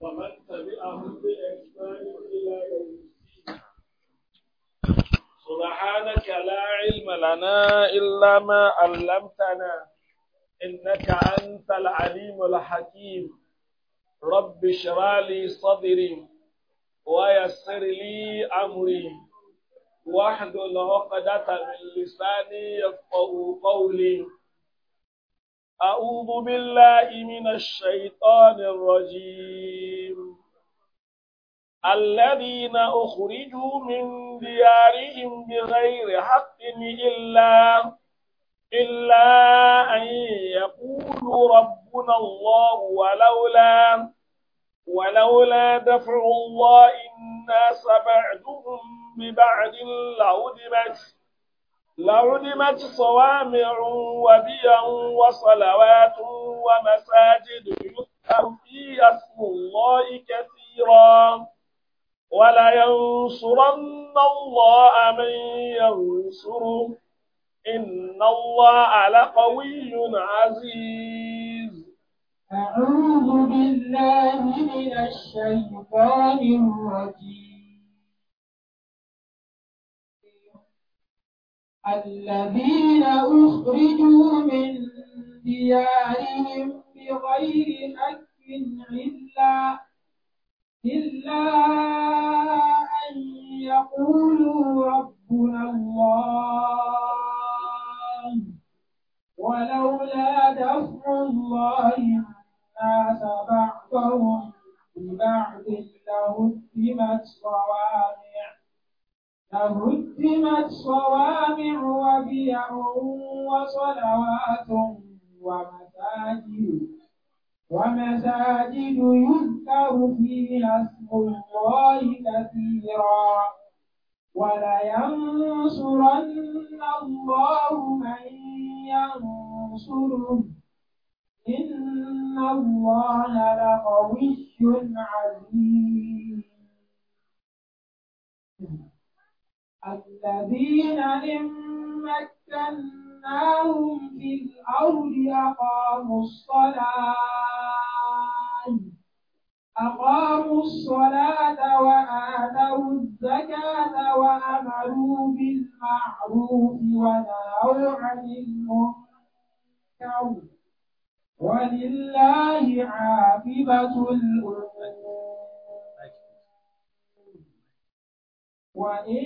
ومن تبعهم بإحسان إلى يوم الدين سبحانك لا علم لنا إلا ما علمتنا إنك أنت العليم الحكيم رب اشرح لي صدري ويسر لي أمري واحلل عقدة من لساني يفقهوا قولي أعوذ بالله من الشيطان الرجيم الذين أخرجوا من ديارهم بغير حق إلا إلا أن يقولوا ربنا الله ولولا ولولا دفع الله الناس بعدهم ببعد لهدمت لعلمت صوامع وبيع وصلوات ومساجد يذكر فيها اسم الله كثيرا ولينصرن الله من ينصره إن الله لقوي عزيز أعوذ بالله من الشيطان الرجيم الذين أخرجوا من ديارهم بغير حق إلا إلا أن يقولوا ربنا الله ولولا دفع الله الناس بعضهم ببعض لهدمت صوامع أهدمت صوامع وبيع وصلوات ومساجد ومساجد يذكر فيها اسم الله كثيرا ولينصرن الله من ينصره إن الله لقوي عزيز الذين إن مكناهم في الأرض أقاموا الصلاة أقاموا الصلاة وآتوا الزكاة وأمروا بالمعروف ونهوا عن المنكر ولله عاقبة الأمور وإن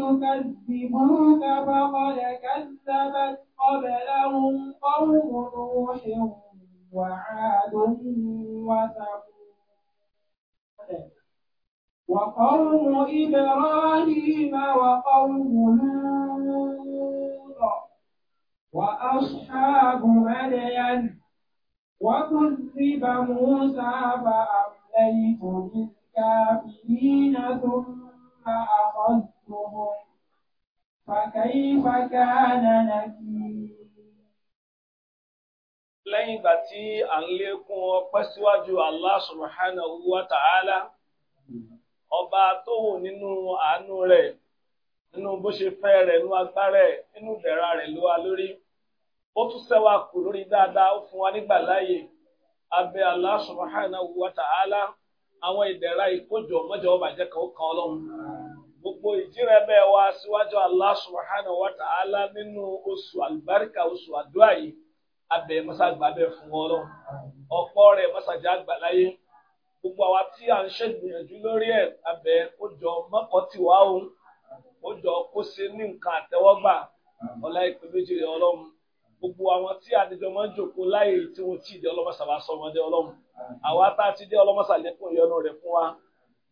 يكذبوك فقد كذبت قبلهم قوم نوح وعاد وثمود وقوم إبراهيم وقوم لوط وأصحاب مدين وكذب موسى فأمليت للكافرين ثم فأخذتهم فكيف كان نكير lẹ́yìn ìgbà tí à ń lékún ọpẹ́ síwájú Allah subhanahu wa ọba tó wù nínú àánú rẹ̀ nínú bó ṣe fẹ́ rẹ̀ nínú agbára rẹ̀ nínú ìdẹ̀ra rẹ̀ ló wa lórí ó tún sẹ́wà kù lórí dáadáa ó fún wa nígbà láàyè abẹ́ àwọn ìkójọ mọ́jọ́ ọba ó kan ọlọ́run. gbogbo ìjírẹ̀bẹ̀ wa síwájú Allah subhanahu wa ta'ala nínú oṣù àlùbáríkà oṣù àdúrà yìí abẹ mọ́sàgbà bẹ̀ fún ọlọ́run ọ̀pọ̀ rẹ̀ mọ́sàjà àgbàláyé gbogbo àwa tí à ń ṣègbìyànjú lórí ẹ̀ abẹ kó jọ mọ́kọ́ tiwa o kó jọ kó ṣe ní nǹkan àtẹ́wọ́gbà ọlá ìpè méjì rẹ̀ ọlọ́run gbogbo àwọn tí àdìjọ máa ń jòkó láyè tí wọ́n ti dé ọlọ́mọsàbà sọmọdé ọlọ́run àwa tá a ti dé ọlọ́mọsàlẹ́kùn ìyọnu rẹ̀ fún wa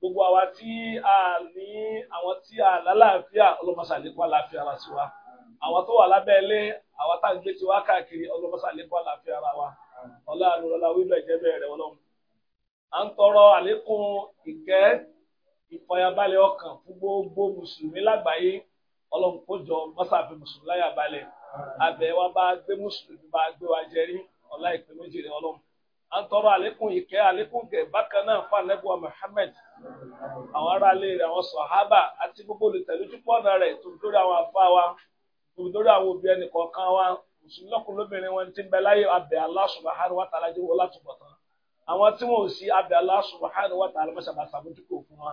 gbogbo àwa tí a ní àwọn tí a lálàáfíà ọlọ́mọṣàlékún àlàáfíà ara sí wa àwọn tó wà lábẹ́lé àwọn tá à ń gbé tiwa káàkiri ọlọ́mọṣàlékún àlàáfíà ara wa ọlọ́àlú ọlá wíwẹ̀ jẹ́ bẹ́ẹ̀ rẹ̀ ọlọ́run. à ń tọrọ àlékún ìkẹ́ ìfọyàbalẹ̀ ọkàn fún gbogbo mùsùlùmí lágbàáyé ọlọ́run kó jọ mọ́sàfin mùsùlùmí láyàbalẹ̀ abẹ́ wa bá gbé mùsùlùmí bá gbé wa jẹ́rí ọlá ìpè méjì rẹ̀ ọlọ́run à ń tọrọ àlékún ìkẹ́ àlékún gẹ̀ bákan náà fún alẹ́bùwà Muhammad àwọn aráalé rẹ̀ àwọn sọ̀hábà àti gbogbo olùtẹ̀lé túpọ̀ ọ̀nà rẹ̀ tó dórí àwọn afá wa tó dórí àwọn òbí ẹnì kọ̀ọ̀kan wa mùsùlùmí lọ́kùnrin lóbìnrin wọn ti ń bẹ láyé abẹ́ Allah subhanahu wa ta'ala jẹ́ wọ́n látúbọ̀ tán àwọn tí wọn ò sí abẹ́ Allah subhanahu wa ta'ala mọ́ṣábà wa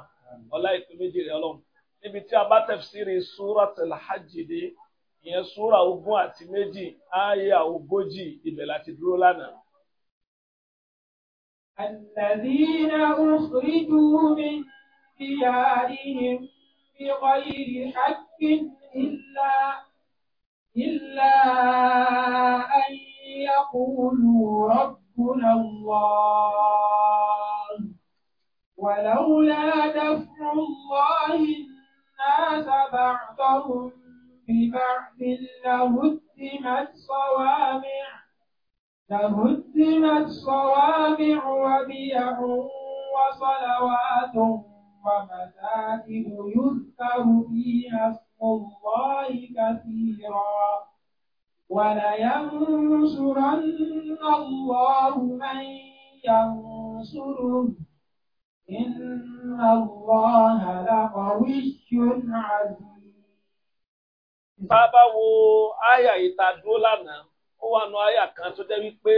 ọlá ìpè méjì rẹ̀ ọlọ́run níbi tí a bá tafsiri suratul hajj الذين أخرجوا من ديارهم بغير حق إلا إلا أن يقولوا ربنا الله ولولا دفع الله الناس بعضهم ببعض لهدمت صوامع لهدمت صوامع وبيع وصلوات ومساجد يذكر فيها اسم الله كثيرا ولينصرن الله من ينصره إن الله لقوي عزيز. Bàbá wo àyà ìta dúró lánàá. ó wà nù àyà kan tó jẹ́ wípé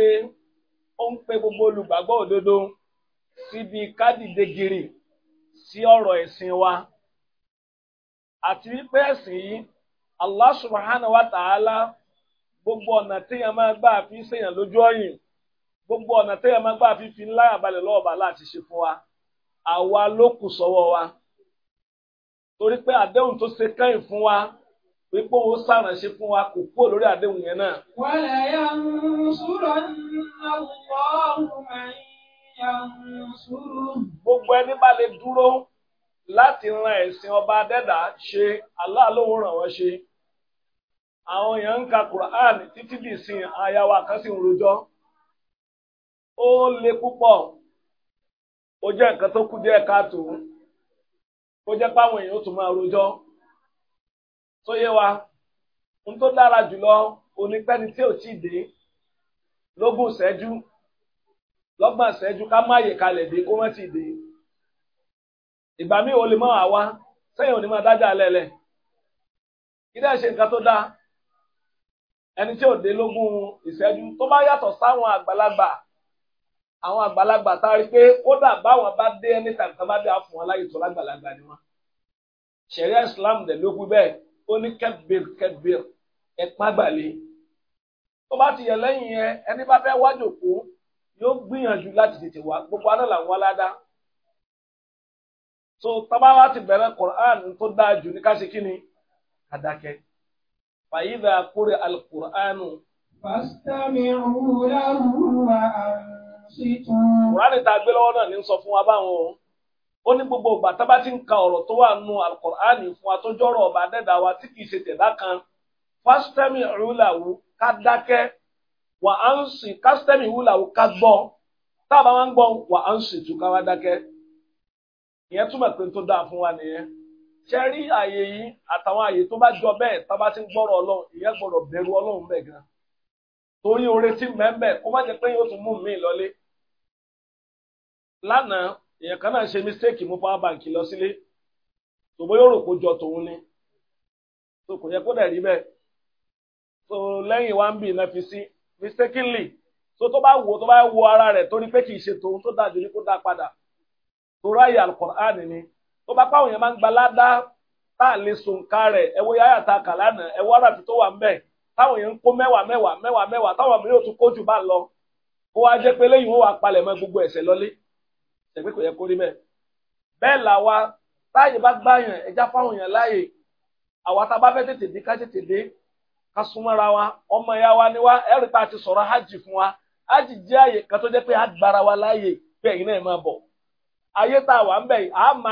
ó ń pe gbogbo olùgbàgbọ́ òdodo síbi kádìdé gírì sí ọ̀rọ̀ ẹ̀sìn wa àti wípé ẹ̀sìn yìí Allah subhanahu wa ta'ala gbogbo ọ̀nà téèyàn máa gbà fi ń ṣèyàn lójú ọ̀yìn gbogbo ọ̀nà téèyàn máa gbà fi fi ń láyà balẹ̀ lọ́ọ̀bà láti ṣe fún wa àwa ló kù sọ́wọ́ wa torí pé àdéhùn tó ṣe kẹ́yìn fún wa wípé ó se fún wa kò kúrò lórí àdéhùn yẹn náà. wala yansuranna ọ̀hún gbogbo ẹni bá lè dúró láti ran ẹ̀sìn ọba adẹ́dà ṣe Allah ràn wọ́n ṣe. àwọn èèyàn ń ka Quran títí di ìsìn àyàwó ó le púpọ̀ ó jẹ́ nǹkan tó kú díẹ̀ káàtó ó jẹ́ páwọn èèyàn ó tún máa rojọ́. tó yé wa ohun tó dára jùlọ onípẹ́ni tí ò tí ì dé lógún ṣẹ́jú lọ́gbọ̀n ṣẹ́jú ká má yè kalẹ̀ dé kó wọ́n ti dé ìgbà míì o lè mọ àwa sẹ́yìn ò ní máa dájà lẹ́lẹ̀ kí dẹ́ ṣe nǹkan tó dáa ẹni tí ò dé lógún ìṣẹ́jú tó bá yàtọ̀ sáwọn àgbàlagbà àwọn àgbàlagbà tá a rí pé kódà báwọn bá dé ẹni tàbí tá a bá dé àfọ̀n aláyètò lágbàlagbà ni wọn ṣẹ̀ríà Islam dẹ̀ ló bẹ́ẹ̀ ó ní kẹbìr kẹbìr ẹpá gbàlẹ tó bá ti yẹ lẹ́yìn yẹn ẹni bá fẹ́ wájò kó yóò gbìyànjú láti tètè wá gbogbo aná làwọn aládá so tábà wá ti bẹ̀rẹ̀ Qur'an tó dáa jù ní káṣí kí ni àdàkẹ́ fàyídà kúrẹ alukur'anu. fàstàmìrù làwọn àǹsìtún. Qur'an ta gbé lọ́wọ́ náà ní sọ fún wa báwọn o. ó ní gbogbo ìgbà tá a bá ti ń ka ọ̀rọ̀ tó wà nù alukur'ani fún ọba wa tí kìí ṣe tẹ̀dá kan fásitẹ́mì ìrúlàwù ká dákẹ́ wà á ń sìn kásitẹ́mì ìrúlàwù ká gbọ́ tá a bá wá ń gbọ́ wà á ń sìn ká wá dákẹ́ ìyẹn túmọ̀ pé tó dáa fún wa nìyẹn ṣe rí àyè yìí àtàwọn bá jọ bẹ́ẹ̀ tá a bá ti ń gbọ́rọ̀ ọlọ́run ìyẹn torí oore èèyàn kan náà ṣe mistake mú power bank lọ sílé tó bóyá òrò kó jọ tòun ni tó kò yẹ kó dẹ̀ rí bẹ́ẹ̀ tó lẹ́yìn wá ń bì náà fi sí mistakenly tó tó bá wo tó bá wo ara rẹ̀ torí pé kì í ṣe tòun tó dájú ní kó dá padà tó ráyè alukur'an ni tó bá pàwọn yẹn máa ń gba ládá tá a lè so nǹka rẹ̀ ẹ wo yáyà ta kà lánàá ẹ wo ara fi tó wà ń bẹ̀ táwọn yẹn ń kó mẹ́wàá mẹ́wàá mẹ́wàá mẹ́wàá táwọn mi yóò tún kó jù bá lọ kó wá jẹ́ pé lẹ́yìn wọn wà palẹ̀ mọ́ gbogbo ẹ̀ṣẹ̀ lọ́lé ṣẹ̀gbẹ́ kò yẹ kó mẹ bẹẹ làwa táyè bá gbàyàn ẹja fáwọn èèyàn láàyè àwa tá a bá fẹ́ tètè dé ká tètè dé ká súnmọ́ra wa ọmọ ìyá wa ni wá ẹ̀rí hajj fún wa hajj àyè kan tó pé wa láàyè yìí náà máa bọ ayé tá a wà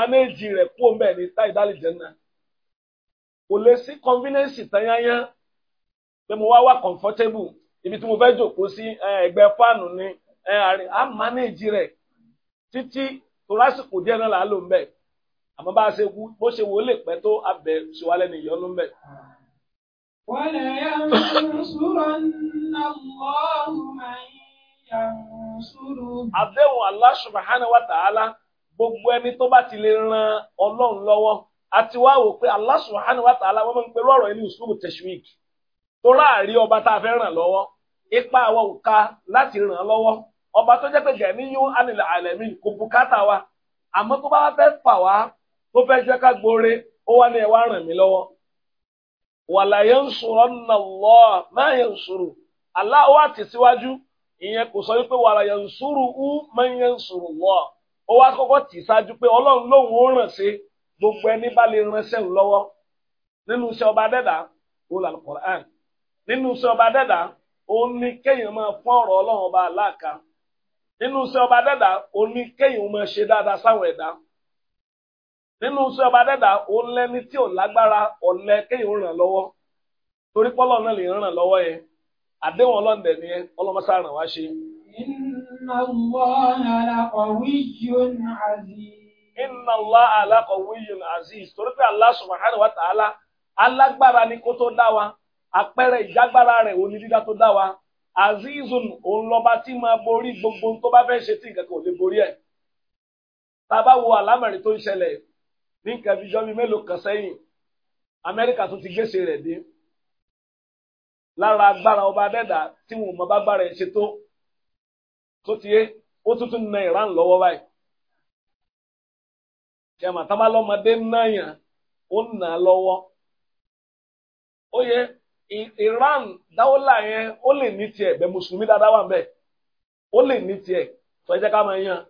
ń yìí a kú òun ni táyì tanyanya pé mo wá ibi tí mo fẹ́ jòkó sí ẹgbẹ́ fáànù ni a rẹ. títí torásìkò díẹ̀ náà là á lò ń bẹ̀ àmọ́ bá a ṣe kú bó ṣe wò ó lè pẹ́ tó abẹ ṣèwálẹ̀ nìyọ́ ló ń bẹ̀. wala yansuranna Allahu man yansuruh. àdéhùn Allah subhanahu wa ta'ala gbogbo ẹni tó bá ti lè ran ọlọ́run lọ́wọ́ àti wá wò pé Allah subhanahu wa wọ́n máa ń pẹ̀lú ọ̀rọ̀ ẹni uslubu tashwik tó ráàrí ọba tá a fẹ́ ràn lọ́wọ́ ipa àwọn òka láti ràn lọ́wọ́ ọba tó jẹ́ pé gẹ̀ẹ́ni yóò ánilẹ̀ àlẹ́mí kò bùkátà wa àmọ́ tó bá fẹ́ fà wá tó fẹ́ jẹ́ ká gbóore ó wá ní ẹ ràn mí lọ́wọ́. wàlà yansuranna Allah ma yansuru Allah wà tẹ̀síwájú ìyẹn kò sọ wípé wàlà yansuru ú man yansuru Allah ó wá kọ́kọ́ tì sáájú pé ọlọ́run lòun ó ràn sí gbogbo ẹni bá lè ránṣẹ́ òun lọ́wọ́ nínú iṣẹ́ ọba dẹ́dà òun làlùkọ̀rán nínú iṣẹ́ ọba dẹ́dà òun ni kéèyàn máa fún ọ̀rọ̀ ọlọ́run ọba aláàkà nínú iṣẹ́ ọba dẹ́dà ó ní kéèyàn máa ṣe dáadáa sáwọn ẹ̀dá nínú iṣẹ́ ọba dẹ́dà ó lẹ́ni tí ò lágbára ọ̀lẹ kéèyàn ràn lọ́wọ́ torí pọ́lọ́ náà lè ràn lọ́wọ́ yẹn àdéhùn ọlọ́ọ̀dẹ̀ ni yẹn ọlọ́mọṣá ràn wá ṣe. inna Allaha laqawiyyun aziz. aziz torí pé Allah subhanahu wa ta'ala alágbára ni kó tó dá wa àpẹẹrẹ ìjágbára rẹ̀ òní dídá tó dá wa azizun òun lọba tí máa borí gbogbo tó bá fẹ́ ṣe tí nǹkan kan ò lè borí ẹ̀ tá a bá wo àlámọ̀rí tó ń ṣẹlẹ̀ ní nǹkan bíi jọ́mi mélòó kan sẹ́yìn amẹ́ríkà tó ti gbèsè rẹ̀ dé lára agbára ọba adẹ́dà tí wọn mọ bágbára ẹ̀ ṣe tó tó ti yé ó tuntun na ìran lọ́wọ́ báyìí kẹmà tábàlọ́mọdé náà yàn ó nà á lọ́wọ́ ó yẹ Iran dáwọ́là yẹn ó lè ní tiẹ̀ bẹ́ẹ̀ mùsùlùmí dáadáa wà bẹ́ẹ̀ ó lè ní tiẹ̀ tó ẹ jẹ́ ká máa yan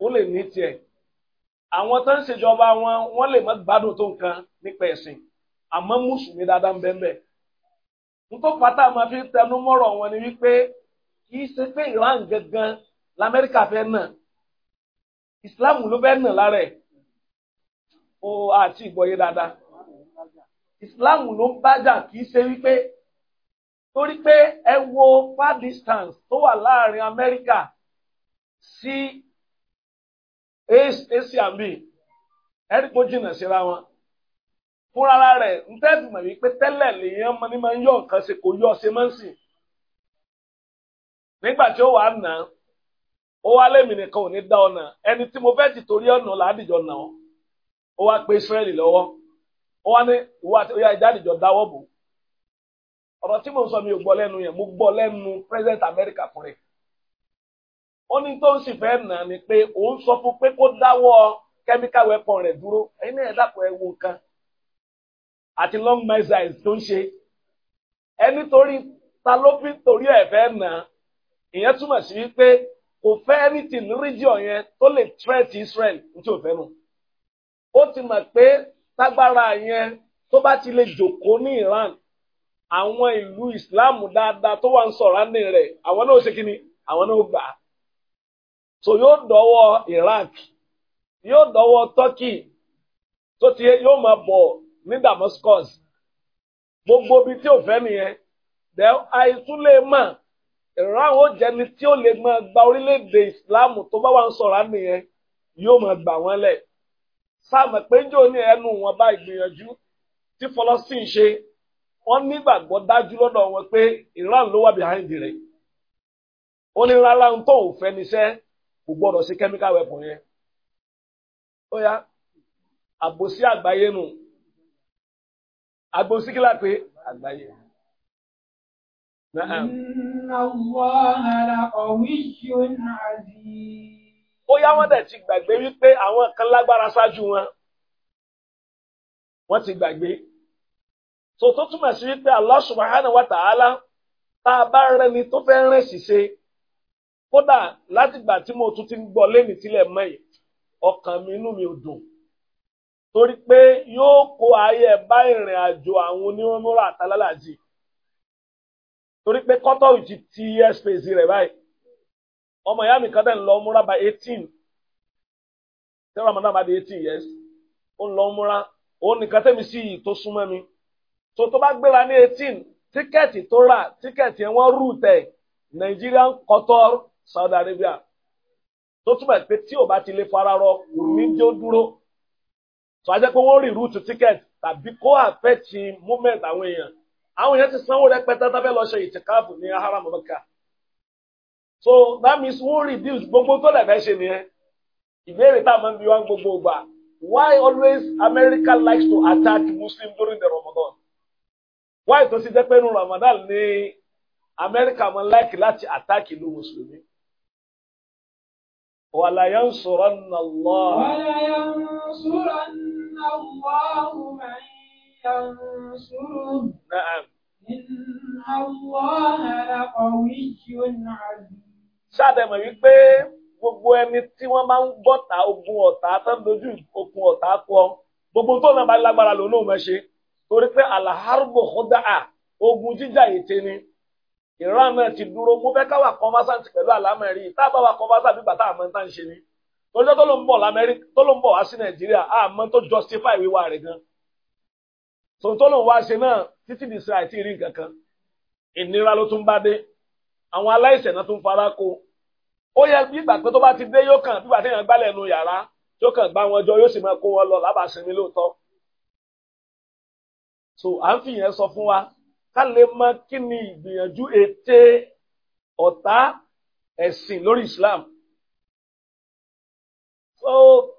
ó lè ní tiẹ̀ àwọn tó ń ṣèjọba wọn wọ́n lè má gbádùn tó nǹkan nípa ẹ̀sìn àmọ́ mùsùlùmí dáadáa ń bẹ́ẹ̀ bẹ́ẹ̀ nítorí pátá máa fi tẹnu mọ́rọ̀ wọn ni wípé kì í ṣe pé Iran gangan lamẹ́ríkà fẹ́ nà Islam ló fẹ́ nà lára ẹ̀ o àti ìgbọ̀yé dáadáa Islam ló ń bájà kì í ṣe wípé torí pé ẹ wo far distance tó wà láàrin Amẹ́ríkà sí Asia mi ẹ̀rí kó jìnnà síra wọn fúnra rẹ̀ ń tẹ́sí mọ̀ wípé tẹ́lẹ̀ lèèyàn ní máa ń yọ nǹkan ṣe kò yọ ṣe máa ń sìn nígbà tí ó wàá nà án ó wá lẹ́mì nìkan ò ní dá ọ̀nà ẹni tí mo fẹ́ ti torí ọ̀nà làádìjọ nà ó wá pe Israẹli lọ́wọ́ ó wá ní ìwà àti oyà ìdánìjọ dáwọ́ bò ọ̀rọ̀ tí mo sọ mi ò gbọ́ lẹ́nu yẹn mo gbọ́ lẹ́nu president America fún rẹ̀ ó ní tó ń sì fẹ́ nà ni pé òun sọ fún pé kó dáwọ́ chemical weapon rẹ̀ dúró ẹ̀yin náà dàpọ̀ ẹ̀ wo àti long missiles tó ń ṣe ẹ nítorí ta ló fi torí ẹ̀ fẹ́ nà ìyẹn túmọ̀ sí wípé kò fẹ́ anything region yẹn tó lè threat Israel ní tí ò fẹ́ ó ti mọ̀ pé tágbára yẹn tó bá ti lè jòkó ní Iran àwọn ìlú Islam dáadáa tó wà ń sọ̀rọ̀ ní rẹ̀ àwọn náà ṣe kíni àwọn náà gbà á so yóò dọ́wọ́ Iraq yóò dọ́wọ́ Turkey tó ti yóò máa bọ̀ ní Damascus gbogbo ibi tí ò fẹ́ nìyẹn dẹ àìsùn lè mọ̀ Iran ó jẹni tí ó lè máa gba orílẹ̀-èdè Islam tó bá wà ń sọ̀rọ̀ nìyẹn yóò máa gbà wọ́n lẹ̀ sáàmù péjọ ní ẹnu wọn bá ìgbìyànjú tí fọlọ́sìn ṣe wọ́n nígbàgbọ́ dájú lọ́dọ̀ wọn pé Iran ló wà behind rẹ̀ ó ní rárá ń tó òfẹ́ níṣẹ́ kò gbọ́dọ̀ sí chemical weapon yẹn ó yá àbòsí àgbáyé nù àbòsí kí lápé àgbáyé. Inna Allaha la qawiyyun aziz bóyá wọ́n dẹ̀ ti gbàgbé wípé àwọn kan lágbára ṣáájú wọn wọ́n ti gbàgbé so tó túmọ̀ sí wípé Allah subhanahu wa ta'ala tá a bá rẹni tó fẹ́ rìn ṣìṣe kódà látìgbà tí mo tún ti ń gbọ́ lẹ́ni tílẹ̀ mọ́ yìí ọkàn mi inú mi ò dùn torí pé yóò kó ayé bá ìrìn àjò àwọn onímọ̀ràn àtàlálàjì torí pé kọ́tọ̀ ti ti airspace rẹ̀ báyìí. ọmọ ya mi kan tẹ̀ lọ múra by eighteen di eighteen years ó lọ múra òun nìkan tẹ̀mí sí bá gbéra ní eighteen tó rà tíkẹ́ẹ̀tì rú tẹ̀ Nigerian Saudi Arabia tó túmọ̀ pé tí ò bá ti lè fara rọ tó a jẹ́ pé wọ́n rí rúùtù tíkẹ́ẹ̀tì tàbí kó àfẹ́ ti àwọn èèyàn àwọn èèyàn ti sanwó rẹpẹtẹ tábẹ́ ṣe so that means wọ́n reduce gbogbo tó lẹ̀ fẹ́ ṣe nìyẹn ìbéèrè tá a máa ń bi wá gbogbo gbà why always America likes to attack Muslim during the Ramadan why tó sì jẹ́ pé inú Ramadan ni America máa like láti attack ìlú Mùsùlùmí. ولينصرن الله ولينصرن الله من ينصره نعم إن الله لقوي عزيز ṣáàdẹ̀mọ̀ wípé gbogbo ẹni tí wọ́n máa ń gbọ́ta ogun ọ̀tá tó ń dojú okun ọ̀tá kọ gbogbo tó náà bá lágbára lòun náà máa torí pé alaharbo kódà ogun jíjà ète ni ìran náà ti dúró mo fẹ́ ká wà kọ́másàǹtì pẹ̀lú àlámẹ́rí tá a bá wà kọ́másàǹtì bàtà àmọ́ tá à ń ṣe ni torí tó ló ń bọ̀ lamẹ́ríkà tó ló ń bọ̀ wá sí nàìjíríà àmọ́ tó justify wíwá rẹ̀ gan tòun tó ń wá ṣe náà ó yẹ bí ìgbà pé tó bá ti dé yóò kàn bí ìgbà téèyàn gbálẹ̀ nu yàrá yóò kàn gbá wọn jọ yóò sì máa kó wọn lọ lábàásinmi lóòótọ́ so à ń fìyẹn sọ fún wa ká lè mọ kí ni ìgbìyànjú ète ọ̀tá ẹ̀sìn lórí Islam so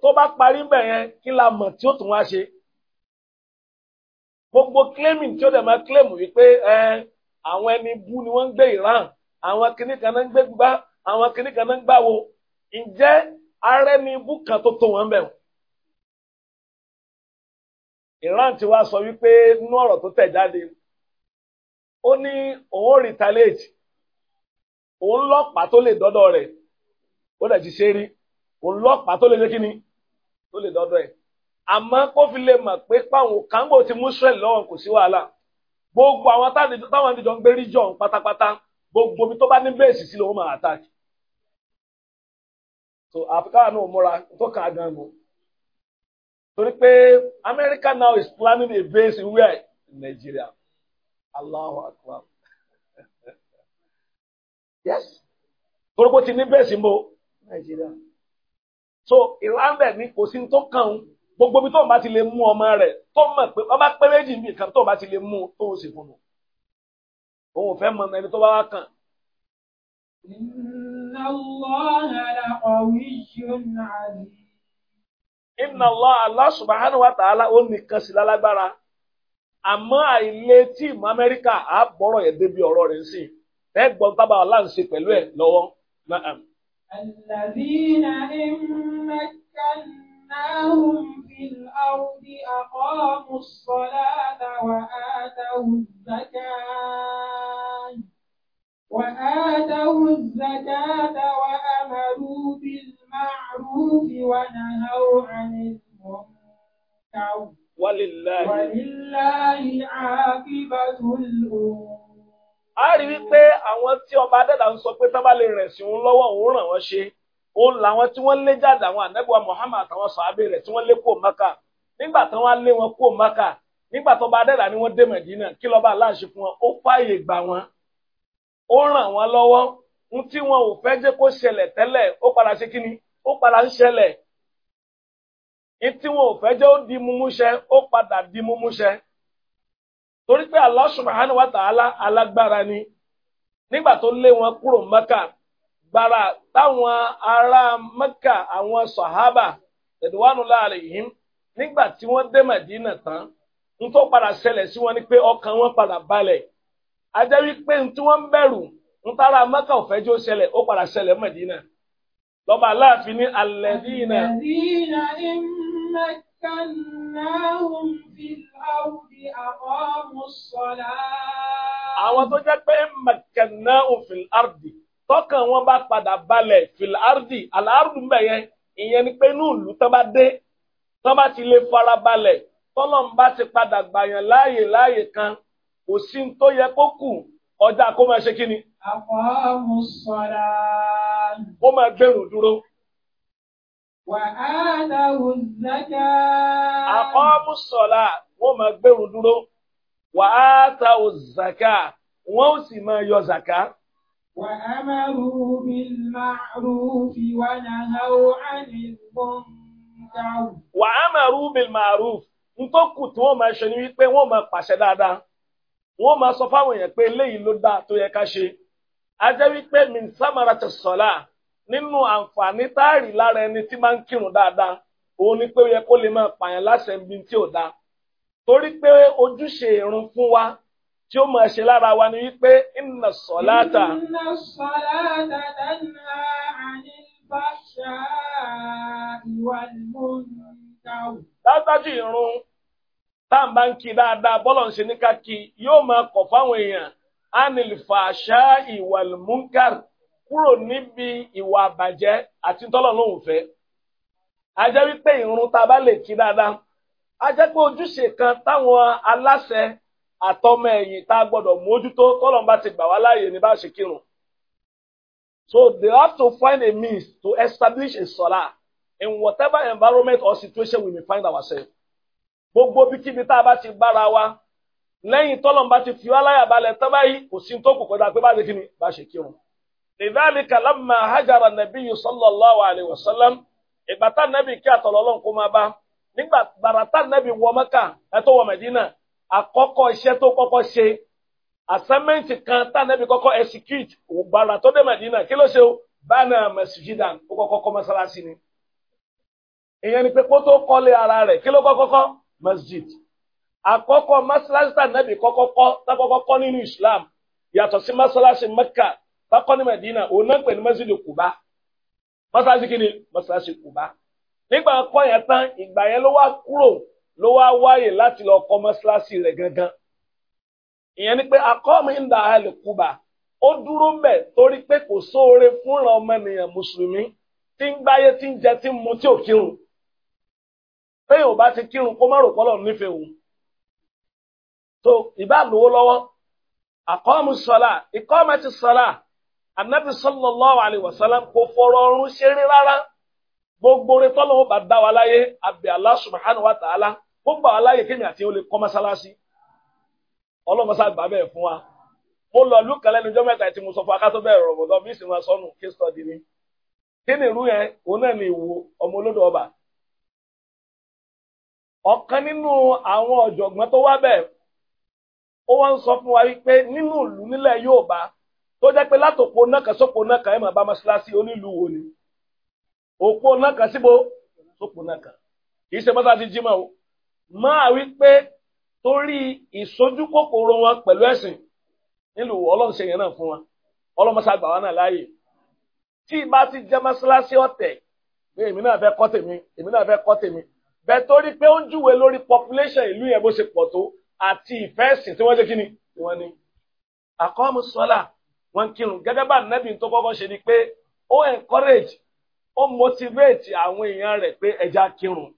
tó bá parí bẹ̀ yẹn kí la mọ̀ tí ó tún wá ṣe gbogbo claiming tí ó dẹ̀ máa claim wípé ẹ àwọn ẹni bú ni wọ́n ń gbé Iran àwọn kìnnìkan náà ń gbé gbá àwọn kìnnì kan náà ń gbà wo ǹjẹ́ arẹ́ni ibú kan tó tó wọn bẹ̀ wọ́n. Iran ti wá sọ wípé nínú ọ̀rọ̀ tó tẹ̀ jáde ó ní òun retaliate òun lọ́pàá tó lè dọ́dọ̀ rẹ̀ ó dẹ̀ ti ṣe rí òun lọ́pàá tó lè ṣe kí ni tó lè dọ́dọ̀ ẹ̀ àmọ́ kó fi lè mọ̀ pé páwọn kàńgbò ti mú Israel lọ́wọ́ kò sí wàhálà gbogbo àwọn táwọn àdìjọ ń gbé rí jọ̀ pátápátá gbogbo omi tó bá ní bẹ́ẹ̀sì sí lòun máa àtàkì so Africa náà múra tó kàn á gan nù torí pé America now is planning a base where Nigeria Allahu Akbar yes torókó ti ní bẹ́ẹ̀sì mbó Nigeria so ìlànà ní kò sí tó kàn ń gbogbo bí tó ń bá ti lè mú ọmọ rẹ̀ tó mọ̀ pé ọba pé méjì ní ìkan tó ń bá ti lè mú tó ń sì fún un òun ò fẹ́ mọ ẹni tó bá wá kàn. Inna Allah Allah subhanahu wa ta'ala ó nìkan sí lálágbára. Àmọ́ àìlè tí ìmọ̀ Amẹ́ríkà á bọ̀rọ̀ yẹn débi ọ̀rọ̀ rẹ̀ sí. Ẹ gbọ́n tábà Allah ń pẹ̀lú ẹ̀ lọ́wọ́. Àlàbínà ìmọ̀kànnáhùn fil ardi aqamu as-salata wa atawu az وآتوا الزكاة وأمروا بالمعروف ونهوا عن المنكر ولله ولله عاقبة الأمور a rí wípé àwọn tí ọba adẹ́dà ń sọ pé tábà lè rìn sí òun lọ́wọ́ òun ràn wọ́n ṣe òun làwọn tí wọ́n lé jáde àwọn ànábìwá Muhammad àtàwọn sàábé rẹ̀ tí wọ́n lé kó Maka nígbà tí wọ́n lé wọn kó Maka nígbà tí ọba adẹ́dà ni wọ́n dé Mẹ̀dínà kí lọ́ba aláàṣẹ fún wọn ó fààyè gbà wọn ó ràn wọ́n lọ́wọ́ ń tí wọn ò fẹ́ jẹ́ kó ṣẹlẹ̀ tẹ́lẹ̀ ó padà ṣe kí ni ó padà ń ṣẹlẹ̀ ń tí wọn ò fẹ́ jẹ́ ó di mumúṣẹ ó padà di mumúṣẹ torí pé Allah subhanahu wa alágbára ni nígbà tó lé wọn kúrò Mẹ́kà gbàrà táwọn ará Mẹ́kà àwọn sàhábà ridwanullahi yìí, nígbà tí wọ́n dé Mẹ̀dínà tán ń tó padà ṣẹlẹ̀ sí wọn ni pé ọkàn wọn padà balẹ̀ ajẹ́ wípé ní tí wọ́n ń bẹ̀rù ń tara mẹ́kà ọ̀fẹ́ jó ṣẹlẹ̀ ó padà ṣẹlẹ̀ mẹ́dínà lọ́ba aláàfin ní alẹ́ dínà. dínà ìmẹ̀kànnáhùn fi láwùdí àkọ́mù sọ̀lá. àwọn tó jẹ́ pé ìmẹ̀kànnáhùn fi tọkàn wọn bá padà balẹ̀ fi láwùdí aláàrùn bẹ̀yẹn ìyẹn ni pé inú ìlú tán bá dé tán bá ti lè fara tọ́lọ́mùbá ti padà gbàyàn láàyè láàyè kan kò sí ní tó yẹ kó kù ọjà kó máa ṣe kí ni. àfọ̀hún sọ̀rọ̀. ó máa gbèrú dúró. wà á dáwò zákà. àfọ̀hún sọ̀rọ̀ wọ́n máa gbèrú dúró. wà á dáwò zákà wọ́n sì máa yọ zákà. wà á máa rú bí màrú fi wà náà ó àní gbọ́n. wà á máa rú bí màrú ntọ́kù tí wọ́n máa ṣe ni wípé wọ́n máa pàṣẹ dáadáa wọ́n máa sọ fáwọn èèyàn pé eléyìí ló dáa tó yẹ ká ṣe a jẹ́ wípé minsamara ti sọ̀lá nínú àǹfààní táàrí lára ẹni tí máa ń kírun dáadáa òun ni pé ó yẹ kó lè máa pààyàn láṣẹ ibi tí ò dáa torí pé ojúṣe ìrun fún wa tí ó máa ṣe lára wa ni wípé inna sọ̀láta. inna sọ̀láta tanha anil fahsha'i wal munkar. dájú ìrun tá à ń bá ń kí dáadáa bọ́lọ̀ ń ṣe ní ká kí yóò máa kọ̀ fáwọn èèyàn anil fàṣà ìwàl munkar kúrò níbi ìwà àbàjẹ́ àti tọ́lọ̀ lóhùn fẹ́. a jẹ́ wípé ìrun tá a bá lè kí dáadáa a jẹ́ pé ojúṣe kan táwọn aláṣẹ àtọmọ ẹ̀yìn tá a gbọ́dọ̀ mójútó tọ́lọ̀ bá ti gbà wá láàyè ní bá ṣe kírun. so they have to find a means to establish a solar in whatever environment or situation we may find ourselves gbogbo bíkíbi tá a bá ti bára wa lẹ́yìn tọ́lọ́n bá ti fi wá láyà balẹ̀ tán báyìí kò sí tó kù kọjá pé bá ṣe kíni bá ṣe kírun. lidhalika lamma hajara nabiyyu sallallahu alayhi wa sallam ìgbà tá nàbì kí àtọ̀lọ́lọ́n kó máa bá nígbà bàrà tá nàbì wọ Mẹ́kà ẹ̀tọ́ wọ Mẹ́dínà àkọ́kọ́ iṣẹ́ tó kọ́kọ́ ṣe assignment kan tá nàbì kọ́kọ́ execute bàrà tó dé Mẹ́dínà kí ló ṣe o bánà masjidan ó kọ́kọ́ kọ́ mọ́sálásí ni. ìyẹn ni pé kó tó kọ́lé ara rẹ̀ kí ló kọ́kọ́ masjid akọkọ masalasi ta nàbì kọ́kọ́kọ́ tákọ́kọ́ nínú islam yàtọ̀ sí masalasi mẹ́kà tákọ́ ní medina òun náà pè ni masjid kuba masalasi kini masalasi kuba nígbà kọ́ yẹn tán ìgbà yẹn ló wá kúrò ló wá wáyè láti lọ kọ́ masalasi rẹ̀ gangan ìyẹn ni pé akọ́mi ń da àlè kuba ó dúró torí pé kò sóore fúnra téèyàn ò bá ti kírun kó má rò pọ́lọ̀ nífẹ̀ẹ́ òun so ìbá lówó lọ́wọ́ àkọ́mù sọlá ìkọ́mẹ́tì sọlá anabi sallallahu alayhi wa sallam kò fọ̀rọ̀ ọrùn ṣeré rárá gbogbo orin tọ́lọ́ bá dá wa láyé abẹ́ Allah subhanahu wa ta'ala gbogbo àwọn aláyè kémi àti olè kọ́ mọ́sálásí ọlọ́mọsá gbà bẹ́ẹ̀ fún wa mo lọ ìlú lẹ́nu ọjọ́ mẹ́ta tí mo sọ fún akátó bẹ́ẹ̀ rọ̀ bọ̀dọ̀ bí ìsìn wa sọnù kí sọ di ni kí ni irú yẹn òun náà ni ìwo ọmọ olódò ọba ọ̀kan nínú àwọn ọ̀jọ̀gbọ́n tó wá bẹ̀ ó wá ń sọ fún wa wípé nínú ìlú nílẹ̀ Yorùbá tó jẹ́ pé látòpó náà kan sópó ẹ̀ máa bá mọ́ṣáláṣí onílù wo ni òpó náà síbo sópó náà kì í ṣe mọ́ṣáláṣí Jímọ̀ o máa wípé torí ìsojú kòkòrò wọn pẹ̀lú ẹ̀sìn nílùú Ọlọ́run ṣe yẹn náà fún wa ọlọ́mọṣá gbà wá náà láàyè tí ì bá ti jẹ́ mọ́ṣáláṣí ọ̀tẹ̀ pé èmi náà fẹ́ kọ́ tèmi èmi náà fẹ́ kọ́ tèmi bẹ́ẹ̀ torí pé ó ń júwe lórí population ìlú yẹn bó ṣe pọ̀ tó àti ìfẹ́ ẹ̀sìn tí wọ́n ṣe kí ni wọ́n ní. àkọ́mù sọ́là wọn kírun gẹ́gẹ́ bá nẹ́bí tó kọ́kọ́ ṣe ni pé ó encourage ó motivate àwọn èèyàn rẹ̀ pé ẹja kírun.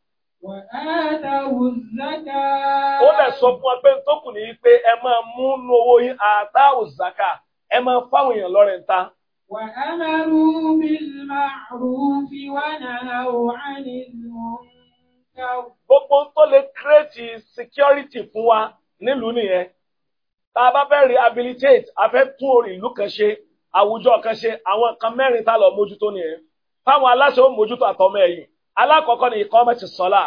ó lẹ̀ sọ fún wa pé tó kù ní pé ẹ máa mú nu owó yín àtà òzàkà ẹ máa fáwọn èèyàn lọ́rẹ̀ ń ta. وأمروا بالمعروف ونهوا عن المنكر gbogbo tó lè kírètì security fún wa nílùú nìyẹn tá a bá fẹ́ rehabilitate a fẹ́ tún orí ìlú kan ṣe àwùjọ kan ṣe àwọn kan mẹ́rin tá lọ mójútó nìyẹn táwọn aláṣẹ ó mójútó àtọmọ ẹ̀yìn alákọ̀ọ́kọ́ ni ikọ́ mẹ́tì sọ́lá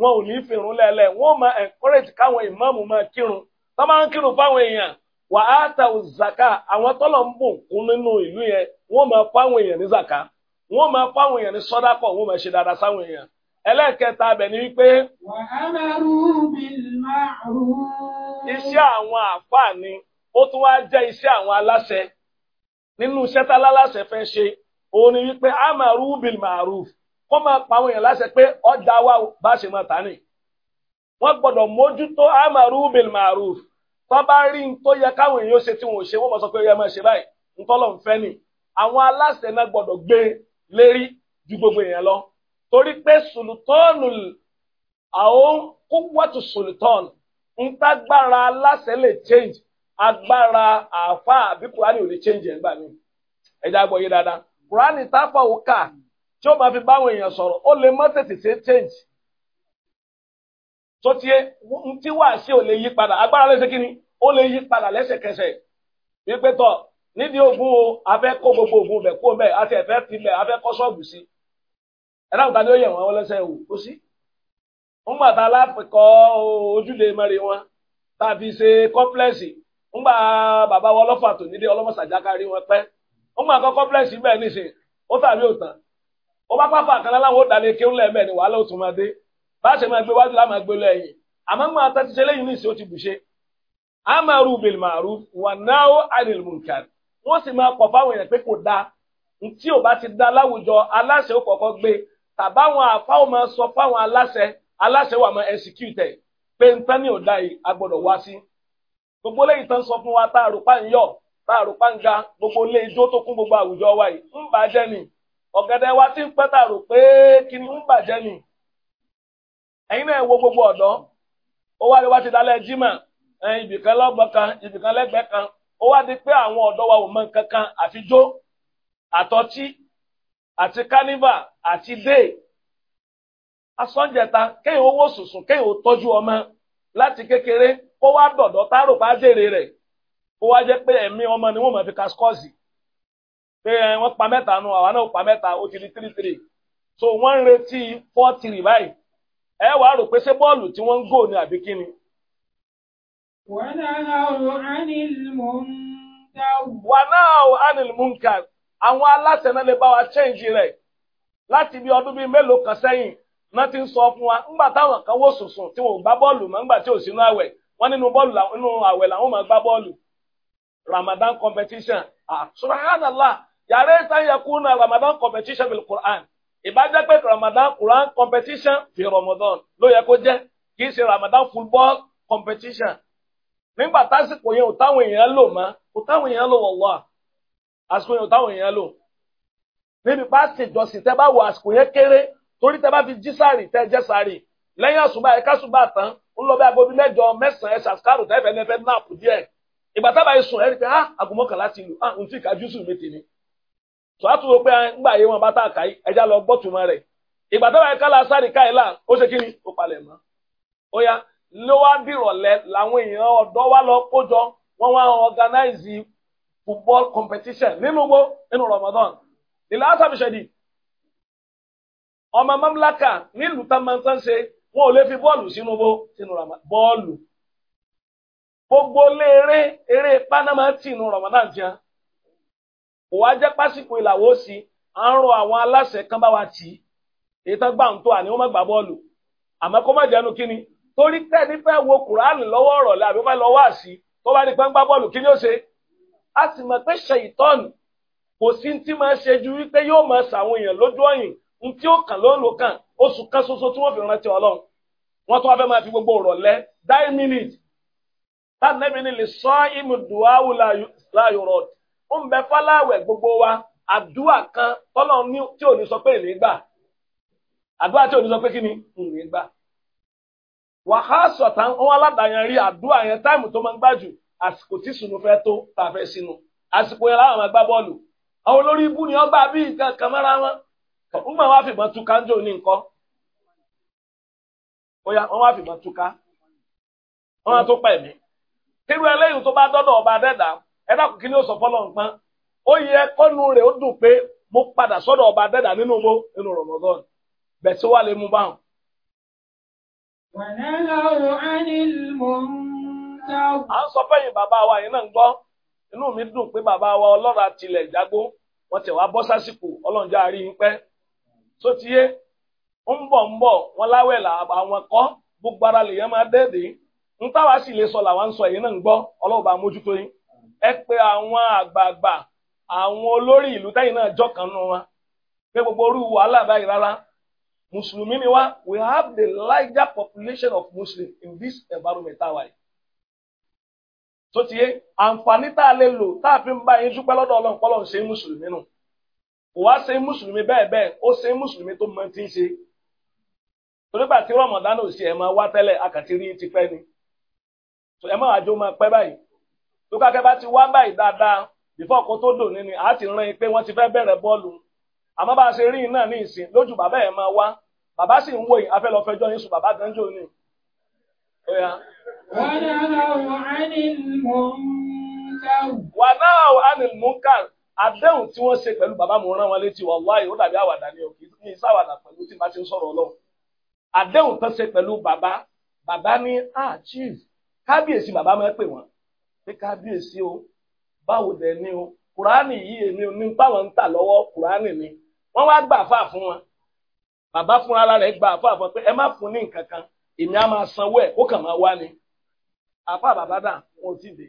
wọn ò ní í fìrún lẹ́lẹ̀ wọn ò máa encourage káwọn ìmáàmù máa kírun tó máa ń kírun fáwọn èèyàn wà á ta òzàká àwọn tọ́lọ̀ ń bò kún nínú ìlú yẹn wọn máa fáwọn èèyàn ní zàká wọn máa fáwọn èèyàn ní sọ́dápọ̀ wọn máa ṣe dáadáa sáwọn èèyàn ẹlẹ́ẹ̀kẹta bẹ̀ ni wípé iṣẹ́ àwọn àfáà ni ó tún wá jẹ́ iṣẹ́ àwọn aláṣẹ nínú iṣẹ́ tálálàṣẹ fẹ́ ṣe òun ni wípé amaru bil maruf kó máa pa àwọn èèyàn láṣẹ pé ọjà wa bá ṣe máa wọ́n gbọ́dọ̀ amaru bil tó bá rí n tó yẹ káwọn èèyàn ṣe tí wọn ò sọ pé máa ṣe báyìí tọ́lọ̀ ń fẹ́ ni àwọn aláṣẹ gbogbo èèyàn torí pé sultanu àwọn kúwàtú sultan ń tágbára aláṣẹ lè change agbára àáfà àbí kùránì ò lè change ẹ̀ gbà mí ẹ̀dá gbọ́ yé dáadáa kùránì táfà ò kà tí ó máa fi báwọn èèyàn sọ̀rọ̀ ó lè mọ́ tètè ṣe change tó tiẹ̀ ń tí wàá ṣe ò lè yí padà agbára lè ṣe kí ni ó lè yí padà lẹ́sẹ̀kẹsẹ̀ wípé tọ̀ nídìí ògùn o afẹ́ kó gbogbo ògùn bẹ̀ kó bẹ̀ àti ẹ̀fẹ́ tilẹ̀ afẹ́ kọ́ ṣọ́ọ̀bù sí i ẹ̀rọ àwùjọ ni ó yẹ̀ wọ́n lọ́sẹ̀ wò kó sí. ńgbà tá a láfikọ́ ojúlé mẹ́rin wọn tá a fi ṣe kọ́ńplẹ́ẹ̀sì ńgbà bàbá wọn ọlọ́fà tò nílé ọlọ́mọsàjákárí wọn pẹ́ ńgbà kọ́ kọ́ńplẹ́ẹ̀sì bẹ́ẹ̀ níṣẹ́ ó tàbí òtàn ó bá pápá àkànlá láwọn ó dalẹ̀ kí ó lẹ̀ mẹ́rin wàhálà ó tún máa dé bá a ṣe máa gbé wájú láà máa gbé lẹ́yìn àmọ́ ńgbà tá ti ṣe lẹ́yìn tí ò bá ti dáa láwùjọ aláṣẹ ó kọ̀ọ̀kan gbé tàbáwọn àfáwọn máa sọ fáwọn aláṣẹ aláṣẹ wà máa execute ẹ̀ pé n ní òdà yìí a wá sí. gbogbo itan tán sọ fún wa tá a rò pa ń tá a ń ga gbogbo ilé ijó tó kún gbogbo àwùjọ wa yìí ń bàjẹ́ ni ọ̀gẹ̀dẹ̀ wa ti ń pẹ́ tá a rò pé kí ni ń bàjẹ́ gbogbo ọ̀dọ́ ó wá rí wá ti kan ibìkan lẹ́gbẹ̀ẹ́ kan ó wá àti carnival àti day asọ́njẹta kéèyàn owó sùsùn kéèyàn tọ́jú ọmọ láti kékeré kó wá dọ̀dọ̀ tárò bá jèrè rẹ̀ kó wá jẹ́ ni wọ́n mọ̀ fi pé wọ́n pa mẹ́ta nu àwa náà pa mẹ́ta ó ti di three three so wọ́n ń retí three báyìí ẹ wàá rò pé ṣé bọ́ọ̀lù tí wọ́n ń gò ní àbí kíni. wọ́n náà ánìlmùnkà. wọ́n náà ánìlmùnkà àwọn aláṣẹ náà lè bá wa change rẹ̀ láti bí ọdún bíi mélòó kan sẹ́yìn náà ti ń sọ fún wa ńgbà táwọn kan wò sùnsùn tí wọn ò gbá bọ́ọ̀lù mọ́ ńgbà tí ò sínú àwẹ̀ wọ́n nínú bọ́ọ̀lù nínú làwọn máa gbá bọ́ọ̀lù Ramadan competition subhanallah yàrá ìtàn yẹ kú na Ramadan competition bil Quran ìbájẹ́ pé Ramadan Quran competition fi Ramadan ló yẹ kó Ramadan football competition nígbà àsìkò yẹn táwọn èèyàn lò níbi bá ṣèjọsìn tẹ bá wọ àsìkò yẹn kéré torí tẹ bá fi jí sáré tẹ jẹ sáré lẹ́yìn àsùnbà ẹ̀ka àsùnbà tán ń lọ bí aago bíi mẹ́jọ mẹ́sàn-án ẹ̀ṣà skáàrù tẹ́fẹ̀ẹ́ lẹ́fẹ́ náàpù díẹ̀ ìgbà tábà yìí sùn ẹ̀rí pé á ah, aago mọ́kànlá ti lù á ah, ntí ìka júùsù mi tì ní. tó a tún wọ pé ah, ńgbà yìí wọn bá tá a ẹja lọ gbọ́ tùmọ̀ rẹ̀ ìgbà tábà yìí kálá sáré káyìí là ó ṣe kíni ó palẹ̀ mọ́. ó yá ló wá làwọn èèyàn ọ̀dọ́ wá lọ kójọ wọ́n wá organize football competition nínú gbó nínú Ramadan ìlà àṣàbìṣẹ́dì ọmọ mamlaka nílùú tamantan ṣe wọn ò lè fi bọ́ọ̀lù sínú gbó sínú bọ́ọ̀lù gbogbo léèrè eré panama tì nínú Ramadan jẹun kò wá jẹ́ pásíkò ìlàwó sí à ń rọ àwọn aláṣẹ kan bá wa tì í èyí tán gbà ń tó àní wọn má gbà bọ́ọ̀lù àmọ́ kó má jẹnu kí ni torí tẹ́ni fẹ́ wo Kùránì lọ́wọ́ ọ̀rọ̀ lẹ́ àbí wọ́n fẹ́ lọ wá sí tó bá ní pẹ́ ń gbá bọ́ọ̀lù kí ó ṣe a sì mọ̀ pé ṣèyítọ́ọ̀nù kò sí ti máa ṣe ju wípé yóò máa ṣàwọn èèyàn lójú ọ̀yìn tí ó kàn kan ṣoṣo tí wọ́n fi rántí ọlọ́run wọ́n tún wá fẹ́ máa fi gbogbo ụrọ dáì mínít tánẹ́bí ni lè sọ ìmù dùáwù ó ń bẹ fáláwẹ̀ gbogbo wa àdúà kan tọ́lọ́run tí ò ní sọ pé gbà àdúà tí ò ní sọ pé kí ni gbà àsìkò tí sùnú fẹ́ tó tá a fẹ́ sínú àsìkò yẹn láwọn máa gbá bọ́ọ̀lù àwọn olórí ibú ni ọba bí nǹkan kan mọ́ra wọn ńgbà wọn fìbọn túká ń jò ní nǹkan bóyá wọn wá fìbọn túká tó pẹ̀ mí ẹlẹ́yìn tó bá dọ́dọ̀ ọba dẹ́dà ẹ dákun kí ni ó sọ fọ́lọ́ nǹkan ó yẹ kọ́nu rẹ̀ ó dùn pé mo ọba dẹ́dà nínú mo nínú rọ̀mọ́dọ́n à ń sọ fẹ́yìn bàbá wa yìí náà ń gbọ́ inú mi dùn pé bàbá wa ọlọ́ra tilẹ̀ jágbó wọ́n tẹ̀ wá bọ́ sásìkò ọlọ́njà rí i pẹ́ tó ti yé ń bọ̀ ń bọ̀ wọn láwẹ̀ là wọn gbogbo ara lè sọ làwọn ń sọ yìí náà ń gbọ́ ọlọ́ọ̀bà mójútó yín ẹ pé àwọn àgbààgbà àwọn olórí ìlú tẹ́yìn náà kan nù wọn pé gbogbo rárá mùsùlùmí ni wá we have the larger population of muslims in this environment tó ti yé àǹfààní tá a lè lò tá a fi ń bá yín dúpẹ́ lọ́dọ̀ ọlọ́run pọ́lọ́ ṣe mùsùlùmí nù kò wá ṣe mùsùlùmí bẹ́ẹ̀ bẹ́ẹ̀ ó ṣe mùsùlùmí tó mọ ti ń ṣe torígbà tí rọmọdánù sí ẹ máa wá tẹ́lẹ̀ akàtí rí ti pẹ́ ni ẹ máa àjò máa pẹ́ báyìí tó kákẹ́ bá ti wá báyìí dáadáa bífọ́ kó tó dò ní ni a ti rán in pé wọ́n ti fẹ́ bẹ̀rẹ̀ bọ́ọ̀lù àmọ́ bá a ṣe rí iná ní ìsìn lójú bàbá ẹ̀ máa wá bàbá sì ń wò yìí afẹ́ yín sùn bàbá gan jò wà náà anil munkar àdéhùn tí wọ́n ṣe pẹ̀lú bàbá mi rán wọn létí wàláì ó dàbí àwàdà ni òkè ní ìsáwàdà pẹ̀lú tí n bá ti ń sọ̀rọ̀ ọlọ́run àdéhùn tó ṣe pẹ̀lú bàbá bàbá ní ah chief kábíyèsí bàbá máa pè wọ́n pé kábíyèsí o báwo dẹ̀ ni o kùránì yìí èmi ò ní báwọn ń tà lọ́wọ́ kùránì ni wọ́n wá gbà fà fún wọn bàbá fúnra rẹ̀ gbà fà fún wọn pé ẹ má fún ní nǹkan kan èmi á máa sanwó ẹ̀ ó kàn máa wá ni àfa bàbá dà wọn ò tí ì dé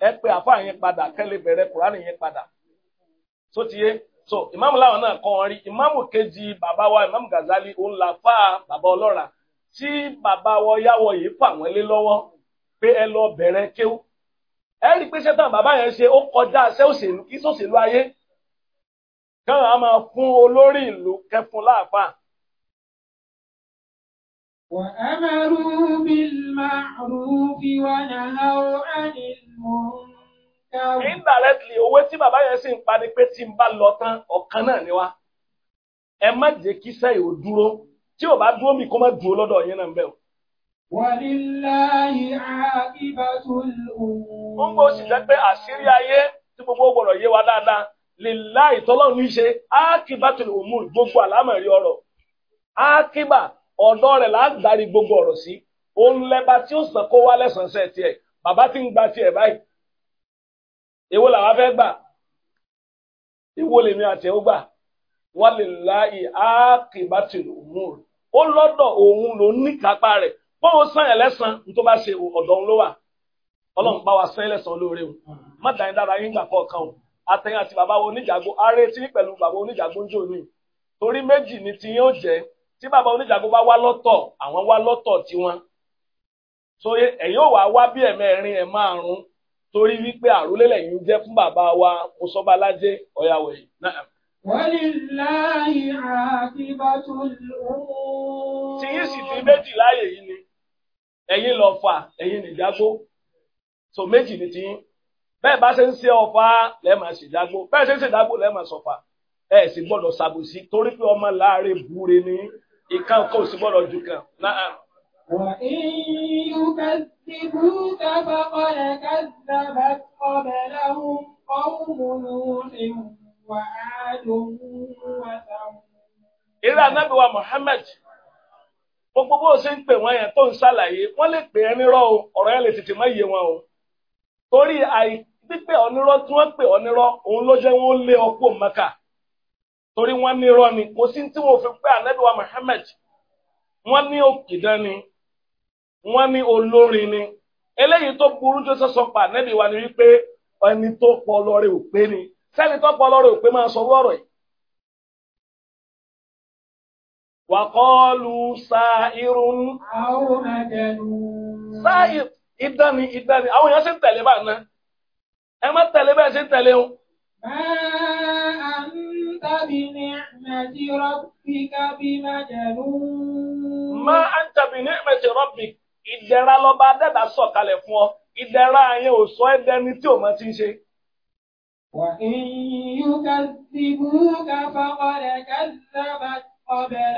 ẹ pé àfa yẹn padà kẹ́lẹ́ bẹ̀rẹ̀ kùránì yẹn padà tó ti yé so ìmáàmù láwọn náà kọ́ wọn rí ìmáàmù kejì bàbá wa ìmáàmù Gazali òun là fà bàbá ọlọ́ra tí bàbá wọ yáwọ yìí fà wọ́n lé lọ́wọ́ pé ẹ lọ bẹ̀rẹ̀ kéwú ẹ rí i pé sẹ́tàn bàbá yẹn ṣe ó kọjá aṣẹ́ òṣèlú kí sòṣèlú ayé káwọn á máa fún olórí ìlú kẹfun láàfáà وأمروا بالمعروف ونهوا عن المنكر. indirectly owó tí bàbá yẹn sì ń pa ni pé tí n bá lọ tán ọ̀kan náà ni wá ẹ má jẹ́ kí sẹ́yìn ò dúró tí ò bá dúró mi kó má dúró lọ́dọ̀ yín náà ń bẹ̀ o. wàlíláyé àkíbàtúl òun. ó ń gbọ́ sì jẹ́ pé àṣírí ayé tí gbogbo gbọ́dọ̀ yé wa dáadáa lèláì tọ́lọ́run ní ṣe àkíbàtúl òun gbogbo àlámọ̀rí ọ̀rọ̀ àkíbà ọ̀dọ́ rẹ̀ láàdárí gbogbo ọ̀rọ̀ sí òun lẹ́ba tí ó sàn kó wá lẹ́sàn-án sẹ́ẹ̀ tiẹ̀ bàbá ti ń gba tiẹ̀ báyìí èwo làwa fẹ́ gbà èwo lèmi àti ẹ̀ ó gbà wọ́n lè láàyè ákìbátìlù òmùr ó lọ́dọ̀ òun ló ní kápá rẹ̀ bóun sàn lẹ́sàn ní tó bá ṣe ọ̀dọ̀ wa sàn lẹ́sàn o má dàn dára yín o àtẹ̀yìn àti bàbá arẹ́tí pẹ̀lú bàbá ń jò ní torí méjì ni ti tí bàbá oníjàgó bá wá lọ́tọ̀ àwọn wá lọ́tọ̀ tiwọn so e, ẹ̀yin ò wá wá bí ẹ̀mẹ́rin ẹ̀ márùn-ún torí wípé àrólé lẹ́yìn jẹ́ fún bàbá wa mùsọ́bàlájẹ́ ọ̀yàwó yìí. walillahi aqibatul umur. tí yìí sì ti méjì láàyè yìí ni ẹ̀yin lọ fà ẹ̀yin nìjágbó so méjì ni tiyín bẹ́ẹ̀ bá ṣe ń ṣe ọ̀fà lẹ́ẹ̀ma ṣèdágbó bẹ́ẹ̀ ṣe ń ṣèdágbó lẹ́ẹ̀ma ṣọ̀fà ẹ̀ sì gbọ́dọ̀ ṣàbòsí torí pé ọmọ láàárẹ̀ búre ni. ìkan kò sí gbọ́dọ̀ ju kan. يكذبوك فقد كذبت قبلهم قوم نوح وعاد وثمود. Ìlà Nàbí wa Mùhàmmad, gbogbo bó ṣe ń pè wọ́n yẹn tó ń ṣàlàyé, wọ́n lè pè ẹ́ nírọ́ o, ọ̀rọ̀ yẹn lè tètè má yé wọn o. Torí àì pípẹ́ ọ̀nírọ́ tí wọ́n pè ọ̀nírọ́, òun ló jẹ́ wọ́n lé ọkọ̀ torí wọn ní irọ́ ni kò sí tí wọ́n fi pé ànábì wa Muhammad ní òkìdán ni wọn ní olórin ni eléyìí tó burú joseph sọ pa ni wípé ẹni tó pọ lọrẹ ò ni sẹ́ni tó pọ lọrẹ ò máa sọ lọ́rọ̀ yìí. wàkọ́ọ̀lù àwọn àwọn èèyàn ṣe بنعمة ربك بمجنون ما أنت بنعمة ربك ìdẹ̀ra lọ́ba dẹ́dà sọ̀kalẹ̀ fún ọ ìdẹ̀ra yẹn ò sọ ẹ́ dẹni tí ò mọ ti ń ṣe. wà á yíyú ká sí búrúkà fọwọ́dẹ̀ ká sábà ọbẹ̀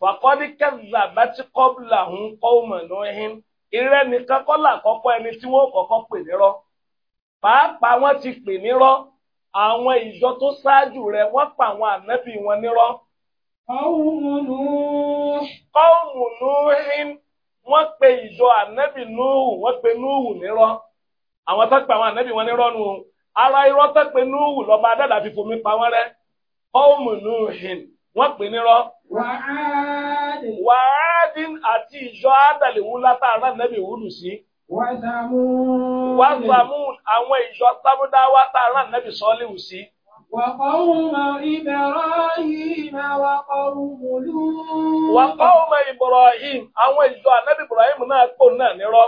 fàkọ́dí kẹ́zà bá ti kọ́bùlà ń kọ́ ọmọ lóhìn irẹ́ nìkan kọ́ làkọ́kọ́ ẹni tí wọ́n kọ́kọ́ pè nírọ́ pàápàá wọ́n ti pè nírọ́ àwọn ìjọ tó ṣáájú rẹ̀ wọ́n pa àwọn ànábì wọn nírọ́. kọ́ọ̀mù lóhìn wọ́n pe ìjọ ànábì núhù wọ́n pe núhù nírọ́ àwọn tó pe àwọn ànábì wọn nírọ́ nu ara irọ́ tó pe núhù lọ́ba adádàbí fomi pa wọ́n rẹ́ kọ́ọ̀mù lóhìn wọ́n pè nírọ́ wàhádìn àti ìjọ ádàlẹ̀wúlá tá a rán nẹ́bí wúlù sí. wàzàmù àwọn ìjọ sábúdáwá tá a rán nẹ́bí sọ́ọ́lẹ́wù sí. وقوم إبراهيم وقوم لوط وقوم إبراهيم àwọn ìjọ ànábì Ibrahim náà pò náà nírọ́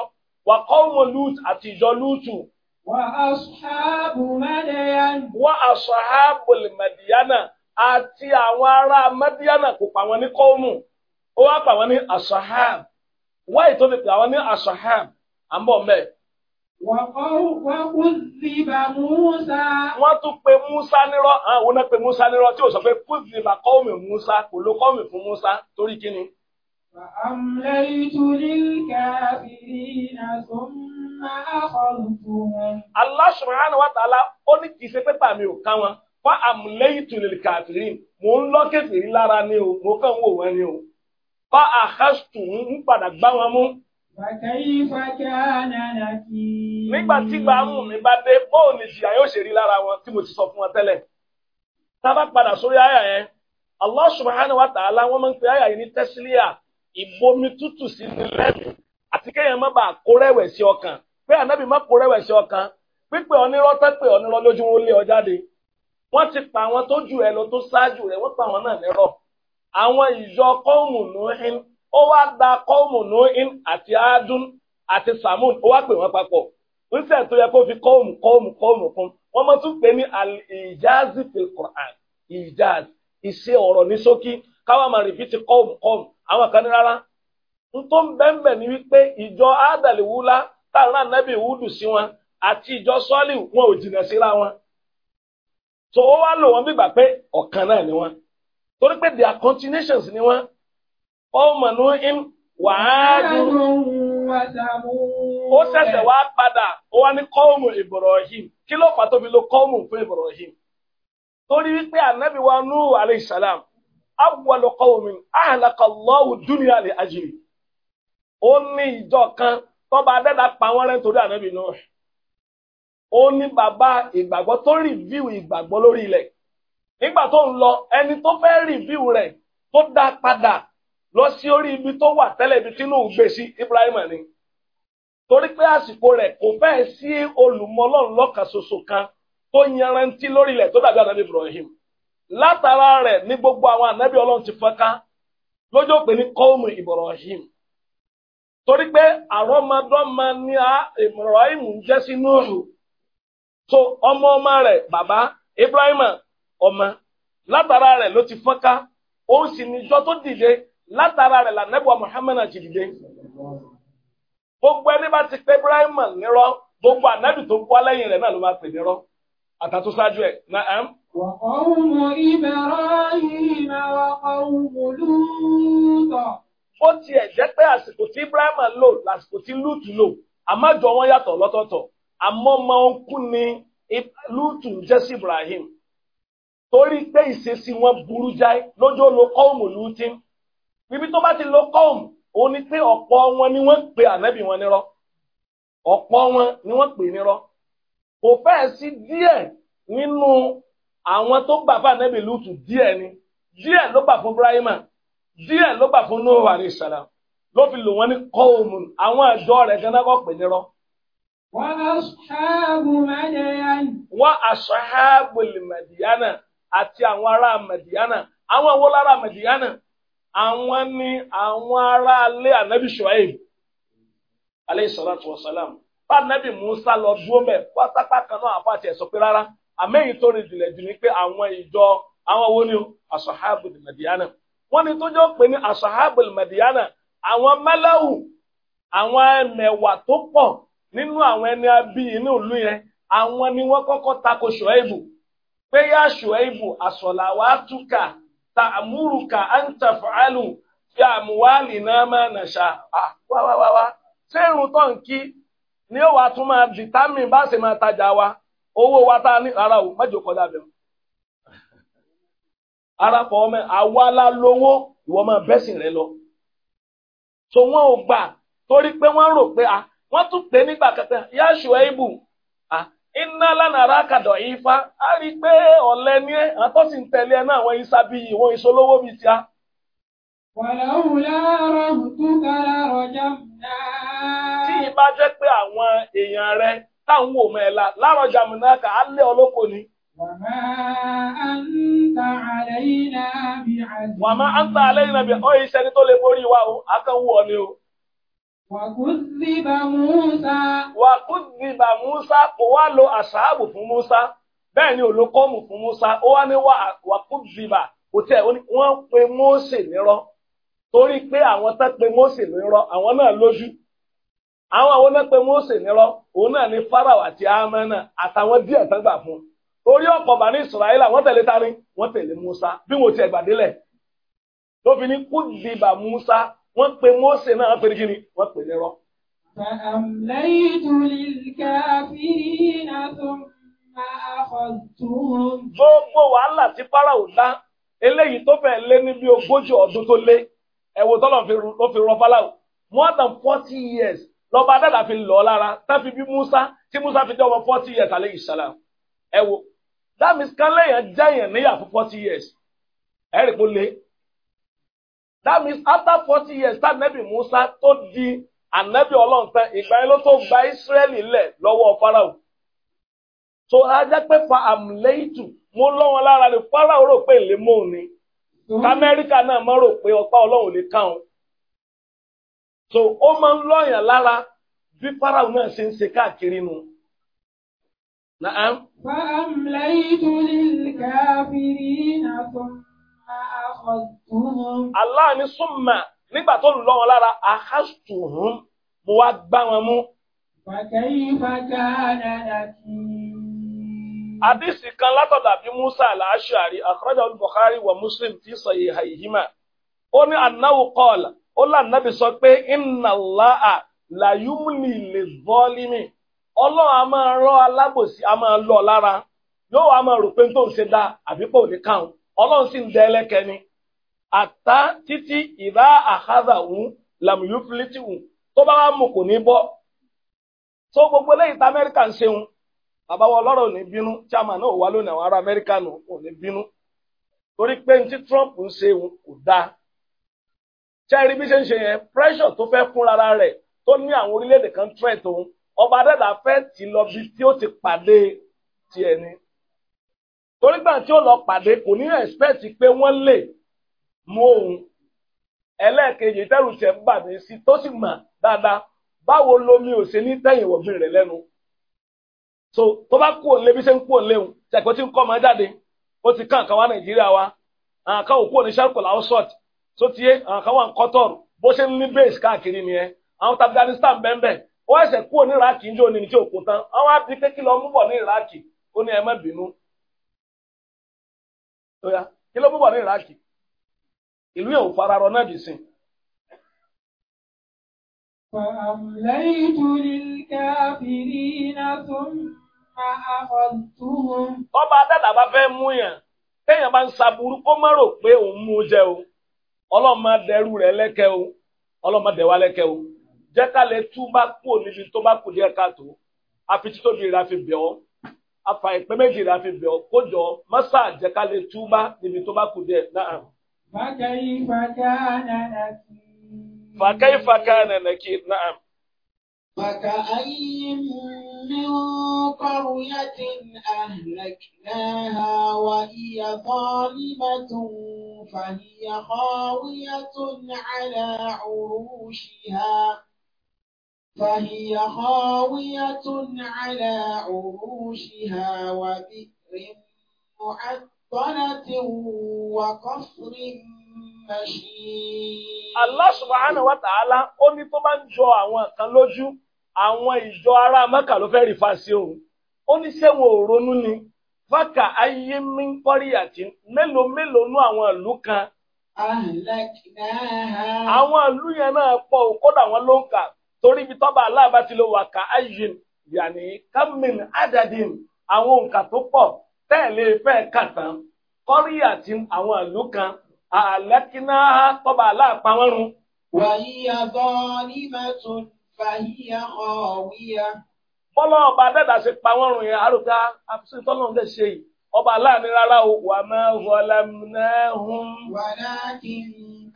وقوم لوط àti ìjọ Lútù. وأصحاب مدين وأصحاب المدينة àti àwọn ará mẹ́díánà kò pa wọn ní kọ́ọ̀mù ó wá pa wọn ní asahab wáyé tó fi pè àwọn ní asahab à mẹ́. Wọ́n tún pe Musa nírọ́, àwọn náà pe Musa nírọ́ tí ò sọ pé Kúzìbà kọ́ọ̀mù Musa kò ló kọ́ọ̀mù fún Musa torí kí ni. Allah subhanahu wa ta'ala ó ní kìí ṣe pépà mi ò ká wọn. Fa àmúlẹ́yìn tùlẹ̀ kàfìrín mò ń lọ kẹfìrí lára ni o mo kàn wò wọ́n ni o bá àhásùn ń padà gbá wọn mú. nígbà tí gbàmù mi bá dé bóun ni ìjìyà yóò ṣe rí lára wọn tí mo ti sọ fún wọn tẹ́lẹ̀ tá a bá padà sórí àyà yẹn Allah subhanahu wa ta'ala wọ́n máa ń pe àyà yìí ní tẹ́sílíà ìbomi tútù sí ní lẹ́nu àti kéèyàn má bàa kó rẹ̀wẹ̀sì ọkàn pé ànábì má kó rẹ̀wẹ̀sì ọkàn pípẹ́ ọ wọ́n ti pa àwọn tó jù ẹ lọ tó ṣáájú rẹ̀ wọ́n pa àwọn náà nírọ́ àwọn ìjọ kọ́ọ̀mù nùhín ó wá gba kọ́ọ̀mù nùhín àti adún àti samun ó wá pè wọ́n papọ̀ níṣẹ́ tó yẹ kó fi kọ́ọ̀mù kọ́ọ̀mù kọ́ọ̀mù fún wọ́n mọ̀ tún pè ní ìjáàzì fil Qur'an ìjáàzì ìṣe ọ̀rọ̀ ní ṣókí káwá máa rìbí ti kọ́ọ̀mù kọ́ọ̀mù àwọn kan ní rárá n tó ń bẹ́ẹ̀nbẹ̀ ni wípé ìjọ ádàlíwúlá táwọn anábì wúdù sí wọn àti ìjọ sọ́ọ̀lì wọn ò jìnnà síra wọn so o wá lò wọ́n bí gbà pé ọ̀kan náà ni wọ́n torí pé their continuations ni wọ́n ọmọ im wàádù ó ṣẹ̀ṣẹ̀ wá padà ó wá ní kọ́ọ̀mù Ibrahim kí ló tóbi lo kọ́ọ̀mù fún torí wípé ànábì wa nù alayhi salam ó ní ìjọ kan tọ́ba adẹ́dá pa wọ́n rẹ́ nítorí ànábì ó ní bàbá ìgbàgbọ́ tó rìvíw ìgbàgbọ́ lórí ilẹ̀ nígbà tó ń lọ ẹni tó fẹ́ rìvíw rẹ̀ tó dá padà lọ sí orí ibi tó wà tẹ́lẹ̀ ibi tí inú ń gbé sí Ibrahima ni torí pé àsìkò rẹ̀ kò fẹ́ẹ̀ sí olùmọ́lọ́run kan tó yanrantí lórí ilẹ̀ tó dàbí ànábì Ibrahim látara rẹ̀ ní gbogbo àwọn ànábì Ọlọ́run ti fọ́nká lójó pé ní kọ́ọ̀mù Ibrahim torí pé àrọ́mọdọ́mọ ni Ibrahim ń jẹ́ sí Núhù so ọmọ ọmọ rẹ̀ bàbá Ibrahima ọmọ látara rẹ̀ ló ti fọ́nká ó sì níjọ́ tó dìde látara rẹ̀ lànẹ́bùwà Muhammad ti dìde gbogbo ẹni bá ti pé Ibrahima nírọ́ gbogbo ànábì tó ń wá lẹ́yìn rẹ̀ náà ló máa pè nírọ́ àtàtó ṣáájú ẹ̀ náà. وقوم إبراهيم وقوم لوط ó tiẹ̀ jẹ́ pé àsìkò tí Ibrahima lò lásìkò tí Lúùtù lò àmọ́ wọn yàtọ̀ lọ́tọ̀ọ̀tọ̀ àmọ́ máa ń kú ni lútù jẹ́ Ibrahim torí pé ìṣesí wọn burú jáì lójó lo kọ́ọ̀mù lútì ibi tó bá ti lo kọ́ọ̀mù òun ni pé ọ̀pọ̀ wọn ni wọ́n pe ànábì wọn nírọ́ ọ̀pọ̀ wọn ni wọ́n pè nírọ́ kò fẹ́ẹ̀ sí díẹ̀ nínú àwọn tó gbà fún ànábì lútù díẹ̀ ni díẹ̀ ló gbà fún Ibrahim díẹ̀ ló gbà fún Nuhu alayhi salam ló fi lò wọ́n ní kọ́ọ̀mù àwọn àjọ rẹ̀ gan kọ́ pè nírọ́. wọ́n aṣọ́hábùlì mẹ̀díánà àti àwọn ará mediana àwọn wo lára mediana. àwọn ni àwọn ará ilé ànábì ṣùáìbù aleyhi salatu bá ànábì musa lọ dúró náà àpá pé rárá tó rí jù ni pé àwọn ìjọ àwọn wo ni wọn ni tó jọ pé ní àwọn nínú àwọn ẹni abí inú ìlú yẹn àwọn ni wọ́n kọ́kọ́ tako ṣùẹ́bù pé yá ṣùẹ́bù àsọ̀làwátúkà tààmúrùkà àǹtàfàálù fi àmúwálì náà máa nàṣà wáwáwáwá ṣé irun tó ń kí ni ó wà tún máa dìtámì bá ṣe máa tajà wa owó wa tá ní rárá o mẹ́jọ kọjá bẹ̀rù arápọ̀ ọmọ àwa la lówó ìwọ máa bẹ́sìn rẹ lọ so wọn ò gbà torí pé wọn rò pé a. wọ́n tún pè nígbà kẹta yá Ṣuaibu iná lánàá rákàdọ̀ ifá a rí i pé ní ẹ ń tẹ̀lé ẹ náà wọ́n isá bí ìwọ̀n ìṣolówó bíi tíá. wàláwùlá rọ̀gùnkà rọ̀jà múná. tí bá jẹ́ pé àwọn èèyàn rẹ táwọn wò la ọlọ́kọ ni. wàmà Wàkúzíbà Músà. Wàkúzíbà Músà kò wá lo àṣàbù fún Músà. Bẹ́ẹ̀ ni olókọ́mù fún Músà. Ó wá ní wàkúzíbà. Kò tẹ̀ wọ́n pe Mósè nírọ́. Torí pé àwọn tán pe Mósè nírọ́, àwọn náà lójú. Àwọn àwọn náà pe Mósè nírọ́. Òun náà ni Fáráò àti Ámánà àtàwọn díẹ̀ tán gbà fún. Torí ọ̀pọ̀ bà ní Ìsìráyílà, wọ́n tẹ̀lé tani, wọ́n tẹ̀lé Músà. Bí mo tiẹ̀ gbàdélẹ̀. Lóbi ní kúzíbà Músà wọ́n pe Mósè náà pé kí ni wọ́n pè lẹ́rọ. gbogbo wàhálà tí Fáráò dá eléyìí tó fẹ́ lé ní bí ogójì ọdún tó lé ẹ̀wò tọ́lọ̀ ló fi rọ Fáráò more than forty years lọ́ba dàda fi lọ lára tá bí Musa tí Musa fi jẹ́ forty years alẹ́ ìṣàlá ẹ̀wò that kálẹ̀ yẹn jẹ́ yẹn níyà fún forty years ẹ̀rì kò lé. that means after forty years that Musa tó di ànẹ́bì Ọlọ́run tán ìgbà yẹn gba israeli lẹ̀ lọwọ Fáráò so ajá fa àmúlẹ́yìtù mo lọ́wọ́ lára rẹ̀ Fáráò rò pé ìlé mò ń ní k'Amẹ́ríkà mm-hmm. náà mọ́ rò pé ọ̀pá Ọlọ́run lè ká so ó máa ń lọ́yàn lára bí Fáráò náà ṣe ń ṣe ka nu. Na'am. Fa Allah ni súnmà nígbà tó lù lọ́wọ́ lára àhásùtùhún mo wá gbá wọn mú. Àdìsí kan látọ̀dà bí Musa al-Ash'ari, akhrajahu al-Bukhari wa Muslim fi sahihayhima. Ó ní annahu qala, ó lànàbì sọ pé inna Allaha la yumli liz-zalimi. Ọlọ́run a máa rán alábòsí, a máa lọ lára. Yóò wá máa rò pé tó ń ṣe dá àbípò ní káwọn ọlọ́run sì ń dẹ ẹlẹ́kẹ́ ni àtá títí ìdá àhádà wù làmúyú fìlítì wù tó bá wà mú kò ní bọ́ tó gbogbo eléyìí tá amẹ́ríkà ń ṣeun bàbá wọn lọ́rọ̀ ò ní bínú chairman náà wà lónìí àwọn ará amẹ́ríkà nù ò ní bínú torí pé ní tí Trump ń ṣeun kò dáa ṣẹ́ẹ́rì bí ṣe ń ṣe yẹn pressure tó fẹ́ fún rárá rẹ̀ tó ní àwọn orílẹ̀-èdè kan threat òun ọba dẹ́dà fẹ́ tì lọ bí tí ó ti pàdé tiẹ̀ ni torí gbà tí ó lọ pàdé kò ní respect pé wọ́n lè mú òun ẹlẹ́ẹ̀kejì tẹ́rù tiẹ̀ ń bà mí sí tó sì mà dáadáa báwo lomi ò ṣe ní tẹ̀yìn wọ̀gbìn rẹ̀ lẹ́nu so tó bá kú òun lébi ṣe ń kú òun léwu ṣàkó tí ń kọ́ ọmọ jáde ó ti kàn kàn wá nàìjíríà wa àwọn kan ò kú òní sharko làwọn sọ̀tì tó ti yé àwọn kan wà ń kọ́tọ̀rù bó ṣe ń ní base káàkiri nìyẹn àwọn Afghanistan bẹ́ẹ̀ ó ẹ̀sẹ̀ kú òní iraki ń jó ní ní tí òkú tán àwọn á bí pé kí bọ̀ ní iraki ó ní ẹ má bínú lóyá kí ló mú wà ní iraki ìlú yẹn ò fararọ náà dì ọba adada bá fẹ́ mú yẹn téèyàn bá ń saburú kó má rò pé òun mú jẹ o ọlọ́run máa dẹrú rẹ̀ lẹ́kẹ́ o ọlọ́run máa dẹ̀wá lẹ́kẹ́ o jẹ́ ká lè tún bá kú níbi tó bá kù díẹ̀ káàtó àfi títóbi rẹ̀ àfi bẹ̀ ọ́ afa ìpẹ́ méjì la fi bẹ̀ ọ́ kójọ mọ́sá àjẹká lè túbá níbi tó bá kù díẹ̀ náà. fàkẹ́yì fàkẹ́ nànàkì náà. فكأين من قرية أهلكناها وهي ظالمة فهي خاوية على عروشها فهي خاوية على عروشها وبئر معطلة وقصر مشيد Allah subhanahu wa ta'ala ó ní tó bá ń jọ àwọn kan lójú àwọn ìjọ ará Mẹ́kà ló fẹ́ rí fa sí òun ó ní ṣé wọn ò ronú ni fákà ayé mi ń kọ́rí àti mélòó mélòó nú àwọn ìlú kan. àwọn ìlú yẹn náà pọ̀ kódà wọn ló ń kà torí ibi tọ́ba aláàbá ti lọ wà ká ayin yàní kámin adadin àwọn òǹkà tó pọ̀ tẹ́ẹ̀lé fẹ́ kà tán kọ́rí àti àwọn àlù kan àlẹ́kíná tọ́ba aláàpá wọn run. wàyí àgọ́ ní mẹ́tò fàyí ọ̀wíyá. bọ́lá ọba dẹ́dà ṣe pa wọ́n run yẹn àrùká àfisùn tọ́lọ́ ń dẹ̀ ṣe yìí ọba aláàánú rárá o wà máa ń náà hùn. wàlá kìí.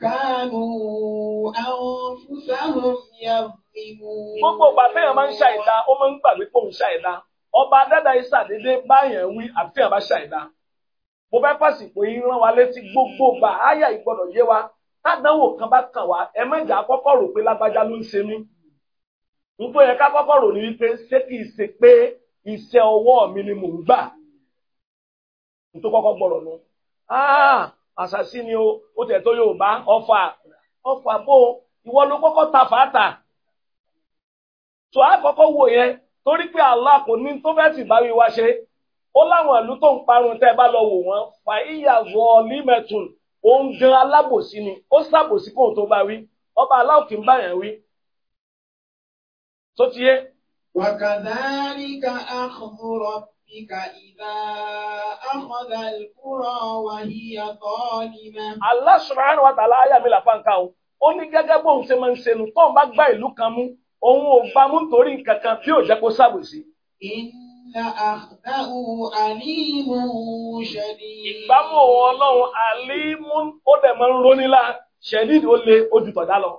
كانوا أنفسهم يظلمون gbogbo ìgbà téèyàn máa ń ṣàìdá ó máa ń gbàgbé pé òun ṣàìdá ọba dáadáa iṣẹ́ àdédé báyẹn wí àti téèyàn bá ṣàìdá mo fẹ́ fàṣìpò yín rán wa létí gbogbo ìgbà àyà ìgbọ́dọ̀ yé wa tádánwò kan bá kàn wá ẹ mẹ́jà kọ́kọ́ rò pé lágbájá ló ń ṣe mí n tó ká kọ́kọ́ rò ní wípé ṣé kì í ṣe pé iṣẹ́ ọwọ́ mi ni mò ń gbà n tó kọ́kọ́ nù àṣàṣì ni o ó tẹ̀ tó yorùbá ọfà ọfà bó ìwọ ló kọ́kọ́ ta fàátà tó a kọ́kọ́ wò yẹn torí pé Allah kò ní tó fẹ́ sì bá wí wá ṣe ó láwọn ìlú tó ń parun tẹ́ ẹ bá lọ wò wọ́n fà íyà wọ límẹ̀tùn òun gan alábòsí ni ó sábòsí kóun tó bá wí ọba aláwọ̀ kì bá yẹn wí tó ti yé. wàkàdáríkà àkùnrọ̀ ربك إذا أخذ القرى وهي ظالمة Allah subhanahu wa ta'ala ayà mi oni nǹkan o. Ó ní gẹ́gẹ́ bóun ṣe máa ń ṣe nù tóun bá gbá ìlú kan mú. Òun ò bá mú torí nǹkan kan tí yóò jẹ́ kó ṣàbòsí. Inna akhdahu alimun shadid. Ìgbámú òun Ọlọ́run alimun ó dẹ̀ máa ń ronílá. Shadid ó le ojú tọ̀dá lọ.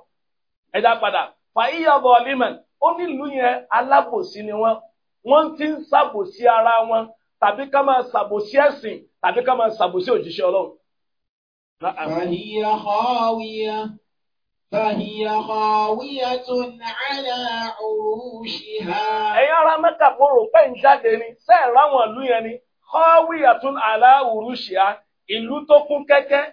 Ẹja padà. Fàyíyà bọ̀ Liman, ó nílùú yẹn alábòsí ni wọ́n wọ́n ti ń ṣàbòsí ara wọn tàbí ká máa ṣàbòsí ẹ̀sìn tàbí ká máa ṣàbòsí òjíṣẹ́ ọlọ́run. ẹ̀yin ará mẹ́ta mo rò pé ń jáde ni sẹ́ẹ̀ ráwọn ìlú yẹn ni kọ́wíyà tún àlá òrùṣìá ìlú tó kún kẹ́kẹ́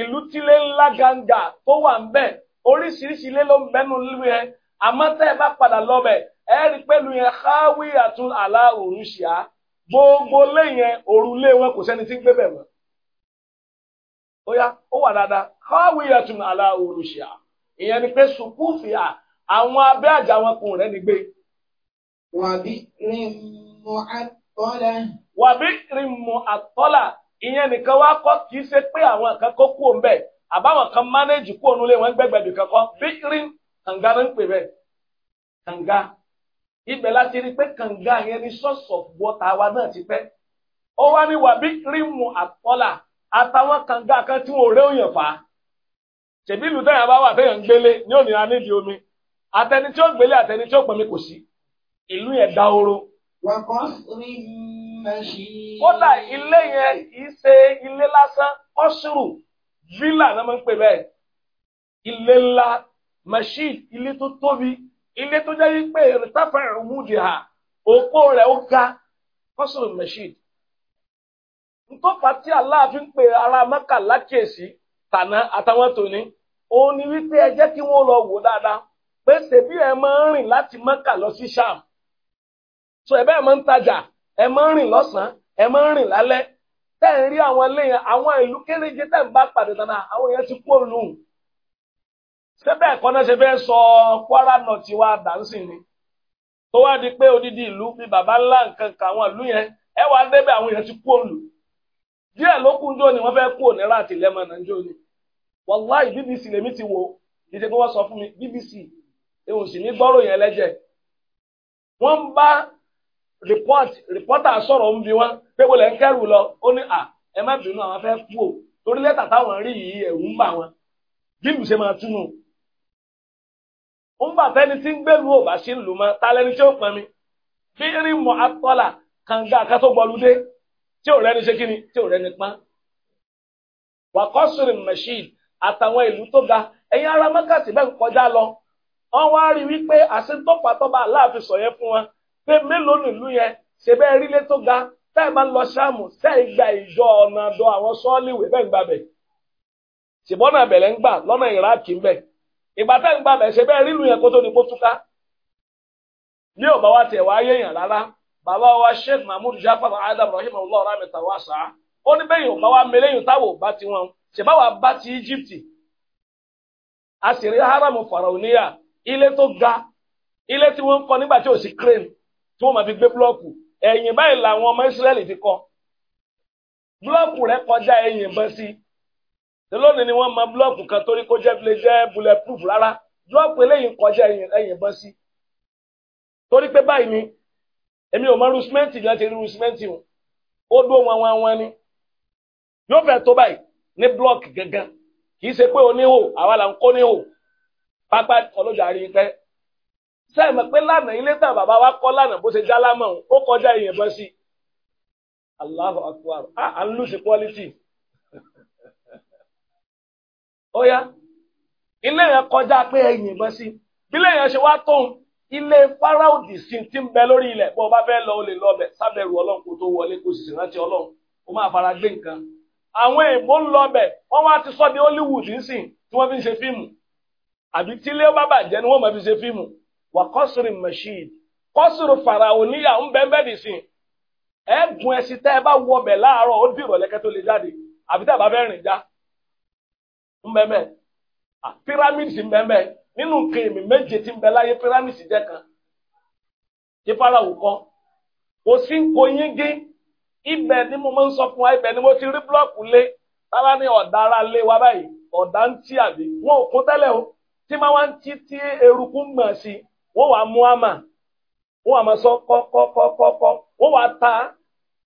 ìlú tílé ńlá gàǹgà tó wà ń bẹ̀ oríṣiríṣi ilé ló ń bẹ́nu lú yẹn àmọ́ tẹ́ ẹ bá padà lọ bẹ̀ ẹ rí pẹ̀lú yẹn káwí àtún àlá òrùṣìá gbogbo léyìn òrùlé wọn kò sẹ́ni tí ń gbé bẹ̀ mọ́. ó yá ó wà dáadáa káwí àtún àlá òrùṣìá ìyẹn ni pé sùkúfìà àwọn abẹ́ àjà wọn kò rẹ́ ni gbé. wàbí rí mu àtọ́lá. wàbí rí mu àtọ́lá ìyẹn nìkan wá kọ́ kì ṣe pé àwọn kan kó kú òun bẹ́ẹ̀ àbáwọn kan mánéèjì kú òun lé wọn gbẹgbẹbì kankan bí rí kànga ló ń pè bẹ́ẹ̀ kànga ibẹ̀ láti rí pé kànga yẹn ni source of water wa náà ti pẹ́ ó wá ní wàbí rímù àpọ́là àtàwọn kànga kan tí wọn ò réòyàn fà á ṣèbí ìlú dáhà bá wà téèyàn ń gbélé ní òní anídìí omi àtẹni tí ó gbélé àtẹni tí ó pọnmi kò sí ìlú yẹn dá oró. kódà ilé yẹn kìí ṣe ilé lásán ọ́sùrù fílà náà máa ń pè bẹ́ẹ̀ ilé ńlá machine ilé tó tóbi ilé tó jẹ́ wípé ìrìtàfà ìrùmúdì ha, òpó rẹ ó ga kọ́sùn mẹ́ṣíd. ntọ́fà tí aláàfin pé ara mẹ́kà lákèsí tàná àtàwọn tòní òun ni wípé ẹ jẹ́ kí wọ́n lọ wò dáadáa pé ṣèbí ẹ máa ń rìn láti mẹ́kà lọ sí so ẹ máa ń tajà ẹ máa ń rìn lọ́sàn-án ẹ máa ń rìn lálẹ́ tẹ́ ẹ̀ kéréje tẹ́ ń bá pàdé àwọn sebe bẹ́ẹ̀ kọ́ náà ṣe fẹ́ sọ Kwara náà ti wá ni tó wá di pé odidi ìlú bíi baba ńlá nǹkan kan àwọn ìlú yẹn ẹ wá débẹ̀ àwọn èèyàn ti kú òǹlù díẹ̀ ló kún ni wọ́n fẹ́ kú òníra àti ilẹ̀ mọ̀nà ni wàláì BBC lèmi ti wò ìṣe pé wọ́n sọ BBC ehun si ní gbọ́rọ̀ yẹn lẹ́jẹ̀ wọ́n bá rìpọ́tà sọ̀rọ̀ ń bi wọ́n pé ń kẹ́rù lọ ó ní à ẹ má bínú torí lẹ́tà táwọn rí yìí ẹ̀rù ń bà bí ìlú ṣe máa túnú ń gbà tẹ́ni tí ń gbèlú ò bá ṣe ń lù mọ́ ta lẹni tí ó pọn mi bí rí mọ atọ́là kànga kan tó dé tí ò rẹni ṣe kí ni tí ò rẹni pọ́n. wàkọ́sùrì mẹ́ṣíìd àtàwọn ìlú tó ga ẹ̀yin ará mọ́kàtí bẹ́ẹ̀ ń kọjá lọ wọ́n wá rí wípé àṣetọ́pàtọ́ba aláàfin sọ̀yẹ́ fún wọn pé mélòó nìlú yẹn ṣe bẹ́ẹ̀ rílé tó ga tẹ́ ẹ máa ń lọ ṣáàmù tẹ́ ẹ gba ìjọ ọ̀nà àdó àwọn sọ́ọ́lì ìwé bẹ́ẹ̀ gbàbẹ̀ ṣùgbọ́n náà ń gbà lọ́nà ìráàkì ń bẹ̀ ìgbà tẹ́ ń gba bẹ̀ṣẹ̀ bẹ́ẹ̀ rílu yẹn kó tó ní kó túká ní ò bá wa tiẹ̀ wá yéèyàn rárá bàbá wa Sheikh Mahmood Jafar Adam rahim allah rahmatan wa sa ó ní bẹ́ẹ̀ yóò bá wa mẹlẹ́yìn táwọn ò bá ti wọn ṣèbá wa bá ti Egypt a sì rí haram faraoniya ilé tó ga ilé tí wọ́n ń kọ́ nígbà tí ò sí crane tí wọ́n máa fi gbé búlọ́ọ̀kù ẹ̀yìn báyìí làwọn ọmọ Israẹli fi kọ́ búlọ́ọ̀kù rẹ̀ kọjá ẹ̀yìn bọ́ sí ṣé lónìí ni wọ́n mọ búlọ́ọ̀kù kan torí kó jẹ́ lè jẹ́ bullet proof rárá dúrọ́ọ̀pù eléyìí kọjá ẹ̀yìn bọ́ sí torí pé báyìí ni èmi ò mọ irú símẹ́ǹtì yẹn ti rí irú símẹ́ǹtì o ó dó wọn wọn wọn ni yóò fẹ́ tó báyìí ní búlọ́ọ̀kì gangan kì í ṣe pé oníhò àwa là ń kó níhò pápá ọlọ́jà rí pẹ́ sẹ́ẹ̀mọ̀ pé lánàá ilé tàn bàbá wa kọ́ lánàá bó ṣe já lámọ̀ ó kọjá ìyẹn bọ́ sí Allahu akbar ah, à ń lùsì quality ó yá ilé yẹn kọjá pé ẹ yìnbọn sí ilé yẹn ṣe wá tóun ilé fáráòdì sí ti ń bẹ lórí ilẹ̀ bó o bá fẹ́ lọ o lè lọ bẹ̀ sábẹ̀rù ọlọ́run kó tó wọlé kó sì rántí ọlọ́run kó máa fara gbé nǹkan àwọn èèbó ń lọ bẹ̀ wọ́n wá ti sọ di Hollywood nsìn tí wọ́n fi ń ṣe fíìmù àbí tí ilé bá bàjẹ́ ni wọ́n máa fi ṣe fíìmù wà kọ́sìrì mashid kọ́sìrì farao níyà ń bẹ́ẹ̀ bẹ́ẹ̀ dì sìn ẹ̀ gun ẹṣin tẹ́ ẹ bá wọ bẹ̀ láàárọ̀ ó dìrọ̀lẹ́kẹ́ a. Ah, pyramids mbẹ́mbẹ́ nínú nǹkan èmi méje tí ń bẹ láyé pyramids jẹ́ kan tí faraw kọ́ kò sí ń kó ni mo máa ń sọ ni mo ti rí búlọ́ọ̀kù lé tára ní ọ̀dà lé wa báyìí ọ̀dà ń tí àbí wọn ò o tí máa ń tí tí eruku ń sí wàá mú àmà sọ wàá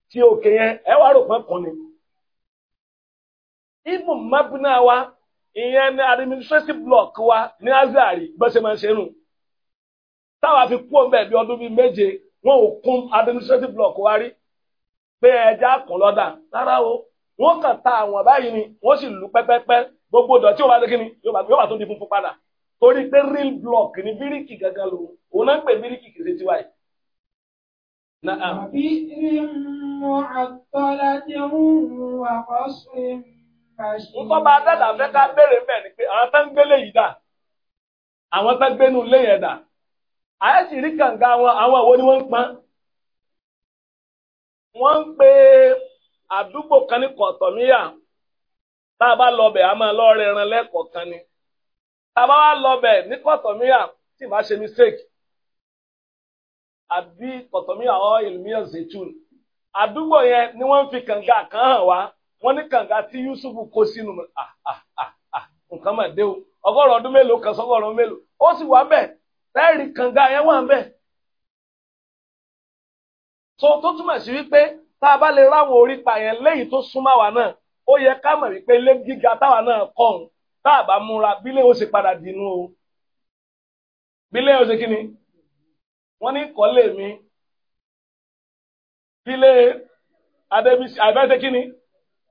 ti òkè yẹn ẹ wàá rò ni. ibùn ìyẹn ní administrative block wa ní azari bẹ́sẹ̀ máa ń ṣe nù táwa fi kú ọ̀nbẹ̀ bí ọdún bíi méje wọn ò kún administrative block wa rí pé ẹja kùn lọ́dà rárá o wọn kàn ta àwọn báyìí ni wọn sì lù pẹ́pẹ́pẹ́ gbogbo dọ̀tí òun bá dékìní yóò bá tó di funfun padà torí pé real block ni bíríkì gangan lò òun náà ń pè bíríkì kìí tiwa yìí. Na'am. Àbí ìrìn ń wà fọ́sùn mi. Nǹkan bá dàda fẹ́ ká béèrè mẹ́ ni pé àwọn fẹ́ ń gbélé yìí dà. Àwọn fẹ́ gbénu lé yẹn dà. Àyẹ̀ sì rí kànga wọn, àwọn wo ni wọ́n ń pọn? Wọ́n ń pe àdúgbò kan ní kọ̀tọ̀míyà. Tá a bá lọ bẹ̀, a máa lọ rẹran lẹ́kọ̀ọ́ kan ni. Tá a bá wá lọ bẹ̀ ní kọ̀tọ̀míyà tí ì bá ṣe mistake. Àbí kọ̀tọ̀míyà ọ̀ ìlú mìíràn ṣètùn. Àdúgbò yẹn ni wọ́n fi kànga kan hàn wá wọ́n ní kànga tí Yusuf kó sínú ah, ah, ah, nǹkan mà dé o ọgọ́rùn ọdún mélòó kan sọ́gọ́rùn mélòó ó sì wà bẹ́ẹ̀ tẹ́ẹ̀rì kànga yẹn wà bẹ́ẹ̀. so tó túmọ̀ sí wípé tá a bá lè ráwọn orí pa yẹn léyìí tó súnmọ́ àwa náà ó yẹ ká mọ̀ wípé ilé gíga táwa náà kọ̀ ọ̀hún tá a bá múra bílé ó ṣe padà dínú o bílé ó ṣe kí ni wọ́n ní kọ́lé mi bílé adébísí àbẹ́sẹ̀ kí ni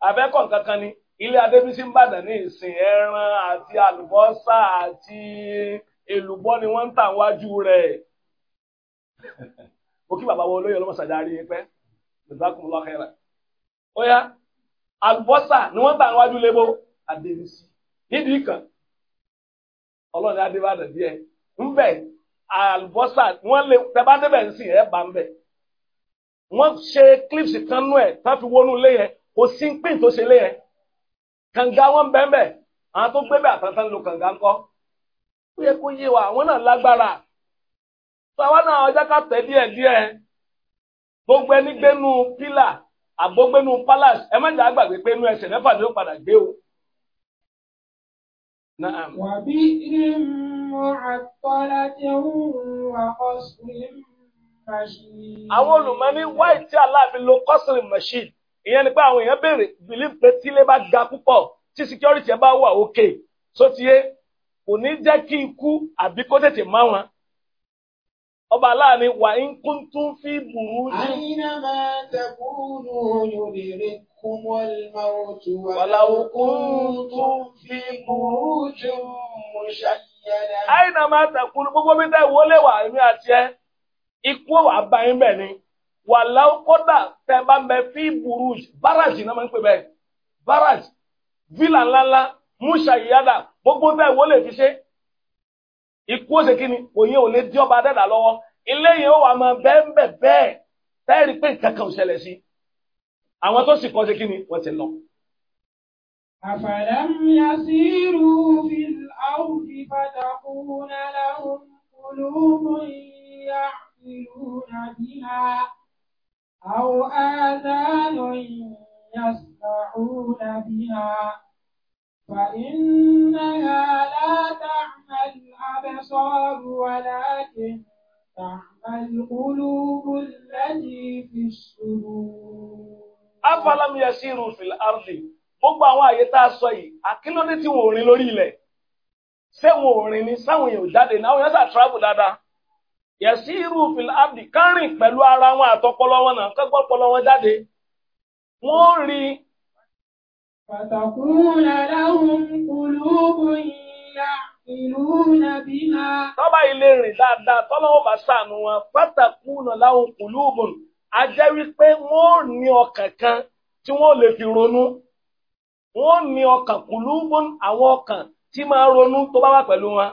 abẹ́kọ̀ kankan ni ilé adébísí ń bàdàn ní ìsìn ẹran àti àlùbọ́sà àti èlùbọ́ ni wọ́n ń tà wájú rẹ̀ mo kí bàbá wọn olóyè ọlọ́mọṣàjà rí i pẹ́ jazakumullahu khairan ó yá àlùbọ́sà ni wọ́n ń tà wájú lébo adébísí nídìí kan ọlọ́run adébàdàn díẹ̀ ńbẹ̀ àlùbọ́sà wọ́n lè tẹ́bá débẹ̀ ń sìn ẹ̀ bá ń bẹ̀ wọ́n ṣe clips kan nú ẹ̀ tán fi wọnú ilé yẹn kò sí pín tó ṣe lé yẹn kànga wọn bẹ́ẹ̀ àwọn tó gbé bẹ́ẹ̀ àtàntà ń lo kànga ńkọ́ ó yẹ kó yé wa àwọn náà lágbára tó àwọn náà ọjọ́ ká tẹ̀ díẹ̀ díẹ̀ gbogbo ẹni gbénu pílà àbógbénu palace ẹ má jẹ́ àgbàgbé pé inú ẹsẹ̀ mẹ́fà ni ó padà gbé o. wàbí ìmọ̀ àtọ́lá ti ń wà kọ́sìrì machine. àwọn olùmọ̀ ní wáìtí aláàbí lo kọ́sìrì machine ìyẹn ni pé àwọn èèyàn béèrè believe pé tílé bá ga púpọ̀ tí security bá wà òkè sótìyé kò ní jẹ́ kí ikú àbí kó tètè má wọn ọba aláàánú wà ń kún tún fi bùrú jù. àyínà máa tẹkùnù yòrèrè kún wọlé òtù wàláwò kún tún fi bùrú jù mú ṣàyẹ̀dá. àyínà máa tẹkùnù gbogbo mi tẹ wọlé wà ní àti ẹ ikú wà bá ni wàláwó kódà tẹ́ bá mẹ fí buruj báràjì náà máa ń pè bẹ́ẹ̀ báràjì fílà ńláńlá múṣà ìyáda gbogbo tẹ́ ìwọ lè fi ṣe ikú ó ṣe kí ni òyìn ò lè dí ọba dẹ́dà lọ́wọ́ ilé yẹn wà máa bẹ́ẹ̀ bẹ́ẹ̀ bẹ́ẹ̀ tẹ́ẹ̀rí pé nǹkan ò ṣẹlẹ̀ sí àwọn tó sì kọ́ ṣe kí ni wọ́n ti lọ. أفلم يسيروا في الأرض فتكون لهم قلوب يعقلون بها أو آذان يسمعون بها فإنها لا تعمى الأبصار ولكن تعمى القلوب التي في الصدور أفلم يسيروا في الأرض gbogbo àwọn àyè tá a sọ yìí àkílódé tí wọn ò rìn lórí ilẹ̀ ṣé wọn ò rìn ní sáwọn èèyàn jáde ní àwọn èèyàn sà travel dáadáa yẹ̀sírù fìlábì kárìn pẹ̀lú ara wọn àtọpọlọ wọn náà kẹ́gbọ́ pọlọ wọn jáde wọ́n rí. pàtàkùn làlàhùn kùlùkùn ìyá ìlú nàbíhà. tọ́ba ilé rìn dáadáa tọ́lọ́wọ́ bá sànù wọn pàtàkùn làlàhùn kùlùkùn a jẹ́ wípé wọ́n ní ọkàn kan tí wọ́n lè fi ronú wọ́n ní ọkàn kùlùkùn àwọn ọkàn tí máa ronú tó bá wà pẹ̀lú wọn.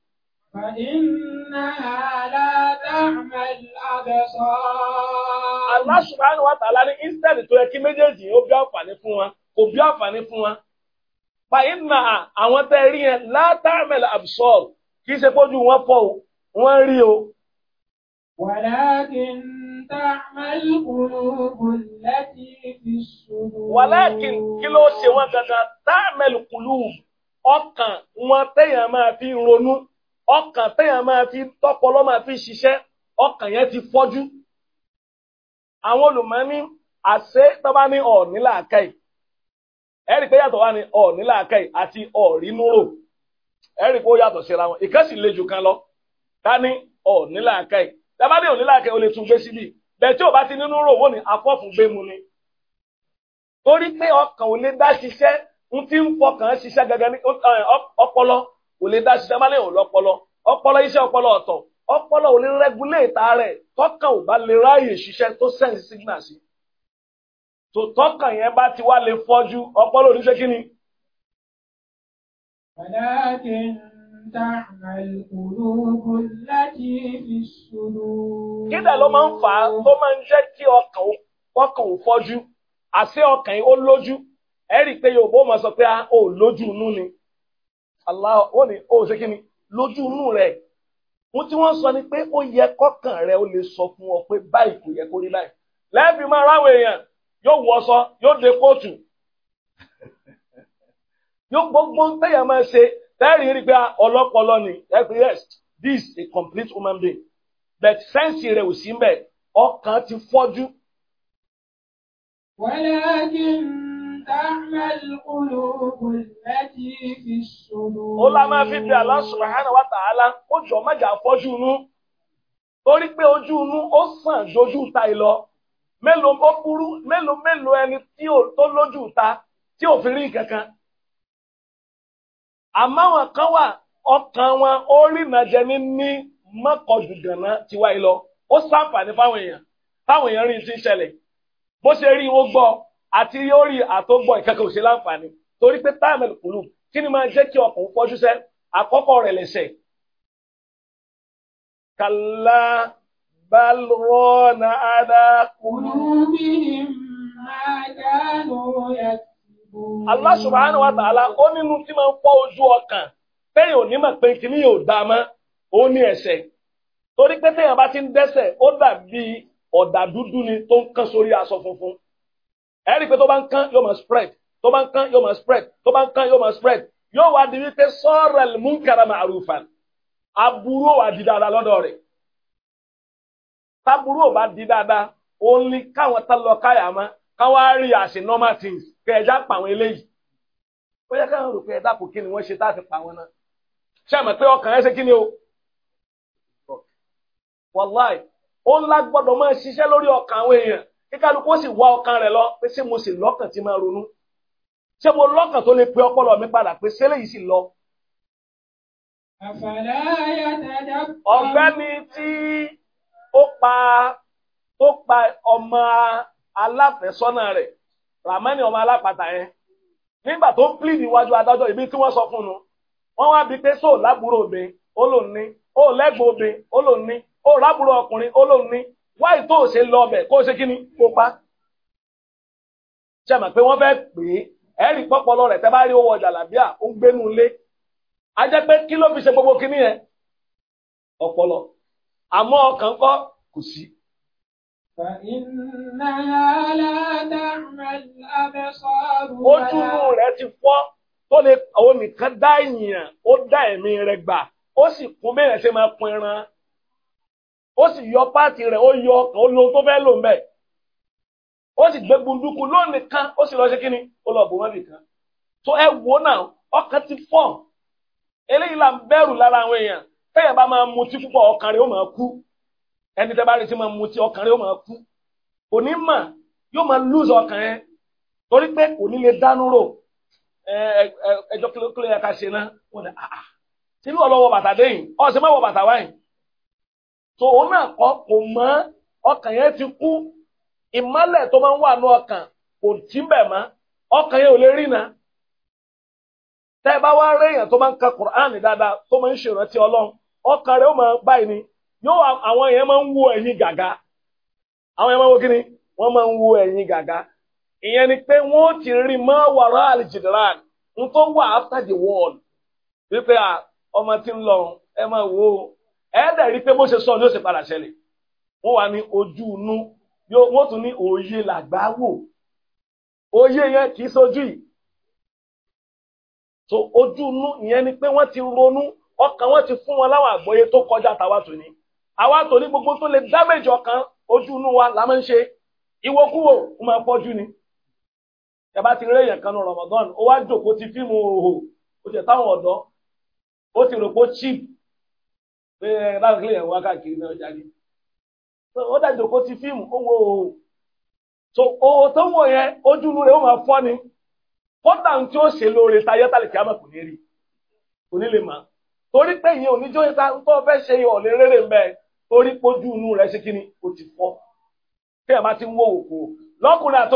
فإنها لا تعمى الأبصار Allah subhanahu wa ta'ala ní instead tó yẹ kí méjèèjì ó bí àǹfààní fún wa kò bí àǹfààní fún wa. fa iná àwọn tẹ́ rí yẹn látàmẹ̀lẹ̀ absorb kì í ṣe pójú wọn pọ̀ o wọ́n rí o. wàlákin ta'mal qulubul lati fi sudur. wàlákin kí ló ṣe wọn gangan ta'mal qulub ọkàn wọn téèyàn máa fi ronú ọkàn téèyàn máa fi tọpọlọ máa fi ṣiṣẹ́ ọkàn yẹn ti fọ́jú àwọn olùmọ́ni àṣẹ tọ́ba ní ọ̀ọ́ní làákàyè ẹ̀rí pé yàtọ̀ wá ní ọ̀ọ́ní làákàyè àti ọ̀ọ́rínúrò ẹ̀rí pé ó yàtọ̀ síra wọn ìkẹ́sì le jù kan lọ ká ní ọ̀ọ́ní làákàyè tọ́ba ní ọ̀ọ́ní làákàyè ó lè tún gbé síbi bẹ́ẹ̀ tí ò bá ti nínú rò wọ́n ní afọ́fún gbé mu ni torí pé ọkàn ò lè dá ṣiṣẹ́ ń ti ń fọkàn ṣiṣẹ́ gẹ́gẹ́ ní ọpọlọ kò lè dá ṣiṣẹ́ máa léèyàn lọ́pọlọ ọpọlọ iṣẹ́ ọpọlọ ọ̀tọ̀ ọpọlọ ò lè rẹguléètà rẹ̀ tọ́kàn ò bá lè ráàyè ṣiṣẹ́ tó sẹ́ǹsì sígínà sí tó yẹn bá ti wá lè fọ́jú ọpọlọ oníṣẹ́ kí ni. ló máa ń fà á tó máa ń jẹ́ kí ọkàn ọkàn ò fọ́jú àti ọkàn ó lójú pé Yorùbá ó máa sọ pé ah, ó lójú inú ni. Allah ó ní ó ṣe kí ni lójú inú rẹ̀ ohun tí wọ́n sọ ni pé ó yẹ kọ́kàn rẹ̀ ó lè sọ fún ọ pé báyìí kò yẹ kó rí báyìí lẹ́ẹ̀fì máa ráwọ̀ èèyàn yóò wọ ọsọ yóò de kóòtù yóò gbogbo tẹ̀yà máa ṣe tẹ́rì rí pé ọlọ́pọlọ ni fbs this a complete human being but sẹ́ǹsì rẹ̀ ò sí mbẹ̀ ọkàn ti fọ́jú. ولكن ta'mal qulubul التي في ṣ la máa fi bẹ Allah subhanahu wa ta'ala ó jọ májà fọ́jú inú torí pé ojú inú ó sàn jojú ta ìlọ mélòó ó burú mélòó mélòó ẹni tí ò tó lójú ta tí ò fi rí kankan àmọ́ àwọn kan wà ọkàn wọn ó rí ìnàjẹ ní ní mọ́kànjú gànà tiwa ìlọ ó sàǹfààní fáwọn èèyàn táwọn èèyàn rí ti ń ṣẹlẹ̀ bó ṣe rí wọ́n gbọ́ àti orí àtọ́gbọ́ ìkẹ́kọ̀ọ́ ṣe láǹfààní torí pé táàmù kùlù kí ni máa jẹ́ kí ọkàn pọ́jú sẹ́ àkọ́kọ́ rẹ̀ lẹ́sẹ̀ kàlá balrọ́nà àdá qulubihim máa dánú Allah subhanahu wa ta'ala ó nínú tí máa ń pọ́ ojú ọkàn téèyàn ò ní mọ̀ pé kí ni yóò dá mọ́ ó ní ẹ̀ṣẹ̀ torí pé téèyàn bá ti ń dẹ́ṣẹ̀ ó dàbí ọ̀dà dúdú ni tó ń kán sórí aṣọ funfun ẹ̀rí pé tó bá ń kán yóò máa spread tó bá ń kán yóò máa spread tó bá ń kán yóò máa spread yóò wá di wípé sọ́ọ̀rẹ̀lì múnkàrà màrúfàn aburú ò wá di dáadáa lọ́dọ̀ rẹ̀ taburú ò bá di dáadáa ó ní káwọn tá lọ káyà mọ́ káwọn á rí àṣẹ normal things kẹ ẹja pa àwọn eléyìí ó yẹ káwọn rò pé ẹ̀dá kò kí ni wọ́n ṣe tá a fi pa wọn náà ṣé àmọ́ pé ọkàn ẹ ṣe kí ni o wàláì ó ńlá gbọ́dọ̀ máa ṣiṣẹ́ lórí ọkàn àwọn èèyàn kíkálukú ó sì wá ọkàn rẹ̀ lọ pé ṣé mo sì lọ́kàn tí máa ronú ṣé mo lọ́kàn tó lè pe ọpọlọ mi padà pé ṣé léyìí sì lọ. ọ̀gbẹ́ mi tí ó pa tó pa ọmọ aláfẹ́sọ́nà rẹ̀ ramani ọmọ alápàtà yẹn nígbà tó ń plíìdì iwájú adájọ́ ibi tí wọ́n sọ fún un wọ́n wá bíi pé sóò lábúrò mi ó lò ní ó lẹ́gbọ̀n obìnrin ó lò ní ó lábúrò ọkùnrin ó lò ní wáyé tó ṣe lọ ọbẹ̀ kó ṣe kí ni kó pa. ṣe àmọ̀ pé wọ́n fẹ́ pè é ẹ̀rí pọ́pọ́lọ́ rẹ̀ tẹ́ bá rí owó ọjà làbíà ó ń gbénu lé a jẹ́ pé kí ló fi ṣe gbogbo kíní yẹn ọpọlọ àmọ́ ọkàn kọ́ kò sí. ojúmú rẹ̀ ti fọ́ tó lè òun nìkan dá ènìyàn ó dá ẹ̀mí rẹ̀ gbà ó sì kún bẹ́ẹ̀ ṣe máa pin ẹran ó sì yọ páàtì rẹ̀ ó yọ ọkàn ó lo tó fẹ́ lò ń bẹ́ẹ̀. ó sì gbé gbunduku lónìí kan ó sì lọ ṣe kíni ó lọ bò mọ́bì ka tó ẹ wò náà ọkàn ti fọ́ eléyìí là ń bẹ̀rù lára àwọn èèyàn tẹ́yẹ̀ bá máa mutí púpọ̀ ọkàn rẹ̀ ó máa kú ẹni tẹ́ bá rí tí máa mutí ọkàn rẹ̀ ó máa kú òní mà yóò máa lose ọkàn yẹn torí pé kò ní lè dánú rò ẹjọ́ kílódé wọ bàtà wáyìn náà kò ọkàn ti kú ìmọ́lẹ̀ tó máa ń wà ní ọkàn kò tí ń ọkàn yẹn ò lè rí náà tẹ́ ẹ bá wá réèyàn tó máa ń ka tó máa ń ṣèrántí Ọlọ́run ọkàn rẹ̀ ó máa báyìí ni yóò àwọn yẹn máa ń wo ẹ̀yìn gàga àwọn yẹn máa ń wo kí ni wọ́n máa ń wo ẹ̀yìn gàgà ìyẹn ni pé wọ́n ti rí mọ́ wàrà àlìjìdìrán tó wà wo rí pé bó ṣe sọ ni ó sì padà ṣẹlẹ̀ wọ́n wà wọ́n tún ní òye làgbà wò òye yẹn kì í sojú yìí so ojú inú ìyẹn ni pé wọ́n ti ronú ọkàn wọn ti fún wọn láwọn àgbọ́yé tó kọjá tàwa tò ní àwa tò ní gbogbo tó lè dámẹ́jì ọkàn ojú inú wa la máa ń ṣe ìwòkuwò ó máa pọ́jú ni yàbá ti rẹ́yìn kan ní Ramadan ó wá jòkó ti fíìmù òhò ó ti táwọn ọ̀dọ́ ó ti rò pé chip pé ẹ bá ń kílẹ̀ wá káàkiri náà jáde ó dàjò kó ti fíìmù ó òòrùn so tó wọ̀ yẹn ojú rẹ̀ ó máa fọ́ ni kódà tí ó ṣe lóore táyé kí a máa kò ní rí kò ní lè mọ̀ torí pé ìyẹn oníjó yẹn tó fẹ́ ṣe ọ̀lẹ́ rere ń bẹ torí pójú inú ṣe kí ni ti fọ́ kí ẹ̀ ti ń òkú lọ́kùnrin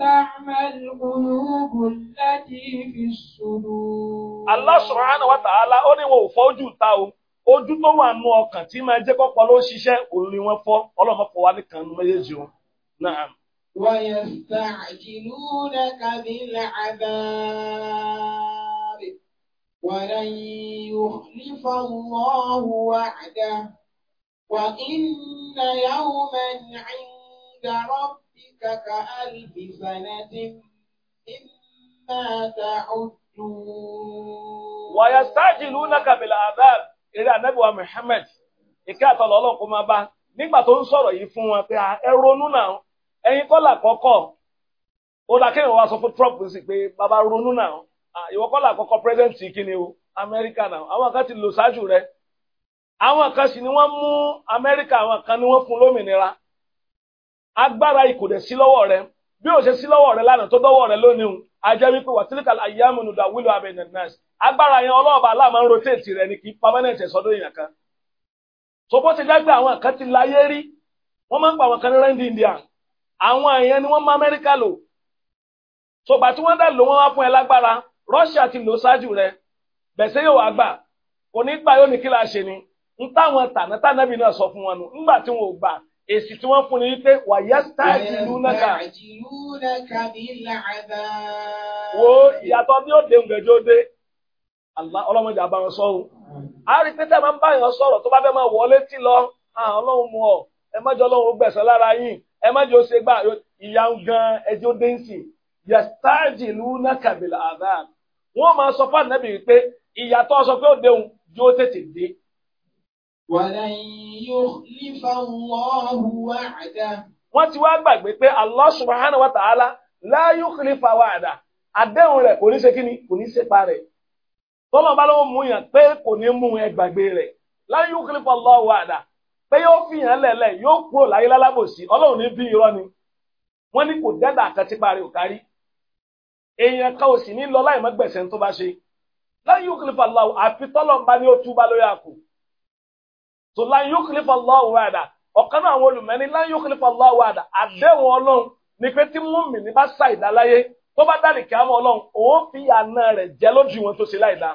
تَعْمَى الْقُلُوبُ الَّتِي فِي الصُّدُورِ. Allah subhanahu wa ta'ala ó ní wọn ò fọ́ ojú ta o ojú tó wà nù ọkàn tí máa jẹ́ kọ́kọ́ ló ṣiṣẹ́ òun ni fọ́ ọlọ́mọ kọ wá nìkan méjèèjì o náà. ربك كألف سنة مما تعدون ويستعجلونك بالعذاب إلى نبوة محمد ìkẹ́ẹ̀tọ́ lọ́lọ́ kó máa bá nígbà tó ń sọ̀rọ̀ yìí fún wọn pé ẹ ronú náà ẹ̀yin kọ́là kọ́kọ́ ó dá wá sọ fún Trump sí pé bàbá ronú náà ìwọ kọ́là kọ́kọ́ president kíni o Amẹ́ríkà náà àwọn kan ti lò ṣáájú rẹ. àwọn kan sì ni wọ́n mú Amẹ́ríkà àwọn kan ni wọ́n fún lómìnira agbára ikù dẹ̀ sí lọ́wọ́ rẹ bí o ṣe sí lọ́wọ́ rẹ lánàá tó dọ́wọ́ rẹ lónìí a jẹ́ wípé wà tílíkà àyàmù nùdà wílò abẹ nàìjíríàs agbára yẹn ọlọ́ọ̀bà aláàmà ń rotate ni kì í èèyàn kan so bó ti dágbé àwọn kan ti láyé rí wọ́n máa ń pa àwọn kan ní India àwọn èèyàn ni wọ́n máa Amẹ́ríkà lò so tí wọ́n dá lò wọ́n wá fún ẹ ti lò ṣáájú rẹ bẹ̀sẹ̀ yóò wá gbà kò ní gbà yóò ní kí la ṣe ni ń táwọn tànátànábì náà sọ fún èsì tí wọ́n fún ni wípé wàyà stáàjì lúnàkà. wo ìyàtọ̀ ní òde ǹgbẹ̀jọ́ dé ọlọ́mọdé àbáwọn sọ́hùn. a rí pété máa ń báyọ̀ sọ̀rọ̀ tó bá fẹ́ máa wọlé tí lọ ah, ọlọ́run mu ọ ẹ má jẹ́ ọlọ́run gbẹ̀sán lára yín ẹ má jẹ́ ṣe gbà ìyá gan ẹjọ́ dé ń sì yàstáàjì lúnàkà bìlà àdá. wọ́n máa sọ fún ànábì wípé ìyàtọ̀ sọ pé òde òun tètè dé. ولن يخلف الله وعده wọ́n ti wá gbàgbé pé Allah subhanahu wa ta'ala la yukhlifa wa'da àdéhùn rẹ̀ kò ní ṣe kíni kò ní ṣe pa rẹ̀ tọ́lọ̀ bá lọ́wọ́ mú yàn pé kò ní mú ẹ gbàgbé rẹ̀ la yukhlifa Allahu wa'da pé yóò fi hàn lẹ̀lẹ̀ yóò kúrò láyé lálábòsí ọlọ́run ní bí irọ́ ni wọ́n ní kò dẹ́dà àkàtí parí òkárí èèyàn kan ò sì ní lọ láì mọ́gbẹ̀sẹ̀ tó bá ṣe la yukhlifa Allahu àfi tọ́lọ̀ bá ní ó túbá lórí àkùn so lan yukhlifa Allahu wa'da ọ̀kan náà àwọn olùmẹ́ni lan yukhlifa Allahu wa'da àdéhùn ọlọ́run ni pé tí múmi ní bá ṣà ìdáláyé tó bá dálì kí á mọ ọlọ́run òun fi àna rẹ̀ jẹ́ lójú wọn tó ṣe láìda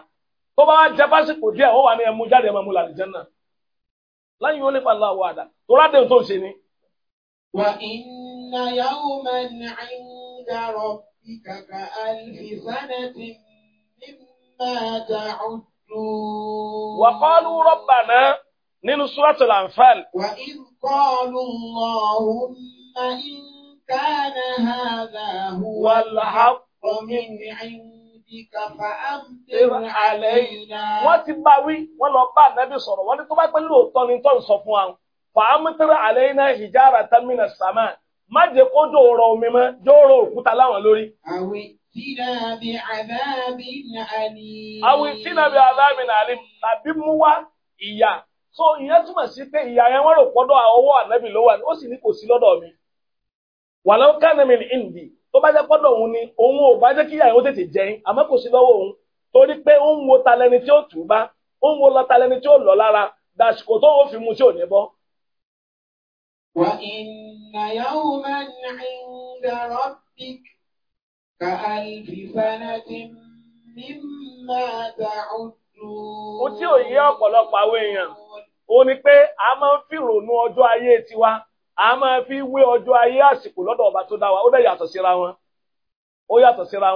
tó bá wá jẹ básìkò díẹ̀ ó wà ní ẹmu jáde ẹmu làlì jẹ́ náà lan yukhlifa Allahu wa'da tó rádéhùn tó ṣe ni. wà inna yawman 'inda rabbika ka alfi sanatin mimma ta'uddun. wa nínú suratul Anfal. wà á kọ́lu Allahumma in kana hadha huwa al-haqqu min indika fa'amtir alayna. wọ́n ti bá wí wọ́n lọ bá ànábì sọ̀rọ̀ wọ́n ní tó bá pẹ́ lóòótọ́ ni tó ń sọ fún wa fa'amtir alayna hijaratan minas sama má jẹ́ kó dòòrọ̀ omi mọ́ dòòrọ̀ òkúta láwọn lórí. àwẹ̀ ìtìnà bí àdáàbì nàlìm. àwẹ̀ ìtìnà bí àdáàbì nàlìm tàbí mú wá ìyà so ìyẹn túmọ̀ sí pé ìyá yẹn wọ́n rò pọ́dọ̀ ọwọ́ ànábì ló wà ó sì ní kò sí lọ́dọ̀ mi ní ìndì tó bá jẹ́ pọ́dọ̀ òun ni òun ò bá jẹ́ kí ìyá yẹn ó tètè jẹun àmọ́ kò sí lọ́wọ́ òun torí pé ó ń wo talẹ́ni tí ó tù bá ó wo lọ talẹ́ni tí ó lọ lára dàsìkò tó fi tí ò ó ní pé a máa ń fi ọjọ́ ayé tiwa a máa fi wé ọjọ́ ayé àsìkò lọ́dọ̀ ọba tó dá wa ó dẹ̀ yàtọ̀ síra wọn ó yàtọ̀ síra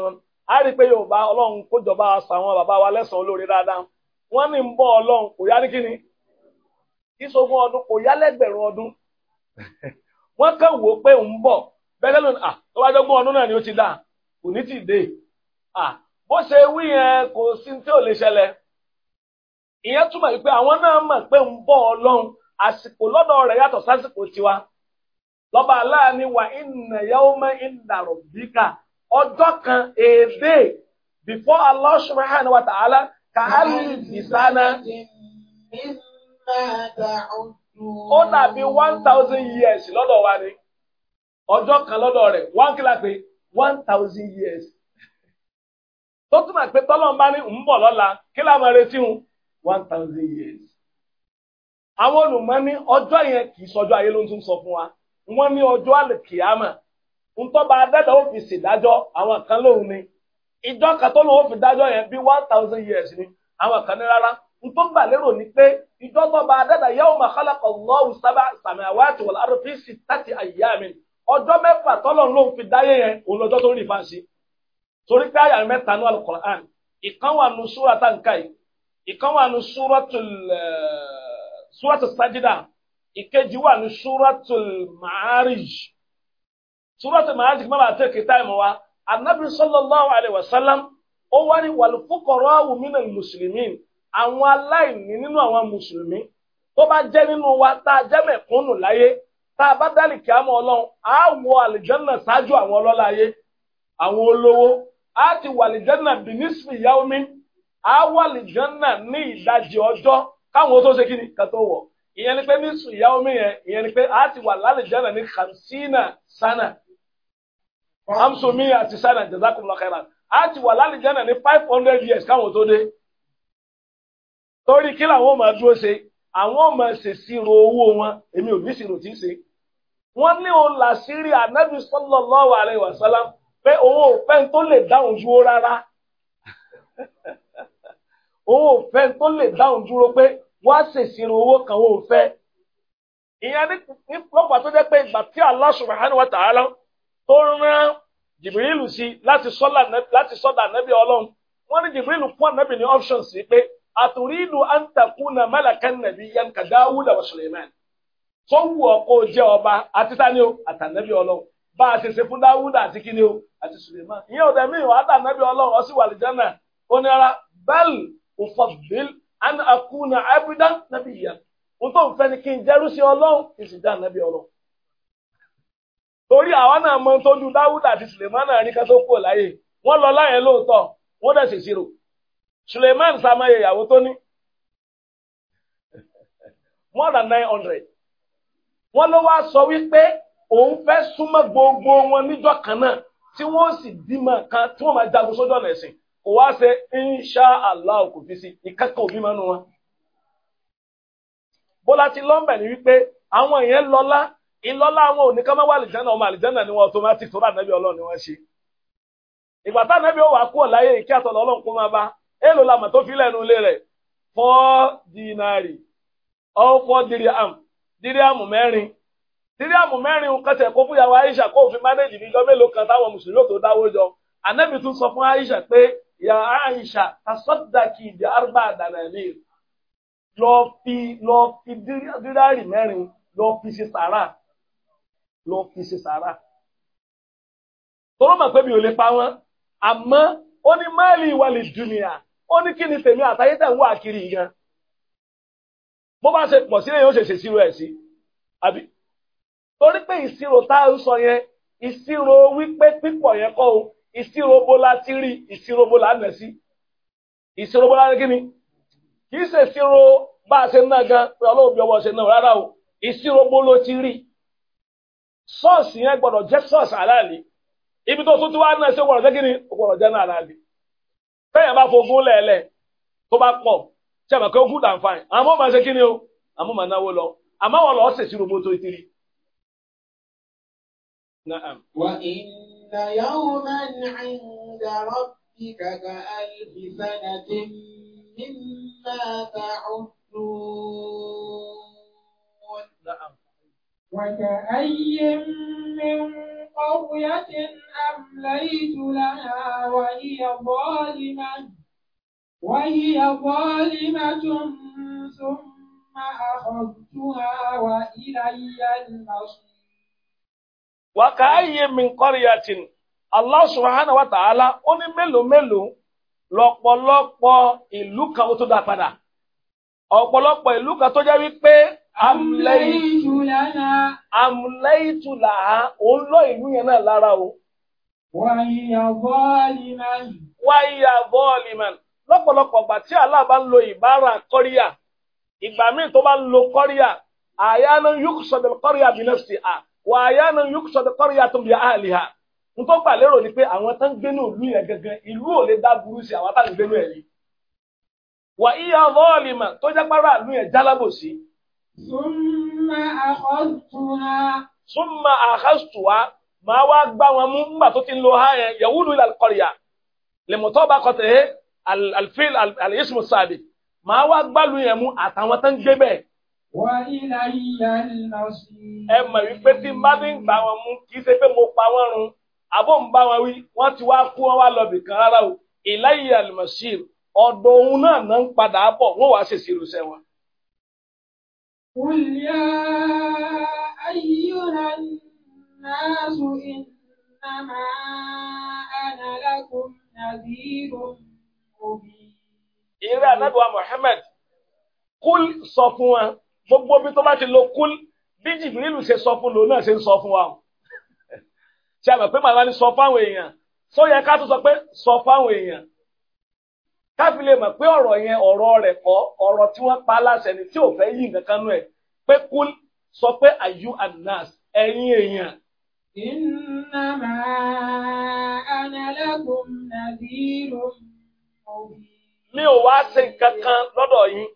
a rí i pé yorùbá ọlọ́run kójọba àṣà àwọn wa lẹ́sàn-án olóore dáadáa wọ́n ní bọ́ ọlọ́run kò yá ní kíni ìṣògùn ọdún kò yá lẹ́gbẹ̀rún ọdún wọ́n kàn wò pé ń bọ̀ bẹ́lẹ́ lónìí à tó bá ti ìyẹn túmọ̀ wípé àwọn náà mọ̀ pé ń bọ̀ ọlọ́run àsìkò lọ́dọ̀ rẹ̀ yàtọ̀ sásìkò tiwa lọ́ba aláàánú wa inna yawma inda rabbika ọjọ́ kan èdè before Allah subhanahu wa ta'ala kàálì ìsáná ó dàbí one thousand years lọ́dọ̀ wa ni ọjọ́ kan lọ́dọ̀ rẹ̀ one kìlá pé one thousand years tó túmọ̀ pé tọ́lọ́mbá ní ń bọ̀ lọ́la kí lámọ̀ retí hun. one thousand years. àwọn olùmọ̀ ní ọjọ́ yẹn kì í sọjọ́ ayé ló ń tún sọ fún wa wọ́n ní ọjọ́ àlùkìyàmà ntọ́ba adẹ́dàá ó fi ṣèdájọ́ àwọn kan lóhùn ni ìjọ kan tó fi dájọ́ yẹn bí one thousand years ni àwọn kan ní rárá ntọ́ gbà lérò ni pé ìjọ tọ́ba adẹ́dàá yawma khalaqa Allahu sab'a samawati wal ardi fi sittati ayyamin ọjọ́ mẹ́fà tọ́lọ́run ló ń fi dáyé yẹn òun lọ́jọ́ tó ń rí fáṣí torí pé àyà mẹ́ta ní Al-Qur'an ìkan wà nù ìkan wà ní súrọ́tù sájídà ìkejì wà ní súrọ́tù ma'arij súrọ́tù ma'arij kí má bàa tẹ́kì táìmù wa anabi sallallahu alayhi wa sallam ó wá ní wàlúfúkọ̀rọ̀ wùmínà mùsùlùmí àwọn aláìní nínú àwọn mùsùlùmí tó bá jẹ́ nínú wa tá a jẹ́ mẹ̀kúnnù láyé tá a bá dálì kí á mọ ọlọ́run á wọ àlìjọ́nà ṣáájú àwọn ọlọ́láyé àwọn olówó á ti wà àlìjọ́nà bìnísì awali janna ní ìdajì ọjọ́ káwọn tó ṣe kí ni ká tó wọ̀ ìyẹn ni pé ní ìyá omi yẹn ìyẹn ni pé a ti wà lálẹ́ janna ní hamsina sana hamsomi àti sana jazakumullahu khairan a ti wà lálẹ́ janna ní five hundred years káwọn tó dé torí kí làwọn máa dúró ṣe àwọn máa ṣèṣirò owó wọn èmi ò ní ṣirò tí ń ṣe wọ́n ní òun làṣírí ànábì sallallahu alaihi wasallam pé òun ò fẹ́ tó lè dáhùn dúró rárá. òun ò fẹ́ tó lè dáhùn dúró pé wá ṣèṣirò owó kan òun fẹ́ ìyẹn ní lọ́pàá tó jẹ́ pé ìgbà tí Allah subhanahu wa tó rán jìbìrìlù sí láti sọ́dà nẹ́bí ọlọ́run wọ́n ní jìbìrìlù fún ànábì ní options sí pé àtúrídù na malakan nabiyyan ka Dawuda wa suleiman tó wù ọ́ kó ọba àti o ọlọ́run bá a ṣe ṣe fún Dawuda àti kíni o àti Sulaiman ìyẹn ọ̀dẹ̀ ọlọ́run ọ sì wà lìjánà ufaddil an akuna abdan nabiyya ohun tó ń fẹ́ ni kí n jẹ́rú sí ọlọ́run kí n sì já nàbí ọlọ́run. torí àwa náà mọ tójú dáwúdà àti sùlẹ̀mánà rí ká tó kú láyé wọ́n lọ láyé lóòótọ́ wọ́n dẹ̀ ṣèṣirò sùlẹ̀mán sàmáyé ìyàwó tó ní more than nine hundred wọ́n ló wá sọ wípé òun fẹ́ súnmọ́ gbogbo wọn níjọ́ kan náà tí wọ́n sì bímọ kan tí wọ́n máa jagun sójú ọ̀nà ẹ̀sìn. ụwa sị nsha ala allah kò fi sí ìkẹ́kọ̀ọ́ òbí mọ́nu ti lọ́mbẹ̀ ni wípé àwọn èèyàn lọla ìlọ́lá àwọn onikama wa máa wà àlìjánà ọmọ àlìjánà ni wọn automatic tó bá nàbí ọlọ́run ni wọ́n ṣe. ìgbà tá nàbí ó wà kúọ̀ láyé la ma to fi Aisha dawo jọ anabi sọ ya Aisha tasaddaki bi arba dananir lọ fi lọ fi dírárì mẹ́rin lọ fi ṣe sàrà lọ fi ṣe sàrà tọ́rọ mọ̀ pé mi ò lè pa wọ́n àmọ́ ó ní máìlì ìwà lè dùnìyà ó ní kí ni tèmi àtàyé tẹ̀ ń wà kiri yẹn bó bá ṣe pọ̀ sílẹ̀ yóò ṣe ṣèṣirò ẹ̀ sí àbí torí pé ìṣirò tá a ń sọ yẹn ìṣirò wípé pípọ̀ yẹn kọ́ o ìṣiròbó ti rí ìṣiròbó lánàá ni ṣe ìṣirò bá a ṣe náà gan pé ọlọ́run bí ọwọ́ ṣe náà rárá o ti rí sọ́ọ̀sì yẹn gbọ́dọ̀ jẹ́ sọ́ọ̀sì ibi tó tún tí náà ṣe gbọ́dọ̀ jẹ́ kí gbọ́dọ̀ jẹ́ náà fẹ́yìn bá lẹ́ẹ̀lẹ́ tó bá pọ̀ àmọ́ ṣe o àmọ́ náwó lọ àmọ́ wọn يوما عند ربك كألف سنة مما تعدون نعم. وكأي من قرية أمليت لها وهي ظالمة وهي ظالمة ثم أخذتها وإلي المصير wa ka'ayyin min qaryatin Allah subhanahu wa ta'ala ó ní mélòó mélòó ìlú kan ó tó dá padà ìlú kan tó jẹ́ wípé amúlẹ́yìtù làá ó ń lọ ìlú yẹn o. wàyíyà bọ́ọ̀lìmán. wàyíyà bọ́ọ̀lìmán lọ́pọ̀lọpọ̀ ìgbà bá lo ibara kọ́ríà ìgbà míì tó bá lo kọ́ríà àyánu yóò sọ̀dọ̀ wà á yá náà yóò sọ kọ́rọ̀ yá tó ń àhàlì ha n tó gbà lérò ni pé àwọn tó ń gbé ní òlú yẹn gangan ìlú ò lè dá burú sí àwọn táwọn gbé ní ẹ̀rí wà ìyá ọlọ́ọ̀lì mà tó jẹ́ pàrọ̀ àlú yẹn jálábò sí. súnmọ́ àkọ́sùwà. súnmọ́ àkọ́sùwà máa wá gbá wọn mú nígbà tó ti ń lo ha yẹn yahudu ilà kọrìyà lèmọ̀tọ́ bá kọ́tẹ̀ alfil alismu sábì máa wá gbálù yẹn mú àtàwọn tó ń gbé bẹ́ẹ̀ ẹ mọ̀ wípé tí má fi ń bá wọn mú kì í ṣe pé mo pa wọ́n run àbó ń bá wọn wí wọ́n ti wá kú wọn wá lọ bìkan rárá o ìlàyé àlùmọ̀ṣíìr ọ̀dọ̀ òun náà náà ń padà bọ̀ wọ́n wàá ṣèṣì irúṣẹ́ wọn. Kùlìyà ayyúra náàsù innama ana lakum nadhirun mubin. Ìrẹ́ Anábìwá Mùhàmmad kúl sọ fún wọn gbogbo bí tó bá ti lo kúl bí jìbìrìlù ṣe sọ fún lòun náà ṣe ń sọ fún wa o ṣe àmọ̀ pé màmá ni sọ fáwọn èèyàn sọ yẹ ká tó sọ pé sọ fáwọn èèyàn káfí lè mọ̀ pé ọ̀rọ̀ yẹn ọ̀rọ̀ rẹ̀ kọ́ ọ̀rọ̀ tí wọ́n pa aláṣẹ ni tí ò fẹ́ yí nǹkan kan nú ẹ̀ pé kúl sọ pé ayu anas ẹ̀yin èèyàn. Innama ana lakum nadhirun. Mi ò wá ṣe nǹkan kan lọ́dọ̀ yín.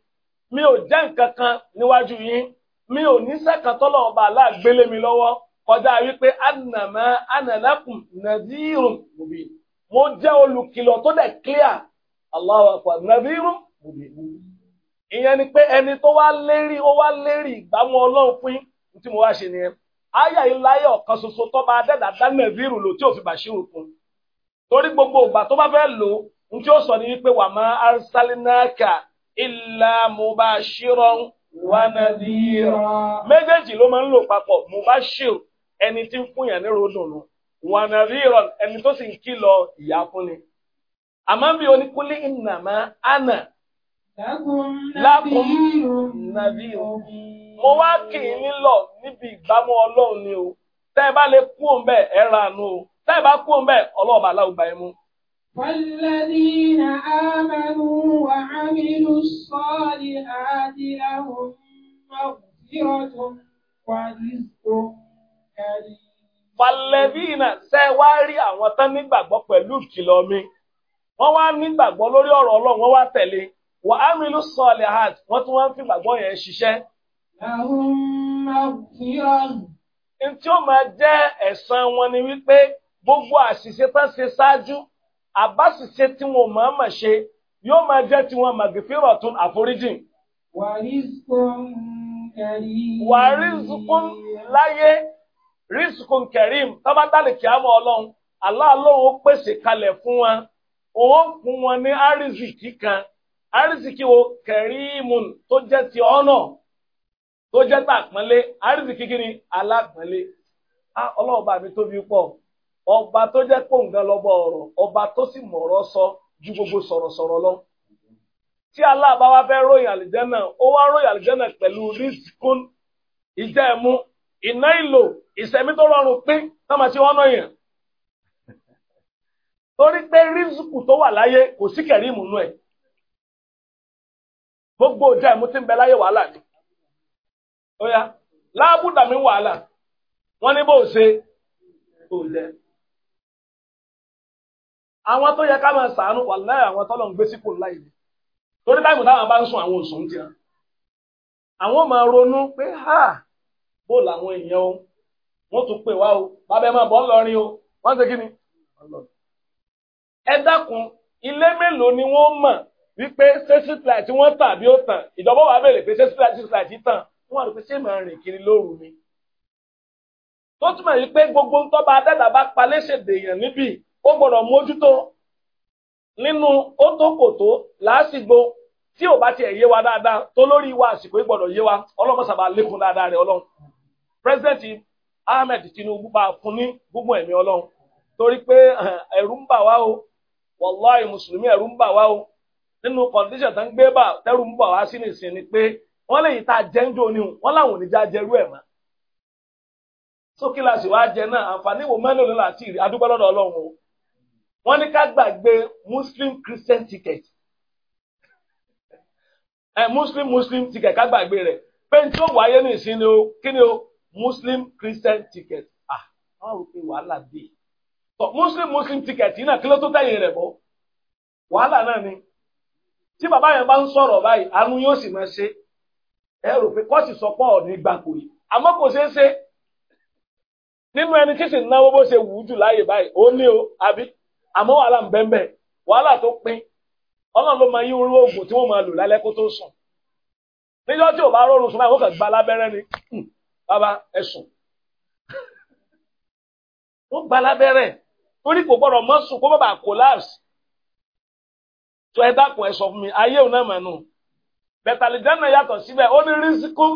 mi ò jẹ́ nǹkan kan níwájú yín mi ò ní sẹ́kàn tọ́lọ̀ ọba aláàgbélé mi lọ́wọ́ kọjá wípé ànàmọ́ ànàlákùn nàdírùn mùbí mo jẹ́ olùkìlọ̀ tó dẹ̀ clear nàdírùn ìyẹn ni pé ẹni tó wá lérí ó wá lérí ìgbàmú ọlọ́run fún yín tí mo wá ṣe nìyẹn ìláyà ọ̀kan ṣoṣo tó bá dẹ́dà dá lò tí bàṣírù fún torí gbogbo tó bá fẹ́ lò ó ní sọ ni wípé wàmọ́ arsalinaka ìlà mubashiran wa nadhira. méjèèjì ló máa ń lò papọ̀ mubashir ẹni tí ń fún yàn ní ròdùnú wa nadhira ẹni tó sì ń kìlọ̀ ìyà fún àmọ́ bí oníkúlé innama ana lakum nadhira. mo wá kì í nílọ̀ níbi ìgbámú ọlọ́run ni o tẹ́ ẹ bá lè kú òun bẹ́ẹ̀ ẹ ra àánú o tẹ́ ẹ bá kú òun bẹ́ẹ̀ ọlọ́ọ̀bà aláwọ̀ ẹ mú. والذين آمنوا وعملوا الصالحات لهم مغفرة ورزق كريم Fàlẹ́bìnà ṣẹ́ wá rí àwọn tán nígbàgbọ́ pẹ̀lú ìkìlọ̀ mi. Wọ́n wá nígbàgbọ́ lórí ọ̀rọ̀ Ọlọ́run, wọ́n wá tẹ̀lé. Wà á mi ló sọ ọ̀lẹ̀ hàt, wọ́n tún wá ń fi gbàgbọ́ yẹn ṣiṣẹ́. Ntí ó máa jẹ́ ẹ̀san wọn ni wípé gbogbo àṣìṣe tán ṣe ṣáájú àbáṣiṣẹ́ tí wọn máa ma ṣe yóò máa jẹ́ tiwọn màgìfírọ̀ tún àforíjìn. wà rízùkún láyé rízùkún kẹrìm tọ́bátàlì kìámọ̀ ọlọ́run aláàlóhùn ó pèsè kalẹ̀ fún wọn òun fún wọn ní àrízìkí kan àrízìkí wo kẹrìmùn tó jẹ́ ti ọ̀nà tó jẹ́ tàpọ́nlé àrízìkí kí ni alápọ́nlé ah, ọlọ́run bá mi tóbi pọ̀ ọba tó jẹ́ pòǹgàn lọ́bọ ọ̀rọ̀ ọba tó sì mọ̀ọ́rọ́ sọ ju gbogbo sọ̀rọ̀sọ̀rọ̀ lọ tí Allah bá wá fẹ́ ròyìn àlìjẹ́nà ó wá ròyìn àlìjẹ́nà pẹ̀lú rizikun ìjẹ́ ẹ̀mú iná ìlò ìsẹ̀mí tó rọrùn pín táwọn tí wọ́n náà yàn. torí pé rizikù tó wà láyé kò sí kẹ̀rí ìmùnú ẹ̀ gbogbo ìjẹ́ ẹ̀mú tí ń bẹ láyé wàhálà ni. ó yá láàbùdàmí wàhálà wọ́n ní bó ṣe kò jẹ́ àwọn tó yẹ ká máa sàánú wà láyé àwọn tọ́lọ̀ ń gbé sípò ńlá yìí torí táìmù táwọn bá ń sùn àwọn òsùn tiẹ̀ àwọn máa ronú pé ha bó làwọn èèyàn o wọ́n tún pè wá o bàbá ẹ máa bọ́ ńlọrin o wọ́n ṣe kí ni. ẹ dákun ilé mélòó ni wọ́n mọ̀ wípé ṣé sísìláì tí wọ́n tàn bí ó tàn ìjọba wàá béèrè pé ṣé sísìláì sísìláì ti tàn wọ́n wà lópe ṣé màá rìn kiri lóru ni. tó túmọ̀ yìí pé gbogbo ń tọ́ bá ó gbọ́dọ̀ mójútó nínú ó tó kò tó lásìgbò tí ò bá tiẹ̀ yé wa dáadáa tó lórí wa àsìkò yìí yé wa ọlọ́mọ sábà lékun dáadáa rẹ̀ ọlọ́run Ahmed Tinubu bá fún ní gbogbo ẹ̀mí ọlọ́run torí pé eh, ẹ̀rù ń bà wá o wàláì mùsùlùmí ẹ̀rù ń bà wá o nínú tó ń gbé bà tẹ́rù ń bà wá ni pé wọ́n lè yìí a jẹ́ ń jó wọ́n làwọn ò ní já wọ́n ní ká gbàgbé muslim christian ticket eh muslim muslim ticket ká gbàgbé rẹ̀ pẹ́ntì ó wáyé ní ìsinmi o kí ni o muslim christian ticket ah wọ́n rò pé wàhálà dé muslim muslim ticket yìí náà kí ló tó tẹ̀yìn rẹ̀ bọ́ wàhálà náà ni tí bàbá yẹn bá ń sọ̀rọ̀ báyìí àánú yóò sì máa ṣe ẹ rò pé ní gbàgbó yìí àmọ́ kò ṣeé ṣe nínú ẹni tí sì ń náwó àmọ́ wàhálà ń bẹ́ẹ̀ wàhálà tó pín ọlọ́run ló máa yí orú oògùn tí wọ́n máa lò lálẹ́ kó tó sùn níjọ́ tí ò bá rọrùn sùn báyìí wọ́n kàn gba lábẹ́rẹ́ ni hmm, bàbá ẹ sùn ó gba lábẹ́rẹ́ torí kò gbọ́dọ̀ mọ́ sùn kó má bàa collapse tó ẹ dákun ẹ sọ fún mi ayé òun náà mà nù bẹ̀tàlìjánà yàtọ̀ síbẹ̀ ó ní rísíkú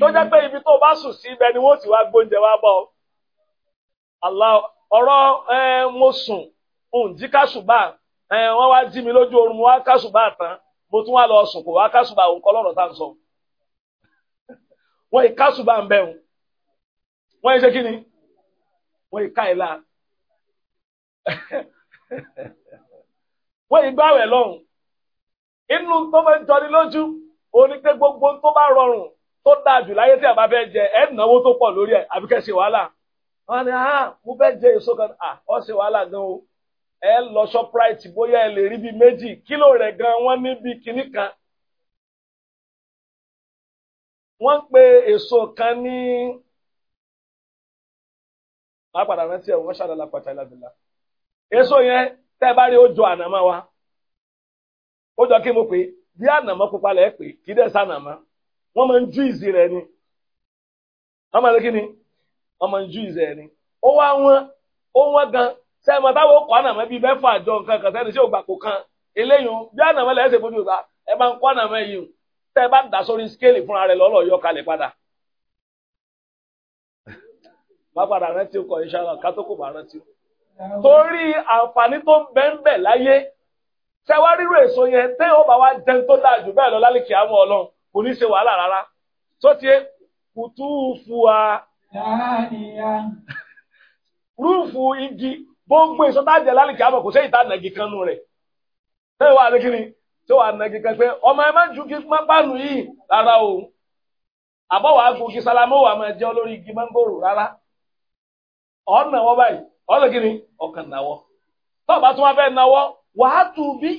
tó jẹ́ pé ibi tó bá sùn sí ni wọ́n ti wá gbóúnjẹ wá bọ̀ Allah ọ̀rọ̀ mo sùn òun jí kásùbà wọ́n wá jí mi lójú oorun mo wá kásùbà tán mo tún wá lọ sùn kò wá kásùbà òun kọ́ lọ́rọ̀ tá à ń sọ. wọ́n yìí kásùbà ń bẹ̀rù wọ́n yìí ṣe kí ni wọ́n yìí ká ẹ̀ la wọ́n yìí gbáwẹ̀ lọ́hùn inú tó máa ń jọni lójú òní pé gbogbo tó bá rọrùn tó dáa jù láyé tí a bá fẹ́ jẹ ẹ̀ náwó tó pọ̀ lórí ẹ̀ àbíkẹ́ wàhálà. wọ́n ní ah mo fẹ́ jẹ èso kan ah ọ ṣe wàhálà gan o ẹ lọ shoprite bóyá ẹ lè rí bíi méjì kílò rẹ̀ gan wọ́n níbi bíi kan wọ́n ń pe èso kan ní apàdà rántí ẹ̀ wọ́n ṣàdàlà pàtàkì lábìlà èso yẹn tẹ́ ẹ bá rí ojú ànàmọ́ wa ó jọ kí mo pè bí ànàmọ́ pupa lẹ́ẹ̀ pè kí dẹ́ sànàmọ́ wọ́n máa ń jú ìzì rẹ̀ ni wọ́n máa ń lé kí ni. ọmọ ju ìzẹ ni ó wá wọn ó wọn gan sẹ́mi táwọn ó kọ́ ànàmọ́ bíi mẹ́fà àjọ nǹkan kan sẹ́ni sí ògbàpò kan eléyìí bí ànàmọ́ lẹ́yìn ṣe fojú ìgbà ẹ máa ń kọ́ ànàmọ́ yìí tẹ́ ẹ bá dà sórí skéèlì fúnra rẹ̀ lọ́lọ́ yọ kalẹ̀ padà. má padà rántí o kọ ìṣàlọ ká tó kò bá rántí o. torí àǹfààní tó ń bẹ ń bẹ láyé tẹwá rírò èso yẹn tẹ́ ò bá wá jẹun tó dáa jù bẹ́ẹ̀ lọ lálẹ́ kìámọ́ ọlọ́run kò ní ṣe wàhálà rárá tó ti kùtù fún rúùfù igi gbogbo èso tá a kò tá a nàgì kan nù rẹ wà ní kíni tí wà nàgì kan pé ọmọ ẹ má ju kí má pàánù yìí rárá o àbọ̀ wàá gun kí sálámù wà má jẹ́ olórí igi mángòrò rárá ọ̀nà wọ́n báyìí kíni ọkàn tó o bá tún wá fẹ́ wàá tù bí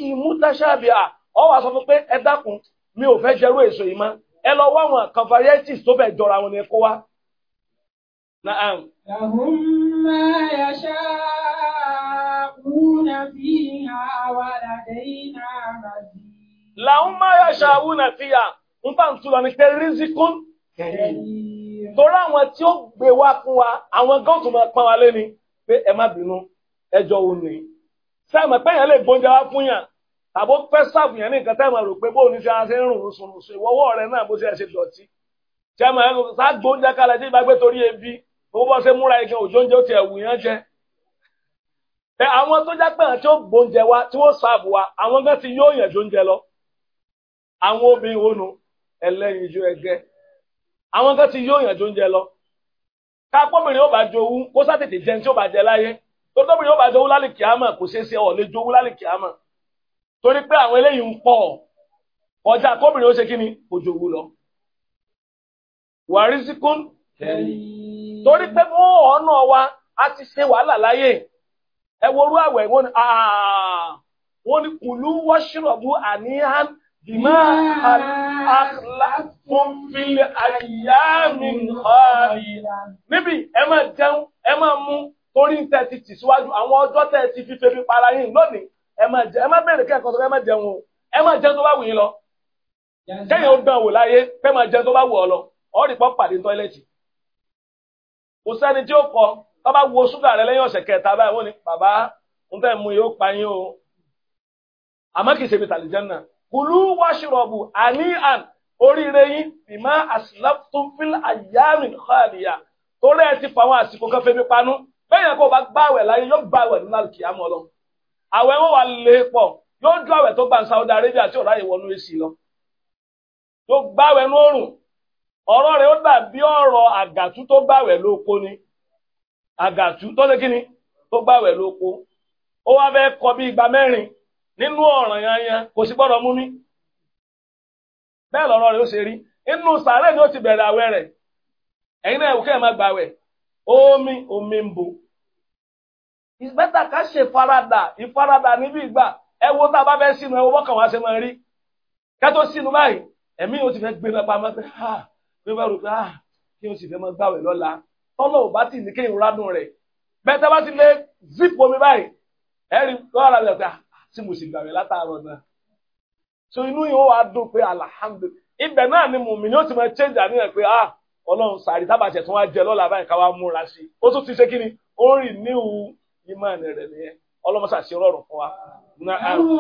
ọ wàá sọ fún pé نعم لهم ما يشاءون فيها ولدينا مزيد لهم ما يشاءون فيها ń bá ń tu lọ ní pé rizikun torí àwọn tí ó gbé wá fún wa àwọn gan tó máa pọn wa lé ni pé ẹ má bínú ẹjọ́ ò ní sáàmù pé èèyàn lè gbóúnjẹ wá fún yàn àbó fẹ́ sáàbù yẹn ní nǹkan tẹ́ máa rò pé bóun ní ṣe ṣe ń rùn rùsùn rùsùn ìwọ́wọ́ rẹ náà bó ṣe ṣe dọ̀tí tẹ́ máa ń sáà gbóúnjẹ kalẹ̀ tí ìbá gbé torí ebi bó bọ́ ṣe múra ike òjò oúnjẹ ó ti ẹ̀wù yẹn jẹ. ẹ àwọn tó jápẹ́ hàn tí ó gbóúnjẹ wa tí ó sáàbù wa àwọn gan ti yóò yànjú oúnjẹ lọ. àwọn obìnrin wo nu ẹlẹ́yinjú ẹgẹ́ àwọn gan ti yóò yànjú oúnjẹ lọ. ká pọ́mìnrin ó bá jowú kó sátètè jẹun tí ó bá jẹ láyé tó ó bá jowú lálẹ́ kìámọ̀ kò ṣeé ṣe ó lè jowú lálẹ́ kìámọ̀ torí pé àwọn eléyìí ń pọ̀ ọjà kọ́bìnrin ó ṣe kí ni kò jowú lọ. wàrísíkún torí pé mú ọ̀nà wa a ti ṣe wàhálà láyé ẹ worú àwẹ̀ wọn ni wọn ni kùlú wọ́ṣírọ̀bù àníhàn bímá àkàlàkùnfìlẹ̀ àyàmì ọ̀rì. níbi ẹ máa jẹun ẹ máa mú torí ń tẹ́ ti tì síwájú àwọn ọjọ́ tẹ́ ti fi febi para yín lónìí ẹ máa jẹ ẹ máa bẹ̀rẹ̀ kẹ́kọ̀ọ́ tó ẹ máa jẹun o ẹ máa jẹun tó bá wù yín lọ kẹ́yìn ó dán wò láyé pé máa jẹun tó bá wù ọ lọ ọ̀rì pọ̀ pàdé tọ́lẹ́tì kò sẹ́ni tí ó kọ tó bá wo ṣúgà rẹ lẹ́yìn ọ̀sẹ̀ kẹta báyìí wọ́n ní bàbá ń fẹ́ mu yóò pa yín o àmọ́ kì í ṣe bí tàlìjẹ́nà kùlú wáṣírọ̀bù àníhàn oríire yín bìmá àsìláfún fíl àyàmìn xaàlìyà torí ẹ ti fà àwọn àsìkò kan fẹ́mi panú bẹ́ẹ̀ kó o bá gbàwẹ̀ láyé yóò gbàwẹ̀ nínú àlùkìyàmọ́ lọ àwẹ̀ wọn wà lè pọ̀ yóò ju àwẹ̀ tó gbà ní Saudi Arabia tí ò ráyè wọnú èsì lọ yóò gbàwẹ̀ nú òrùn ọ̀rọ̀ rẹ̀ ó bí ọ̀rọ̀ àgàtú tó báwẹ̀ lóko ni àgàtú tó ṣe kíni tó báwẹ̀ lóko ó wá fẹ́ kọ bí igba mẹ́rin nínú ọ̀ràn yanyan kò sí gbọ́dọ̀ mú mi bẹ́ẹ̀ lọ́rọ̀ rẹ̀ ó ṣe rí inú sàárẹ̀ ni ó omi omi ń bo ká ṣe ìfaradà ìfaradà níbi ìgbà ẹ wo tá a bá fẹ́ sínú ẹ wá ṣe máa rí ló bá rò pé ah kí n sì fẹ́ máa gbàwẹ̀ lọ́la tọ́lọ̀ ò bá tì ní kéèyàn rádùn rẹ̀ bẹ́ẹ̀ tá bá ti lé zip omi báyìí ẹ̀rí lọ́ra rẹ̀ pé ah, tí mo sì gbàwẹ̀ látàárọ̀ náà so inú yìí ó wàá dùn pé alhamdulilayi ibẹ̀ náà ni mùmí ni ó ti máa change àníyàn pé ah ọlọ́run sàrí tábàtẹ̀ tí wọ́n jẹ lọ́la báyìí ká wá múra sí i ó tún ti ṣe kí ni ó rìn níhu ìmọ̀ rẹ̀ nìyẹn ọlọ́mọṣà sí rọrùn fún wa. Àwọn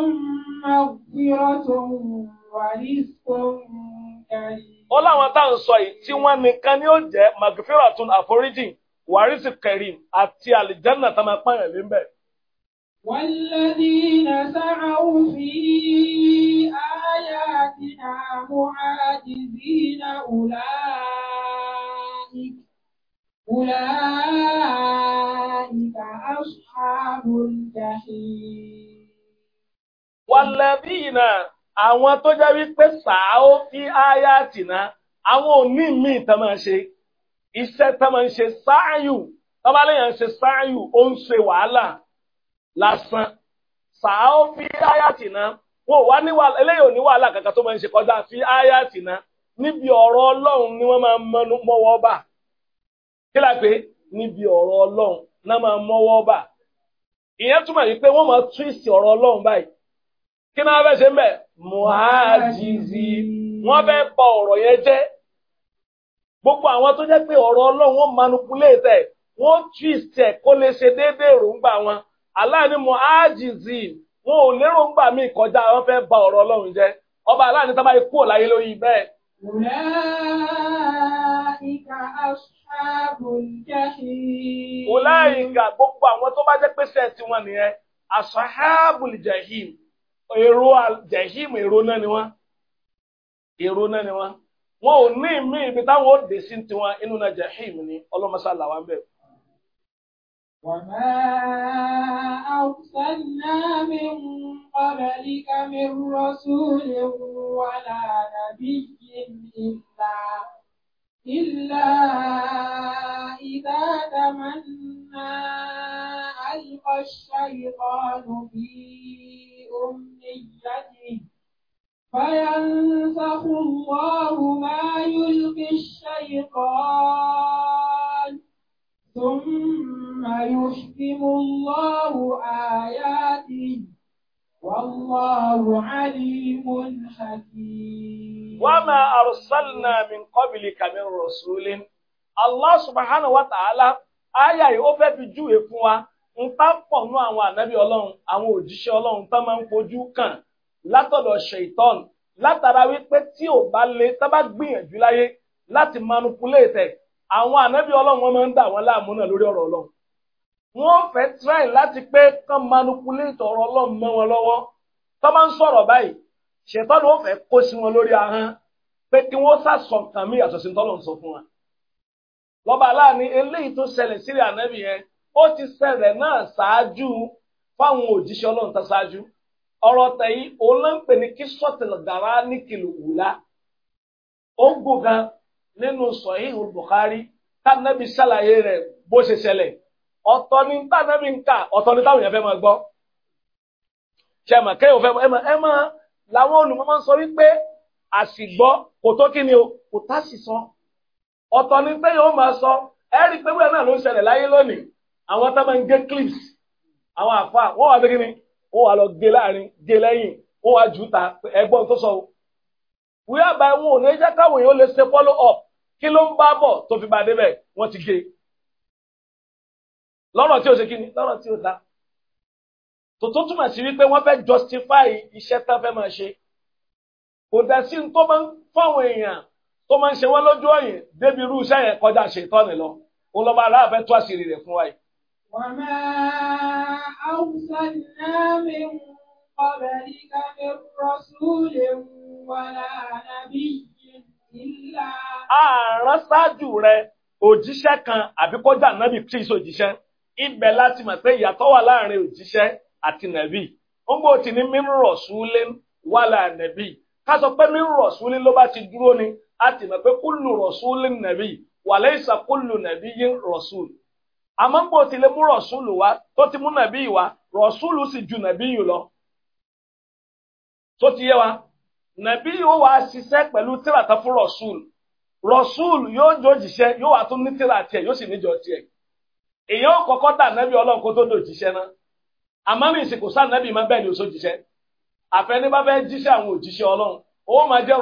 ọmọ ìrọ̀tò wà ó láwọn tá à ń sọ yìí tí wọ́n nìkan ni ó jẹ́ magfiratun àforíjì wàrísì kẹrin àti àlìjánà tá a máa pààyàn lé mbẹ. والذين سعوا في آياتنا معاجزين أولئك أولئك أصحاب الجحيم والذين àwọn tó jẹ́ wípé sàáó fi áyá tìná àwọn òní mi tán máa ṣe iṣẹ́ tán máa ń ṣe sáàyù tán bá lèèyàn ṣe sáàyù ó ń ṣe wàhálà lásán sàáó fi áyá tìná wọn ò wá ní wàhálà eléyìí ò ní wàhálà kankan tó máa ń ṣe kọjá fi áyá tìná níbi ọ̀rọ̀ ọlọ́run ni wọ́n máa ń mọ́nú mọ́wọ́ bà kí la pé níbi ọ̀rọ̀ ọlọ́run náà máa ń mọ́wọ́ bà ìyẹn túmọ̀ yìí wọ́n máa twist ọ̀rọ̀ ọlọ́run báyìí kí náà fẹ́ ṣe ń bẹ̀ muhajizi wọn fẹ́ bọ ọrọ yẹn jẹ́ gbogbo àwọn tó jẹ́ pé ọrọ ọlọ́run manipulate ẹ̀ wọ́n twist ẹ̀ kó lè ṣe déédéé èròǹgbà wọn aláàní muhajizi wọn ò léròǹgbà mi kọjá wọn fẹ́ bọ ọrọ ọlọrun jẹ́ ọba láyé gbogbo àwọn tó bá jẹ́ pé nìyẹn, èrò jẹ̀hìm èrò náà ni wọ́n èrò náà ni wọ́n wọn ò ní ìmí ibi táwọn ó dé sí tiwọn inú náà jẹ̀hìm ni ọlọ́mọṣá làwọn bẹ̀. وما أرسلنا إلا إذا تمنى ألقى الشيطان في أمنيته فينسخ الله ما يلقي الشيطان ثم يحكم الله آياته والله عليم حكيم وما أرسلنا من قبلك من رسول الله سبحانه وتعالى آية ó fẹ́ fi ń tá pọ̀ nú àwọn ànábì ọlọ́run àwọn òjíṣẹ́ ọlọ́run tán máa ń fojú kàn látọ̀dọ̀ ṣèitọ́n látara wípé tí ò bá lè tá bá gbìyànjú láyé láti manipulate ẹ̀ àwọn ànábì ọlọ́run wọn máa ń dà wọ́n láàmú náà lórí ọ̀rọ̀ ọlọ́run wọ́n fẹ́ try láti pé kán manipulate ọ̀rọ̀ ọlọ́run mọ́ wọn lọ́wọ́ tán máa ń sọ̀rọ̀ báyìí ṣèitọ́n ó fẹ́ kó sí wọn lórí ahọ́n pé kí wọ́n sàsọ nǹkan mí àtọ̀sí tọ́lọ̀ ń sọ fún wa lọ́ba aláàánú eléyìí tó ṣẹlẹ̀ sílẹ̀ ànábì yẹn ó ti ṣẹlẹ̀ náà ṣáájú fáwọn òjíṣẹ́ ọlọ́run tó ṣáájú ọ̀rọ̀ tẹ̀yí òun ló ń pè ní kí sọ́tìlẹ̀ dàrá ní kìlù wùlá ó ń gùn gan nínú sọ̀híhù Bukhari tánàbí ṣàlàyé rẹ̀ bó ṣe ṣẹlẹ̀ ọ̀tọ̀ ni tánàbí ń kà ọ̀tọ̀ ni táwọn èèyàn fẹ́ máa gbọ́ ṣe mà kéèyàn fẹ́ ẹ máa làwọn olùmọ́mọ́ sọ wípé àṣìgbọ́ kò tó kí ni o kò tá sì sọ ọ̀tọ̀ ni pé yóò máa sọ ẹ rí i pé wíwẹ̀ náà ló ń ṣẹlẹ̀ láyé lónìí àwọn tá máa ń gé clips àwọn àfa wọ́n wà bẹ́ẹ̀ ni wọ́n wà lọ gé láàrin gé lẹ́yìn wọ́n wà jù ta ẹgbọ́n tó sọ. wíwá bá wọn ò ní káwọn èèyàn lè ṣe follow up kí ló ń bá bọ̀ tó fi bá débẹ̀ wọ́n ti gé. lọ́rọ̀ tí o ṣe kí ni lọ́rọ̀ tí o dá. tòótọ́ túmọ̀ sí wípé wọ́n fẹ́ justify iṣẹ́ tán fẹ́ máa ṣe. kò dá sí tó máa ń fáwọn èèyàn tó máa ń ṣe wọ́n lójú ọ̀yìn débi irú iṣẹ́ yẹn kọjá ṣètọ́ nìlọ. òun lọ́ba aláàfẹ́ tó àṣírí rẹ̀ fún wa yìí. وما أرسلنا من قبلك من رسول ولا نبي إلا ààrán ṣáájú rẹ òjíṣẹ́ kan àbí kọjá nàbì tí ìṣe òjíṣẹ́ ibẹ̀ láti mọ̀ pé ìyàtọ̀ wà láàrin òjíṣẹ́ àti nàbì ó ń bò tí ní mímú rọ̀ṣúlé wà láàrin nàbì ká sọ pé mímú rọ̀ṣúlé ló bá ti dúró ni a ti mọ̀ pé kúlù rọ̀ṣúlé nàbì wà lẹ́yìn sàkúlù yín rọ̀ṣúlé àmọ́ gbọ́ ti lè mú rọ̀ṣúlù wá tó ti mú nàbí wá rọ̀ṣúlù sì ju nàbí yìí lọ. tó ti yé wa nàbí yóò wá ṣiṣẹ́ pẹ̀lú tírata fún rọ̀ṣúlù rọ̀ṣúlù yóò jó jìṣẹ́ yóò wá tún ní tírata yóò sì níjọ tiẹ̀. èèyàn kọ́kọ́ dà nàbí ọlọ́run kó tó dò jìṣẹ́ náà àmọ́ mi ìsìnkú sá nàbí má bẹ́ẹ̀ ni oṣù jìṣẹ́ àfẹnibá fẹ́ jíṣẹ́ àwọn òjíṣẹ́ ọlọ́run ó máa jẹ́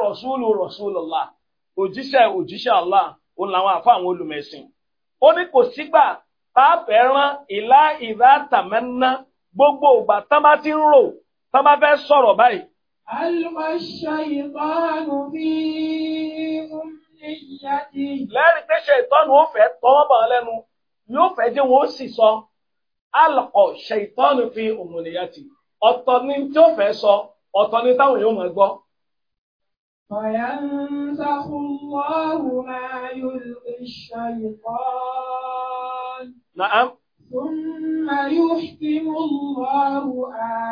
Allah òjíṣẹ́ òjíṣẹ́ Allah òun fàáfẹ́ rán ìlà ìlà tàmẹ́ná gbogbo ìgbà tán bá ti ń rò tán bá fẹ́ sọ̀rọ̀ báyìí. alùpàṣà ìbánu bí lẹ́rìí pé ṣe ìtọ́nu ó fẹ́ tọ́wọ́ bọ̀ lẹ́nu yóò fẹ́ jẹ́ wọn ó sì sọ alùpọ̀ ṣe ìtọ́nu fi òmùnìyà tì ọ̀tọ̀ ni tí ó fẹ́ sọ ọ̀tọ̀ ni táwọn yóò máa gbọ́. فينسخ الله ما يلقي الشيطان نعم ثم يحكم الله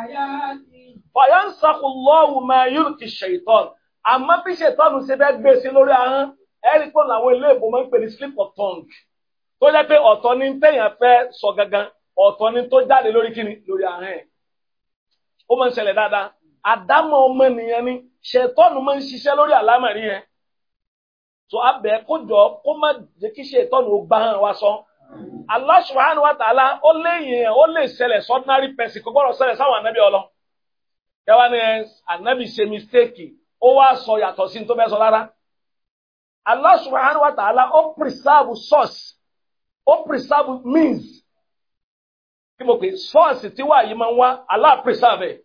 آياته فينسخ الله ما يلقي الشيطان àmọ́ bí ṣètọ́nù ṣe bẹ́ẹ̀ gbé sí lórí ahọ́n ẹ̀rí tó làwọn iléèbó máa ń pè ní slip of tongue tó jẹ́ pé ọ̀tọ̀ ni téèyàn fẹ́ sọ gangan ọ̀tọ̀ ni tó jáde lórí kíni lórí ahọ́n ẹ̀ ó máa ń ṣẹlẹ̀ dáadáa àdámọ̀ ọmọnìyàn ni ṣètọ́nù máa ń ṣiṣẹ́ lórí àlámọ̀rí yẹn tó abẹ́ kó jọ kó má jẹ́ kí ṣètọ́nù ó gbá hàn wá sọ Allah subhanahu wa ta'ala ó lé yẹn ó lè ṣẹlẹ̀ ordinary person kò gbọ́dọ̀ ṣẹlẹ̀ sáwọn ànábì ọlọ yàrá ni ànábì ṣe mistake ó wá sọ yàtọ̀ sí ní tó fẹ́ sọ rárá Allah subhanahu wa ta'ala ó preserve source ó preserve means kí mo pè source tí wàá yìí máa ń wá Allah preserve ẹ̀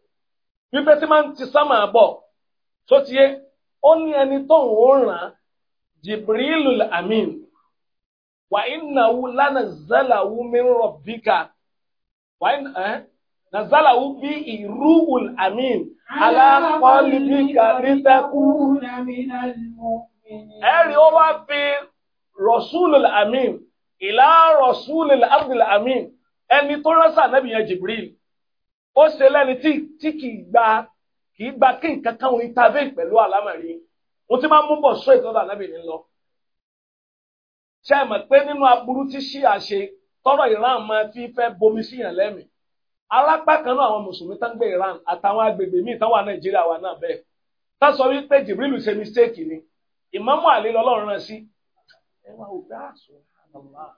wípé tí máa ń ti sámà bọ̀ tó ti yé ó ní ẹni tó ń ràn Jibrilul Amin wà ìnáwó lánàzàláwó mìíràn bíkà wà ìnáwó bí ìrúwùl àmín alákọ̀ọ́lì bíkà lítẹ́kù. ẹ̀rí ó wá fi rọ̀ṣúlùl àmín ìlà rọ̀ṣúlùl abdul àmín ẹni tó ránṣà nábì yẹn Jibril ó ṣe lẹ́ni tí kì í gba kì gba kí nǹkan kan òun intervene pẹ̀lú àlámọ̀rí mo ti máa ń mú bọ̀ sọ ìtọ́jú ànábì lọ ṣe mọ̀ pé nínú aburú tí ṣíà ṣe tọrọ Iran máa fi fẹ́ bomi síyàn lẹ́mìí alápá kan náà àwọn mùsùlùmí tán gbé Iran àtàwọn agbègbè míì tán wà Nàìjíríà wà náà bẹ́ẹ̀ tá sọ wípé Jibril ṣe mistake ni Ìmámù Àlí lọ́lọ́run rán sí ah,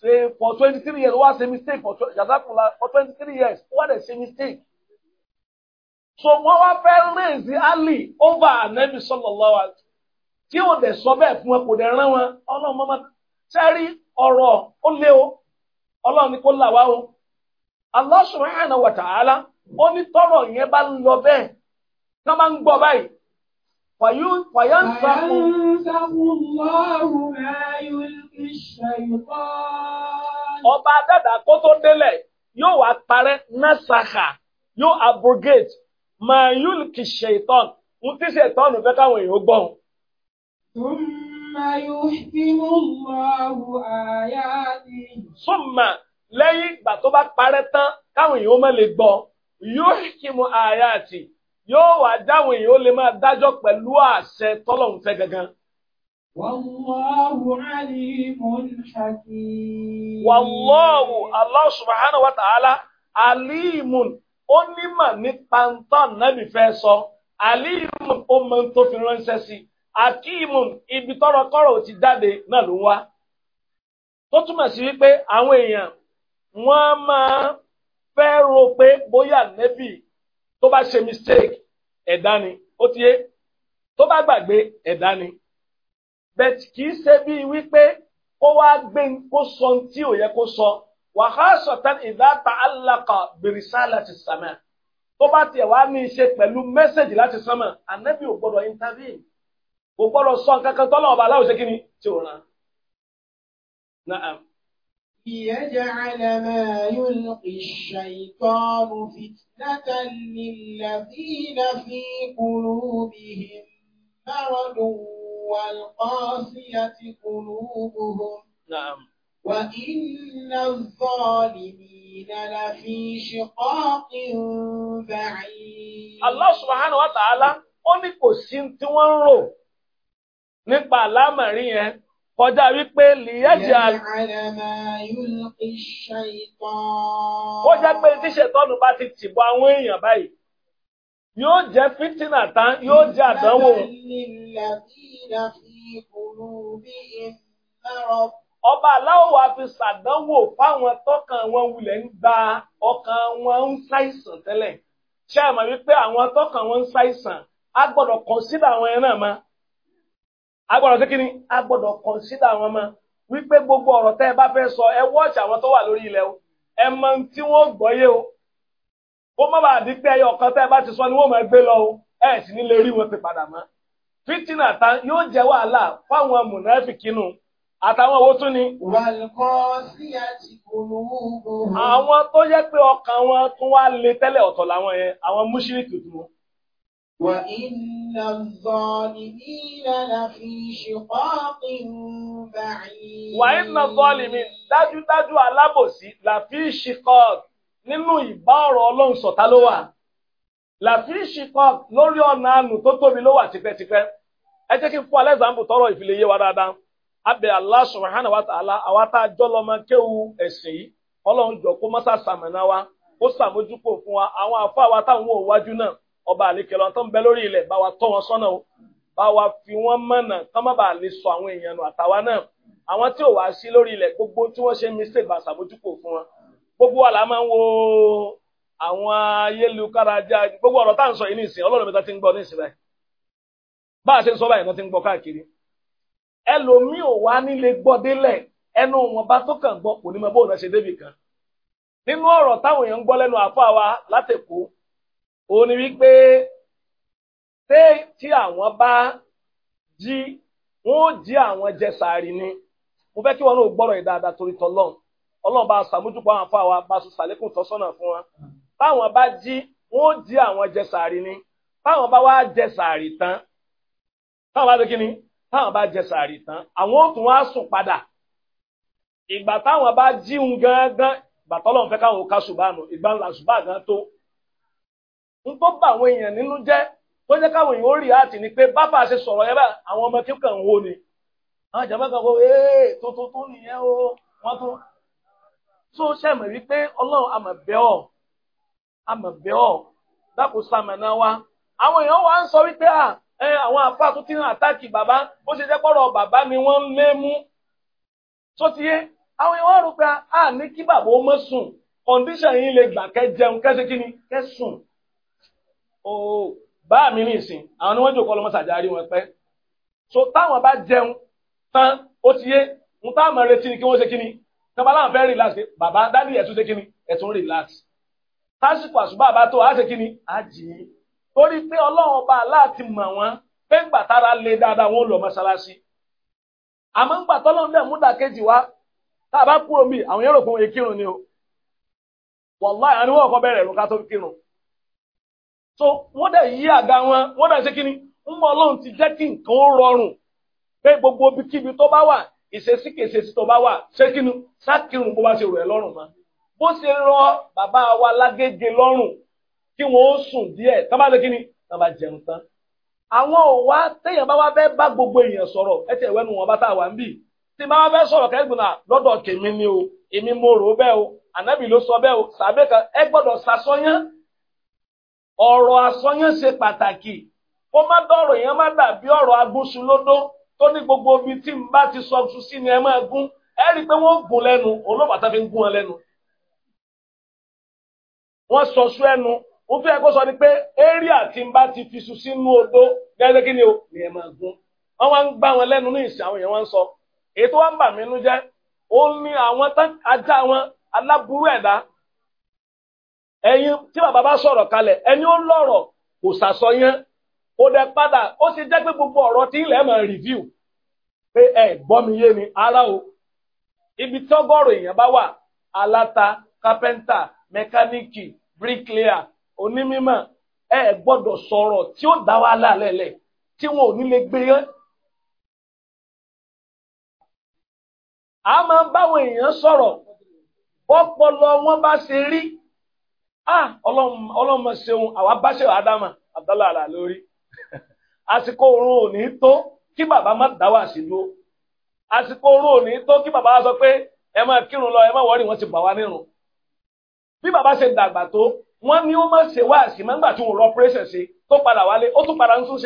ṣe for twenty three years wá ṣe mistake for twenty three years wá dẹ̀ ṣe mistake so wọ́n wá fẹ́ raise Ali over anabi sallallahu alaihi tí ò dẹ̀ sọ bẹ́ẹ̀ fún wọn kò dẹ̀ rán wọn ọlọ́run mọ́mọ́ sẹ́rí ọ̀rọ̀ ó lé o ọlọ́run ni là wá o bá ń lọ bẹ́ẹ̀ tí wọ́n bá ń gbọ́ báyìí فينسخ ọba dada kó tó délẹ̀ yóò wá parẹ́ abrogate ma yulki shaitan ń tí fẹ́ káwọn èèyàn gbọ́n ثم يحكم الله آياته ثم lẹ́yìn ìgbà tó bá parẹ́ tán káwọn èèyàn má lè gbọ́ yuhkimu ayati yóò wá dáwọn èèyàn ó lè máa dájọ́ pẹ̀lú àṣẹ tọ́lọ́hún fẹ́ gangan. Wallahu alimun hakim. Wallahu Allah subhanahu wa ta'ala alimun ó nímọ̀ nípa ntọ́ nàbì fẹ́ sọ alimun ó mọ tó fi ránṣẹ́ sí akíìmùn ibi tọrọ kọrọ ti jáde náà ló ń wá tó túmọ̀ sí wípé àwọn èèyàn wọ́n máa fẹ́ rò pé bóyá nẹ́bì tó bá ṣe mistake ẹ̀dá ni ó ti yé tó bá gbàgbé ẹ̀dá ni bẹ́ẹ̀ kì í ṣe bíi wípé kó wá gbé kó sọ tí ò yẹ kó sọ wàhásọ̀tàn ìdáta alákà bìrìsà láti sàmà tó bá tiẹ̀ wá ní í ṣe pẹ̀lú mẹ́sẹ̀gì láti sàmà ànẹ́bì ò gbọ́dọ̀ intervene kò gbọ́dọ̀ sọ nǹkan kan tọ́lọ̀ ọba aláwọ̀ ṣe kí ni tí ò rán. ليجعل ما يلقي الشيطان فتنة للذين في قلوبهم مرض والقاسية قلوبهم نعم وإن الظالمين لفي شقاق بعيد الله سبحانه وتعالى ó ní kò sí tí wọ́n ń rò nípa àlámọ̀rí yẹn kọjá wípé lìyẹ́jà. ó jẹ́ pé tí ṣètọ́nù bá ti tìbọ̀ àwọn èèyàn báyìí yóò jẹ́ fitina tán yóò jẹ́ àdánwò. Ọba aláwọ̀ wa fi ṣàdánwò fáwọn wọn wulẹ̀ ń gba ọkàn wọn tẹ́lẹ̀. Ṣé ẹ mọ̀ wípé àwọn A gbọ́dọ̀ àwọn agbọ́dọ̀ sí kíni agbọ́dọ̀ consider àwọn ọmọ wípé gbogbo ọ̀rọ̀ tẹ́ ẹ bá fẹ́ sọ ẹ wọ́ọ̀ṣì àwọn tó wà lórí ilẹ̀ o ẹ mọ tí wọ́n gbọ́yé o ó má bàa di pé ẹyọ kan tẹ́ ẹ bá ti sọ ni wọ́n máa gbé lọ o ẹ sì ní lè rí wọn pè padà mọ́ fitina ta yóò jẹ́ wàhálà fáwọn mùnáfìkínú àtàwọn owó tún ni. wàlùkọ́ sí àti kòlùmù. àwọn tó yẹ pé ọkàn wọn tún wá le tẹ́lẹ̀ ọ̀tọ̀ làwọn yẹn àwọn múṣírìkì وإن الظالمين لفي شقاق بعيد وإن الظالمين dájúdájú alábòsí لفي شقاق nínú ìbá ọ̀rọ̀ Ọlọ́run ṣọ̀tá ló wà لفي شقاق lórí ọ̀nà àánú tó tóbi ló wà tipẹ́tipẹ́ ẹ jẹ́ kí n fún alẹ́zàmbù tọrọ ìfìlẹ̀ yé wa dáadáa abẹ Allah subhanahu wa ta'ala àwa tá a jọ lọ́mọ kéwu ẹ̀sìn yìí Ọlọ́run jọ kó mọ́sá sàmìnà wa ó sàmójúkò fún wa àwọn àfọ àwa táwọn ò wájú náà ọba àlekèlọ tó ń bẹ lórí ilẹ̀ bá wa tọ́ wọn sọ́nà o bá wa fi wọ́n mọ̀nà kán má bàa lè sọ àwọn èèyàn nù àtàwa náà àwọn tí ò wá sí lórí ilẹ̀ gbogbo tí wọ́n ṣe mistake bá ṣàbójúkò fún wọn gbogbo wa la máa ń wo àwọn ayélujára gbogbo ọ̀rọ̀ tá à ń sọ yìí nísìn ọlọ́run mi ta ti ń gbọ́ nísìn báyìí bá a ṣe ń sọ báyìí wọ́n ti ń gbọ́ káàkiri ẹlòmíì ò wá nílé gbọ́ délẹ̀ ẹnu wọn bá ó ní wípé ṣé tí àwọn bá jí wọn ó jí àwọn jẹsàárì ni mo fẹ́ kí wọn náà gbọ́rọ̀ ìdáadáa torí tọ́lọ́n ọlọ́run bá ṣàmójúpọ̀ àwọn afọ àwa bá ṣàlékún tọ́sọ́nà fún wa táwọn bá jí wọn ó jí àwọn jẹsàárì ni táwọn bá wá jẹsàárì tán táwọn bá ṣe kí ni táwọn bá jẹsàárì tán àwọn ó tún wá sùn padà ìgbà táwọn bá jíun gangan ìgbà fẹ́ káwọn ò ká ṣùgbọ́n ìgbà ńlá ṣùgbọ́n gan tó ń tó bá àwọn èèyàn nínú jẹ́ tó jẹ́ káwọn ni pé bábà ṣe sọ̀rọ̀ yẹn bá àwọn ọmọ kíkan ń wo ni àwọn ìjàmbá kan ee tó tó tó nìyẹn o wọ́n tó tó ṣẹ̀mọ̀ rí pé ọlọ́run àmọ̀ bẹ́ ọ̀ àmọ̀ bẹ́ ọ̀ dákò sàmẹ̀nà wa àwọn èèyàn wa ń sọ wípé àwọn àfa tó ti ń àtàkì ni wọ́n ń lé mú tó ti yé àwọn èèyàn kí bàbá ó mọ̀ sùn yìí lè gbà kẹ́ jẹun bá mi ní ìsìn àwọn ni wọ́n jòkó ọlọ́mọsàjà rí wọn pẹ́ so táwọn bá jẹun tán ó ti yé n táwọn máa retí ni kí wọ́n ṣe kí ni tọ́ba láwọn fẹ́ relax bàbá dádì ẹ̀ tún ṣe kí ẹ̀ tún relax tásìkò àṣùbà bá tó a ṣe kí ni a jì í torí pé ọlọ́run ọba láti mọ̀ wọ́n pé ńgbà tára lé dáadáa wọn ò lọ mọ́ṣáláṣí àmọ́ ńgbà tọ́lọ́run dẹ̀ múdà kejì wá tá a bá kúrò mí àwọn yẹn rò pé wọn ni o wàláì àníwọ̀n kọ́ bẹ̀rẹ̀ ẹ̀rù ká tó kírun so wọ́n dẹ̀ yí àga wọn wọ́n dẹ̀ ṣe kí ni ti jẹ́ kí nǹkan ó rọrùn pé gbogbo ibikíbi tó bá wà ìṣesí kèsèsí tó bá wà ṣé kí ni sákìrùn bó bá ṣe rọ̀ ẹ́ lọ́rùn bó ṣe rọ bàbá wa lágége lọ́rùn kí wọn ó sùn díẹ̀ tán bá kí ni gbogbo èèyàn sọ̀rọ̀ ẹ wẹ́nu wọn bá tá a wà ń bì tí bá wá fẹ́ o èmi mo rò ó bẹ́ẹ̀ o ànábì ló sọ bẹ́ẹ̀ o sàbẹ̀ kan ọ̀rọ̀ àsọyán ṣe pàtàkì ó má dọ̀rọ̀ èèyàn má dàbí ọ̀rọ̀ agúnṣulódó tó ní gbogbo ibi tí n bá ti sọ tu sí ni ẹ máa gún ẹ rí i pé wọ́n gùn lẹ́nu olóòpá tá fi ń gún wọn lẹ́nu. wọ́n sọ sú ẹnu wọ́n fi ẹ̀kọ́ sọ ni pé area tí n bá ti fi su sínú odó gẹ́gẹ́ kí ni o ni ẹ máa gún wọ́n wá ń gbá wọn lẹ́nu ní ìsìn àwọn èèyàn wọ́n ń sọ èyí tó wá ń bà mí nú jẹ́ ó ní àwọn ajá wọn aláburú ẹ̀dá ẹ̀yin tí bàbá bá sọ̀rọ̀ kalẹ̀ ẹni ó lọ́rọ̀ kò sàsọyán ó dẹ padà ó sì jẹ́ pé gbogbo ọ̀rọ̀ tí ilẹ̀ máa rìvíw pé ẹ gbọ́ mi yé ni ara o ibi tọ́gọ́rọ̀ èèyàn bá wà aláta kápẹ́ńtà mẹkáníìkì bíríkìlíà onímímọ̀ ẹ gbọ́dọ̀ sọ̀rọ̀ tí ó dá wa lálẹ́lẹ̀ tí wọn ò ní lè gbé yẹn. a máa ń báwọn èèyàn sọ̀rọ̀ ọpọlọ wọn bá ṣe rí ah ọlọ́run mọ̀ ṣeun àwa bá ṣe àdámà abdallah àlà lórí àsìkò oorun ò ní tó kí bàbá má dá wà sí dúró àsìkò oorun ò ní tó kí bàbá wa sọ pé ẹ máa kírun lọ ẹ máa wọrí wọn ti bà wá nírun bí bàbá ṣe dàgbà tó wọn ní ó má ṣe wá sí mẹ́ngbà tí òun rọ pírẹ́sẹ̀ ṣe tó padà wálé ó tún padà ń tún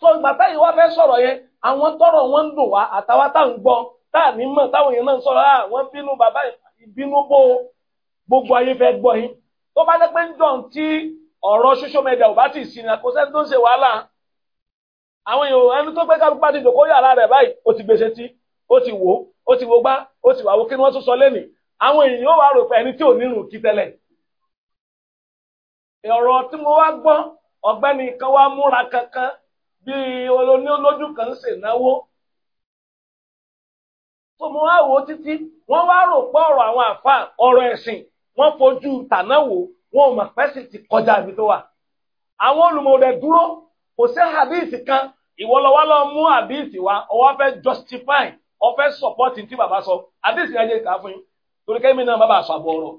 tó ìgbà táyì wá fẹ́ sọ̀rọ̀ yẹn àwọn tọrọ wọn ń dùn wá àtàwọn táwọn gbọ́ táà ní mọ̀ táwọn yẹn náà ń sọ̀rọ̀ àwọn ah, bínú bàbá yìí ìbínú bó gbogbo ayé fẹ́ gbọ́ yín tó bá dẹ́ pé ń dàn tí ọ̀rọ̀ social media ò bá ti sí ni kò sẹ́ni tó ń ṣe wàhálà àwọn èèyàn ẹni tó gbé kálukú bá ti dòkó yàrá rẹ̀ báyìí ó ti gbèsè tí ó ti wò ó ti wò gbá ó ti wà kí ni wọ́n tún sọ lẹ́nìí àwọn èèyàn ó wà rò pé ẹni tí ò nírun kí tẹ́lẹ̀ ọ̀rọ̀ tí mo wá gbọ́ ọ̀gbẹ́ni kan wá múra kankan bíi olóní olójú kan ń ṣènáwó tó mo wá wò ó títí wọ́n wá rò pé ọ̀rọ̀ àwọn àfa ọ̀rọ̀ ẹ̀sìn wọ́n fojú tàná wò wọn ò mà pẹ́ sì ti kọjá ibi tó wà. àwọn olùmọ̀ọ́dẹ dúró kò sí àdíìsì kan ìwọ lọ wá lọ mú àdíìsì wa ọwọ́ fẹ́ justify ọfẹ́ support tí bàbá sọ àdíìsì yẹn jẹ́ ìta fún yín torí kẹ́mi náà bàbá sọ àbọ̀ ọ̀rọ̀.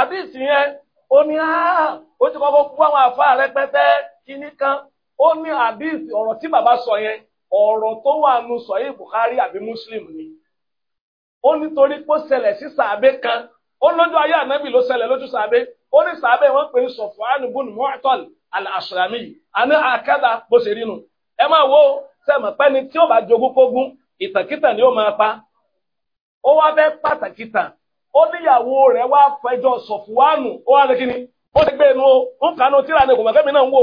àdíìsì yẹn ó ní ó ti kọ́kọ́ kú àwọn àfa rẹpẹtẹ kíní kan ó ní àdíìsì ọ̀rọ̀ tí bàbá sọ yẹn ọ̀rọ̀ tó wà nù sọ̀yìn Bukhari àbí Muslim ni ó nítorí pé ó ṣẹlẹ̀ sí sàbẹ kan ó lójú ayé ànábì ló ṣẹlẹ̀ lójú sàbẹ ó ní sàbẹ wọn pè é Sọfwan bun Mu'tal al-Ashrami àní àkàdà bó ṣe rí nu ẹ máa wo sẹ́mọ̀ pẹ́ni tí ó bá jogún kógún ìtàkìtàn ni ó máa pa ó wá fẹ́ pàtàkìtàn ó níyàwó rẹ̀ wá fẹjọ́ Sọfwan ó wá ní ó ti gbé inú ó ń kànú tíra ni kò mọ̀ kẹ́mi náà ń wo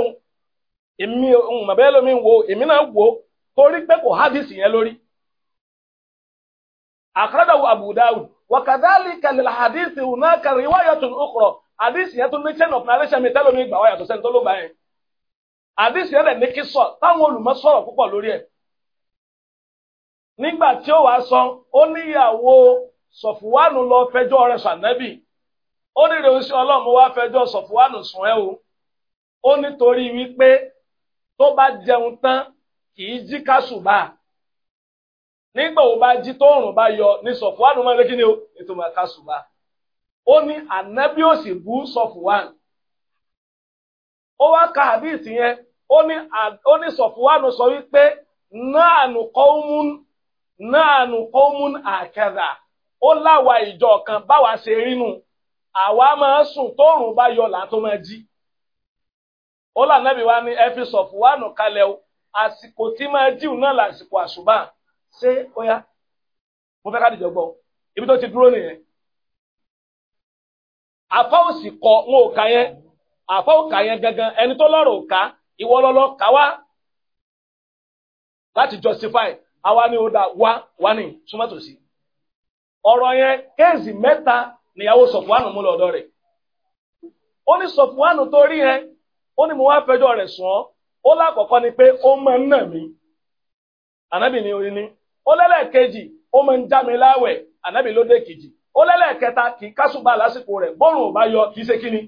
èmi ò mọ̀ bẹ́ẹ̀ lómi ń èmi náà ń wo torí pé kò hádìsì yẹn lórí. Akhrajahu Abu Dawud wa kadhalika lil hadithi hunaka riwayatun ukhra hadithi yẹn tún ní chain of narration mi tẹ́lómi gbà wáyà tó sẹ́ni tó ló gbà yẹn. hadithi yẹn rẹ̀ ní kí sọ táwọn olùmọ̀ sọ̀rọ̀ púpọ̀ lórí ẹ̀. nígbà tí ó wàá sọ ó níyàwó sọ̀fùwánù lọ fẹjọ́ rẹ̀ sànẹ́bì ó ní rẹ̀ oṣù ọlọ́run wá fẹjọ́ sọ̀fùwánù sùn ẹ́ o ó nítorí wípé tó bá jẹun tán kì í jí kásùbà nígbà wo bá jí tóòrùn bá yọ ní sọfúnwánù máa ń o ètò ní bú wá ka àdìsí yẹn ó ní sọfúnwánù sọ wípé náà nù kọ́ọ́mùn náà nù àkẹ́dà ó láwa ìjọ kan báwa ṣe rínú àwa máa sùn tóòrùn bá yọ làá tó máa jí ó lànà bí wá ní àsìkò tí máa jíù náà làsìkò àṣùbà ṣé ó yá mo fẹ́ ká dìjọ gbọ́ ibi tó ti dúró nìyẹn afọ òsì kọ wọn ò kà yẹn àfa yẹn gangan ẹni tó lọ́rọ̀ ò ká ìwọ lọ́lọ́ kà wá láti justify àwa ni ó da wá wá ní súnmọ́tòsí ọ̀rọ̀ yẹn kéèsì mẹ́ta nìyàwó sọ̀fùwánù mú lọ́dọ̀ rẹ̀ ó ní sọ̀fùwánù tó rí yẹn ó ní mo wá fẹjọ́ rẹ̀ sùn ọ́ ó lákọ̀ọ́kọ́ ni pé ó mi nà mí ànábì ni orin ni ó lẹ́lẹ́kejì mi láwẹ̀ ànábì kejì ó lẹ́lẹ́kẹta kì í kásùbà lásìkò rẹ̀ bọ́ọ̀rùn ò bá yọ kì í ṣe kíni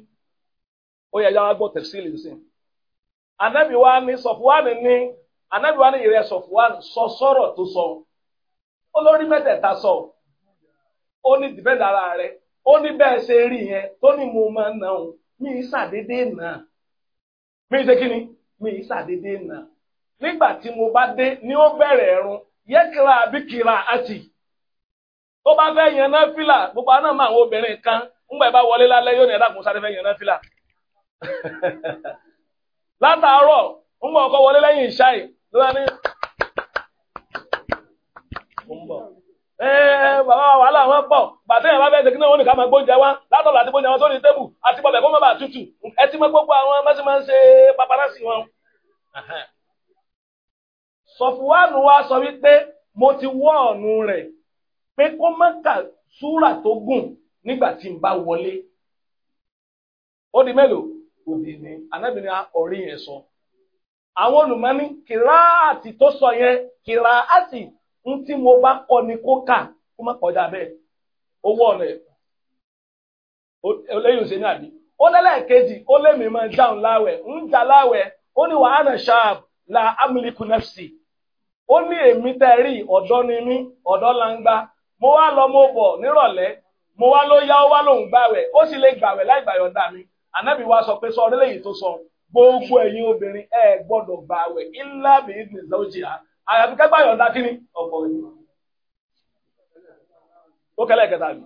ó yẹ yára gbọ́ tẹ̀sílì sí wa ni sọ̀fúwánì ni ànábì wa ni ìrẹ sọ̀fúwánì sọ sọ̀rọ̀ tó sọ olórí mẹ́tẹ̀ẹ̀ta sọ ó ní dìbẹ́dà ara rẹ̀ ó ní bẹ́ẹ̀ ṣe rí yẹn tó ní mo máa nà ó mi ì ṣàdédé nà nígbà tí mo bá dé ni ó bẹ̀rẹ̀ ẹ̀rùn yẹ́kìrà àbí kìrà àti tó bá fẹ́ yan náà fìlà gbogbo àná máa àwọn obìnrin kan ńgbà ìbá wọlé lálẹ́ yóò ní ẹ̀dá kún sáré fẹ́ yan náà fìlà látàárọ̀ ńgbà ọkọ̀ wọlé lẹ́yìn ìṣáì ló wá ní bàbá wàhálà wọn pọ̀ bàtẹ́ yẹn bá fẹ́ ṣèkínà wọn nìkan máa gbóúnjẹ wá látọ̀ láti gbóúnjẹ wọn sórí tébù àti bọ̀bẹ̀ kó má bàa tutù ẹ ti mọ gbogbo àwọn mẹ́sìn máa ń ṣe paparasi wọn. sọ̀fùwánù wa sọ wípé mo ti wọ́ ọ̀nù rẹ̀ pé kó má kà súrà tó gùn nígbà tí n bá wọlé. ó di mélòó òdì ni anábìrin ọ̀rí yẹn sọ. àwọn olùmọ́ni kìrá àti tó sọ yẹn kìrá ń tí mo bá kọ ni kó kà kó má kọjá bẹ́ẹ̀ owó ọ̀nà ẹ̀ lẹ́yìn òṣèlú àbí ó lẹ́lẹ́kejì ó lẹ́mí máa jáun láwẹ̀ ń jà láwẹ̀ ó ní wàhánà la amliku nafsi ó ní èmi tẹ́ rí ọ̀dọ́ ni mí ọ̀dọ́ langba mo wá lọ mo bọ̀ nírọ̀lẹ́ mo wá ló yá ó wá ó sì lè láì mi wa sọ pé sọ ọdún lẹ́yìn tó sọ gbogbo ẹ̀yin obìnrin ẹ gbọ́dọ̀ bi àyàfi kẹgbà yọ̀ǹda kí ni ọkọ yìí ó kẹlẹ kẹta mi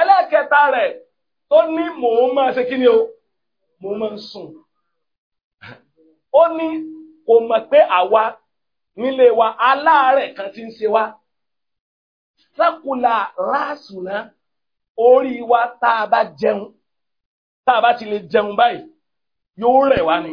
ẹlẹ́kẹta rẹ̀ tó ní mò ń máa ṣe kí ni o mò ń máa ń sùn ó ní kò mọ̀ pé àwa nílé wa aláàárẹ̀ kan ti ń ṣe wa sákùlà ráàsùnà orí wa tá a bá jẹun tá a bá ti lè jẹun báyìí yóò rẹ̀ wá ni.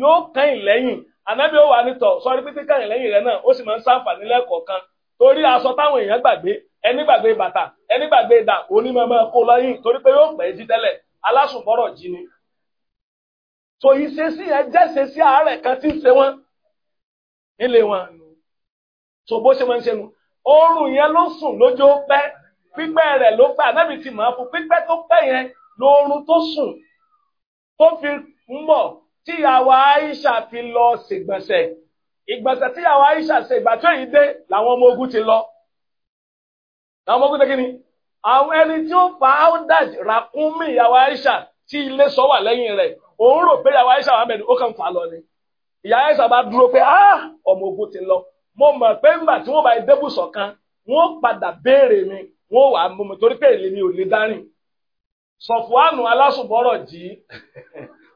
yóò kẹ́yìn lẹ́yìn ànábì ó wà nítọ̀ sọ́rí pípín kẹ́yìn lẹ́yìn rẹ̀ náà ó sì máa ń sáǹfààní lẹ́ẹ̀kọ̀ọ̀kan torí aṣọ táwọn èèyàn gbàgbé ẹni gbàgbé bàtà ẹni gbàgbé ìdà onímọ̀mọ́ kó lọ́yìn torí pé yóò pẹ́ jí tẹ́lẹ̀ alásùnbọ̀rọ̀ jí ni. so ìṣesí yẹn jẹ́sẹ̀ sí àárẹ̀ kan tí ń ṣe wọ́n nílé wọn. so bó ṣe máa ń ṣe nu oorun yẹn ló sùn lójó pẹ́ pípẹ́ rẹ̀ ló pẹ́ ànábì ti mọ̀ fún pípẹ́ tó pẹ́ yẹn lóorun tó sùn tó fi ń bọ̀ tí àwa Aisha fi lọ ṣègbọ̀nsẹ̀ ìgbọ̀nsẹ̀ tí àwa Aisha ṣe ìgbà tó yìí dé làwọn ọmọ ogun ti lọ làwọn ọmọ ogun ti kíni àwọn ẹni tí ó fa áúndàd ràkúnmí ìyàwó Aisha tí ilé sọ wà lẹ́yìn rẹ̀ òun rò pé ìyàwó Aisha wà mẹ́rin ó kàn fà lọ ni ìyá Aisha bá dúró pé ah ọmọ ogun ti lọ mo mọ̀ pé ńgbà tí wọ́n bá débùsọ̀ kan wọ́n padà béèrè mi wọ́n wà mọ̀ torí pé èlé mi ò lè dárìn sọ̀fùánù alásùbọ̀rọ̀ jì í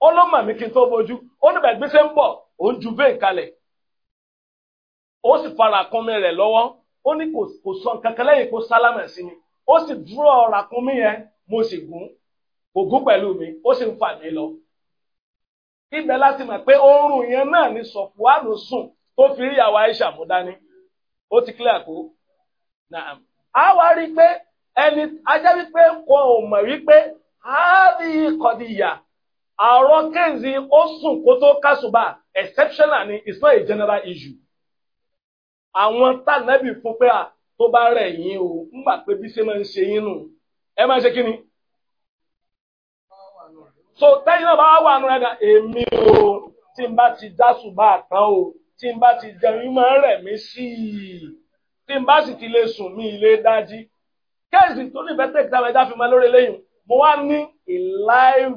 ó ló mà mí kí n tó bojú ó nígbà gbèsè ń bọ̀ ó ń ju bẹ́ẹ̀ kalẹ̀ ó sì fara kúnmi rẹ̀ lọ́wọ́ ó ní kò sọ kankan lẹ́yìn kó sálámà sí mi ó sì dúró ọ̀rà kúnmi yẹn mo sì gún kò gún pẹ̀lú mi ó sì ń fà mí lọ. ibẹ̀ láti mọ̀ pé oorun yẹn náà ni sọ̀fùwánù sùn tó fi rí ìyàwó Aisha mú dání ó ti clear kó naam a wá rí i pé ẹni ajá wípé kò mọ̀ wípé háàbí kọ̀díyà àrọ kẹ́ǹsì ó sùn kó tó kásùbà exceptional ni it's not a general issue. àwọn tànàbì fún pé à tó bá rẹ̀ yín o ń gbà pé bí ṣe máa ń ṣe yín nù ẹ máa ṣe kí ni. so tẹ́yìn náà bá wà nù ẹ̀dá èmi o tí n bá ti dásùbà tán o tí n bá ti jẹun yín máa ń rẹ̀ mí sí i tí n bá sì ti lè sùn mí ilé dájí kẹ́ǹsì tó ní bẹ́tẹ̀ kí táwọn ẹja fi máa lórí lẹ́yìn mo wá ní a live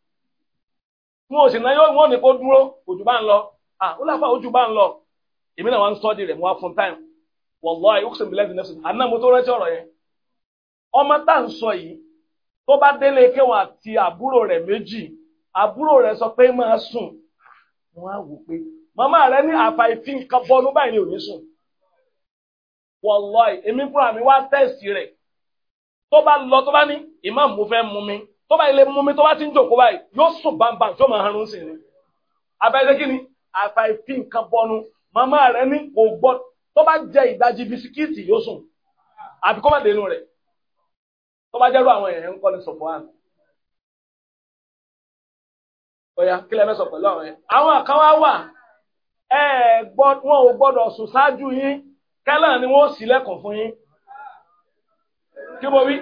wọn ò sì náà wọ́n kó dúró ojú bá ń lọ ah láfa ojú bá ń lọ èmi náà wà ń sọ́ọ́dì rẹ̀ mo wá fún táìmù wallahi ìwúkùsùn ọmọ tá à ń sọ yìí tó bá délé kéwọn àti àbúrò rẹ̀ méjì àbúrò rẹ̀ sọ pé máa sùn wọn á wò pé rẹ ní àfàìfín báyìí ni ò ní sùn wallahi èmi fúnra mi wá rẹ̀ lọ tó bá ní ìmáàmù mi tó bá ilé mú mi tó bá ti ń jòkó báyìí yóò sùn bàǹbà tó máa harun sí ni abẹ́rẹ́ kí ni àfàìfín nǹkan bọnu màmá rẹ ní kò gbọ́ tó bá jẹ ìdajì bisikíìtì yóò sùn àbí kó má dénú rẹ̀ tó bá jẹ́rú àwọn èèyàn ń kọ́ ni sọ̀fọ̀ hàn. ọ̀yà kí lẹ́ mẹ́sàn pẹ̀lú àwọn yẹn. àwọn kan wá wà ẹ wọn ò gbọ́dọ̀ sùn ṣáájú yín kẹ́lá ni wọ́n sì lẹ́kọ̀ọ́ fún yín. kí mo wí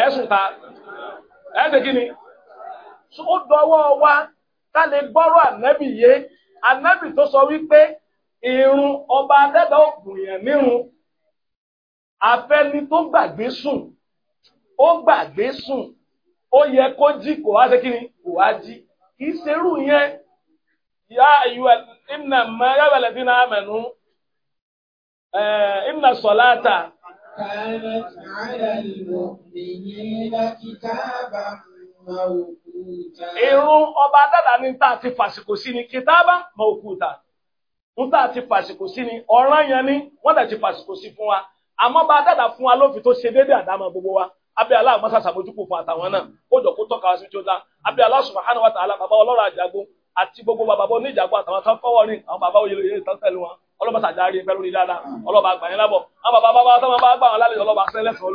ẹ̀ sùn ta ẹ̀ẹ́dẹ̀ kí ó dọwọ́ wa ká lè gbọ́rọ̀ ànábì yé sọ wípé irun ọba adẹ́dọ̀ ògùnyàn nírun afeni tó gbàgbé sùn ó gbàgbé sùn ó yẹ kó jí kò wá ṣe kí kò wá jí kì í yẹn yá ìwà كانت على المؤمنين كتابا موقوتا Ìrun ọba dada ni tá a ti fàsìkò sí ni kìtàbá mọ̀òkúta. Ń tá a ti fàsìkò sí ni ọ̀ranyàn ni wọ́n dẹ̀ ti fàsìkò sí fún wa. Àmọ́ bá dada fún wa lófin tó ṣe déédéé wa. Abẹ́ aláàmọ́ sàṣàmójúkú fún àtàwọn náà. Ó jọ kó tọ́ka wá sí tí ó dá. Abẹ́ Allah subhanahu wa ta'ala bàbá ọlọ́rọ̀ àjàgbó àti gbogbo bàbá bọ́ níjàgbó àtàwọn tán fọwọ́ rìn àwọn bàbá òye lóye tán wọn ọlọ́ba sàdárí ẹgbẹ́ lórí dáadáa ọlọ́ba àgbàyẹn lábọ̀ àwọn bàbá bá sábà bá gbà wọn lálejò ọlọ́ba sẹ́lẹ̀sán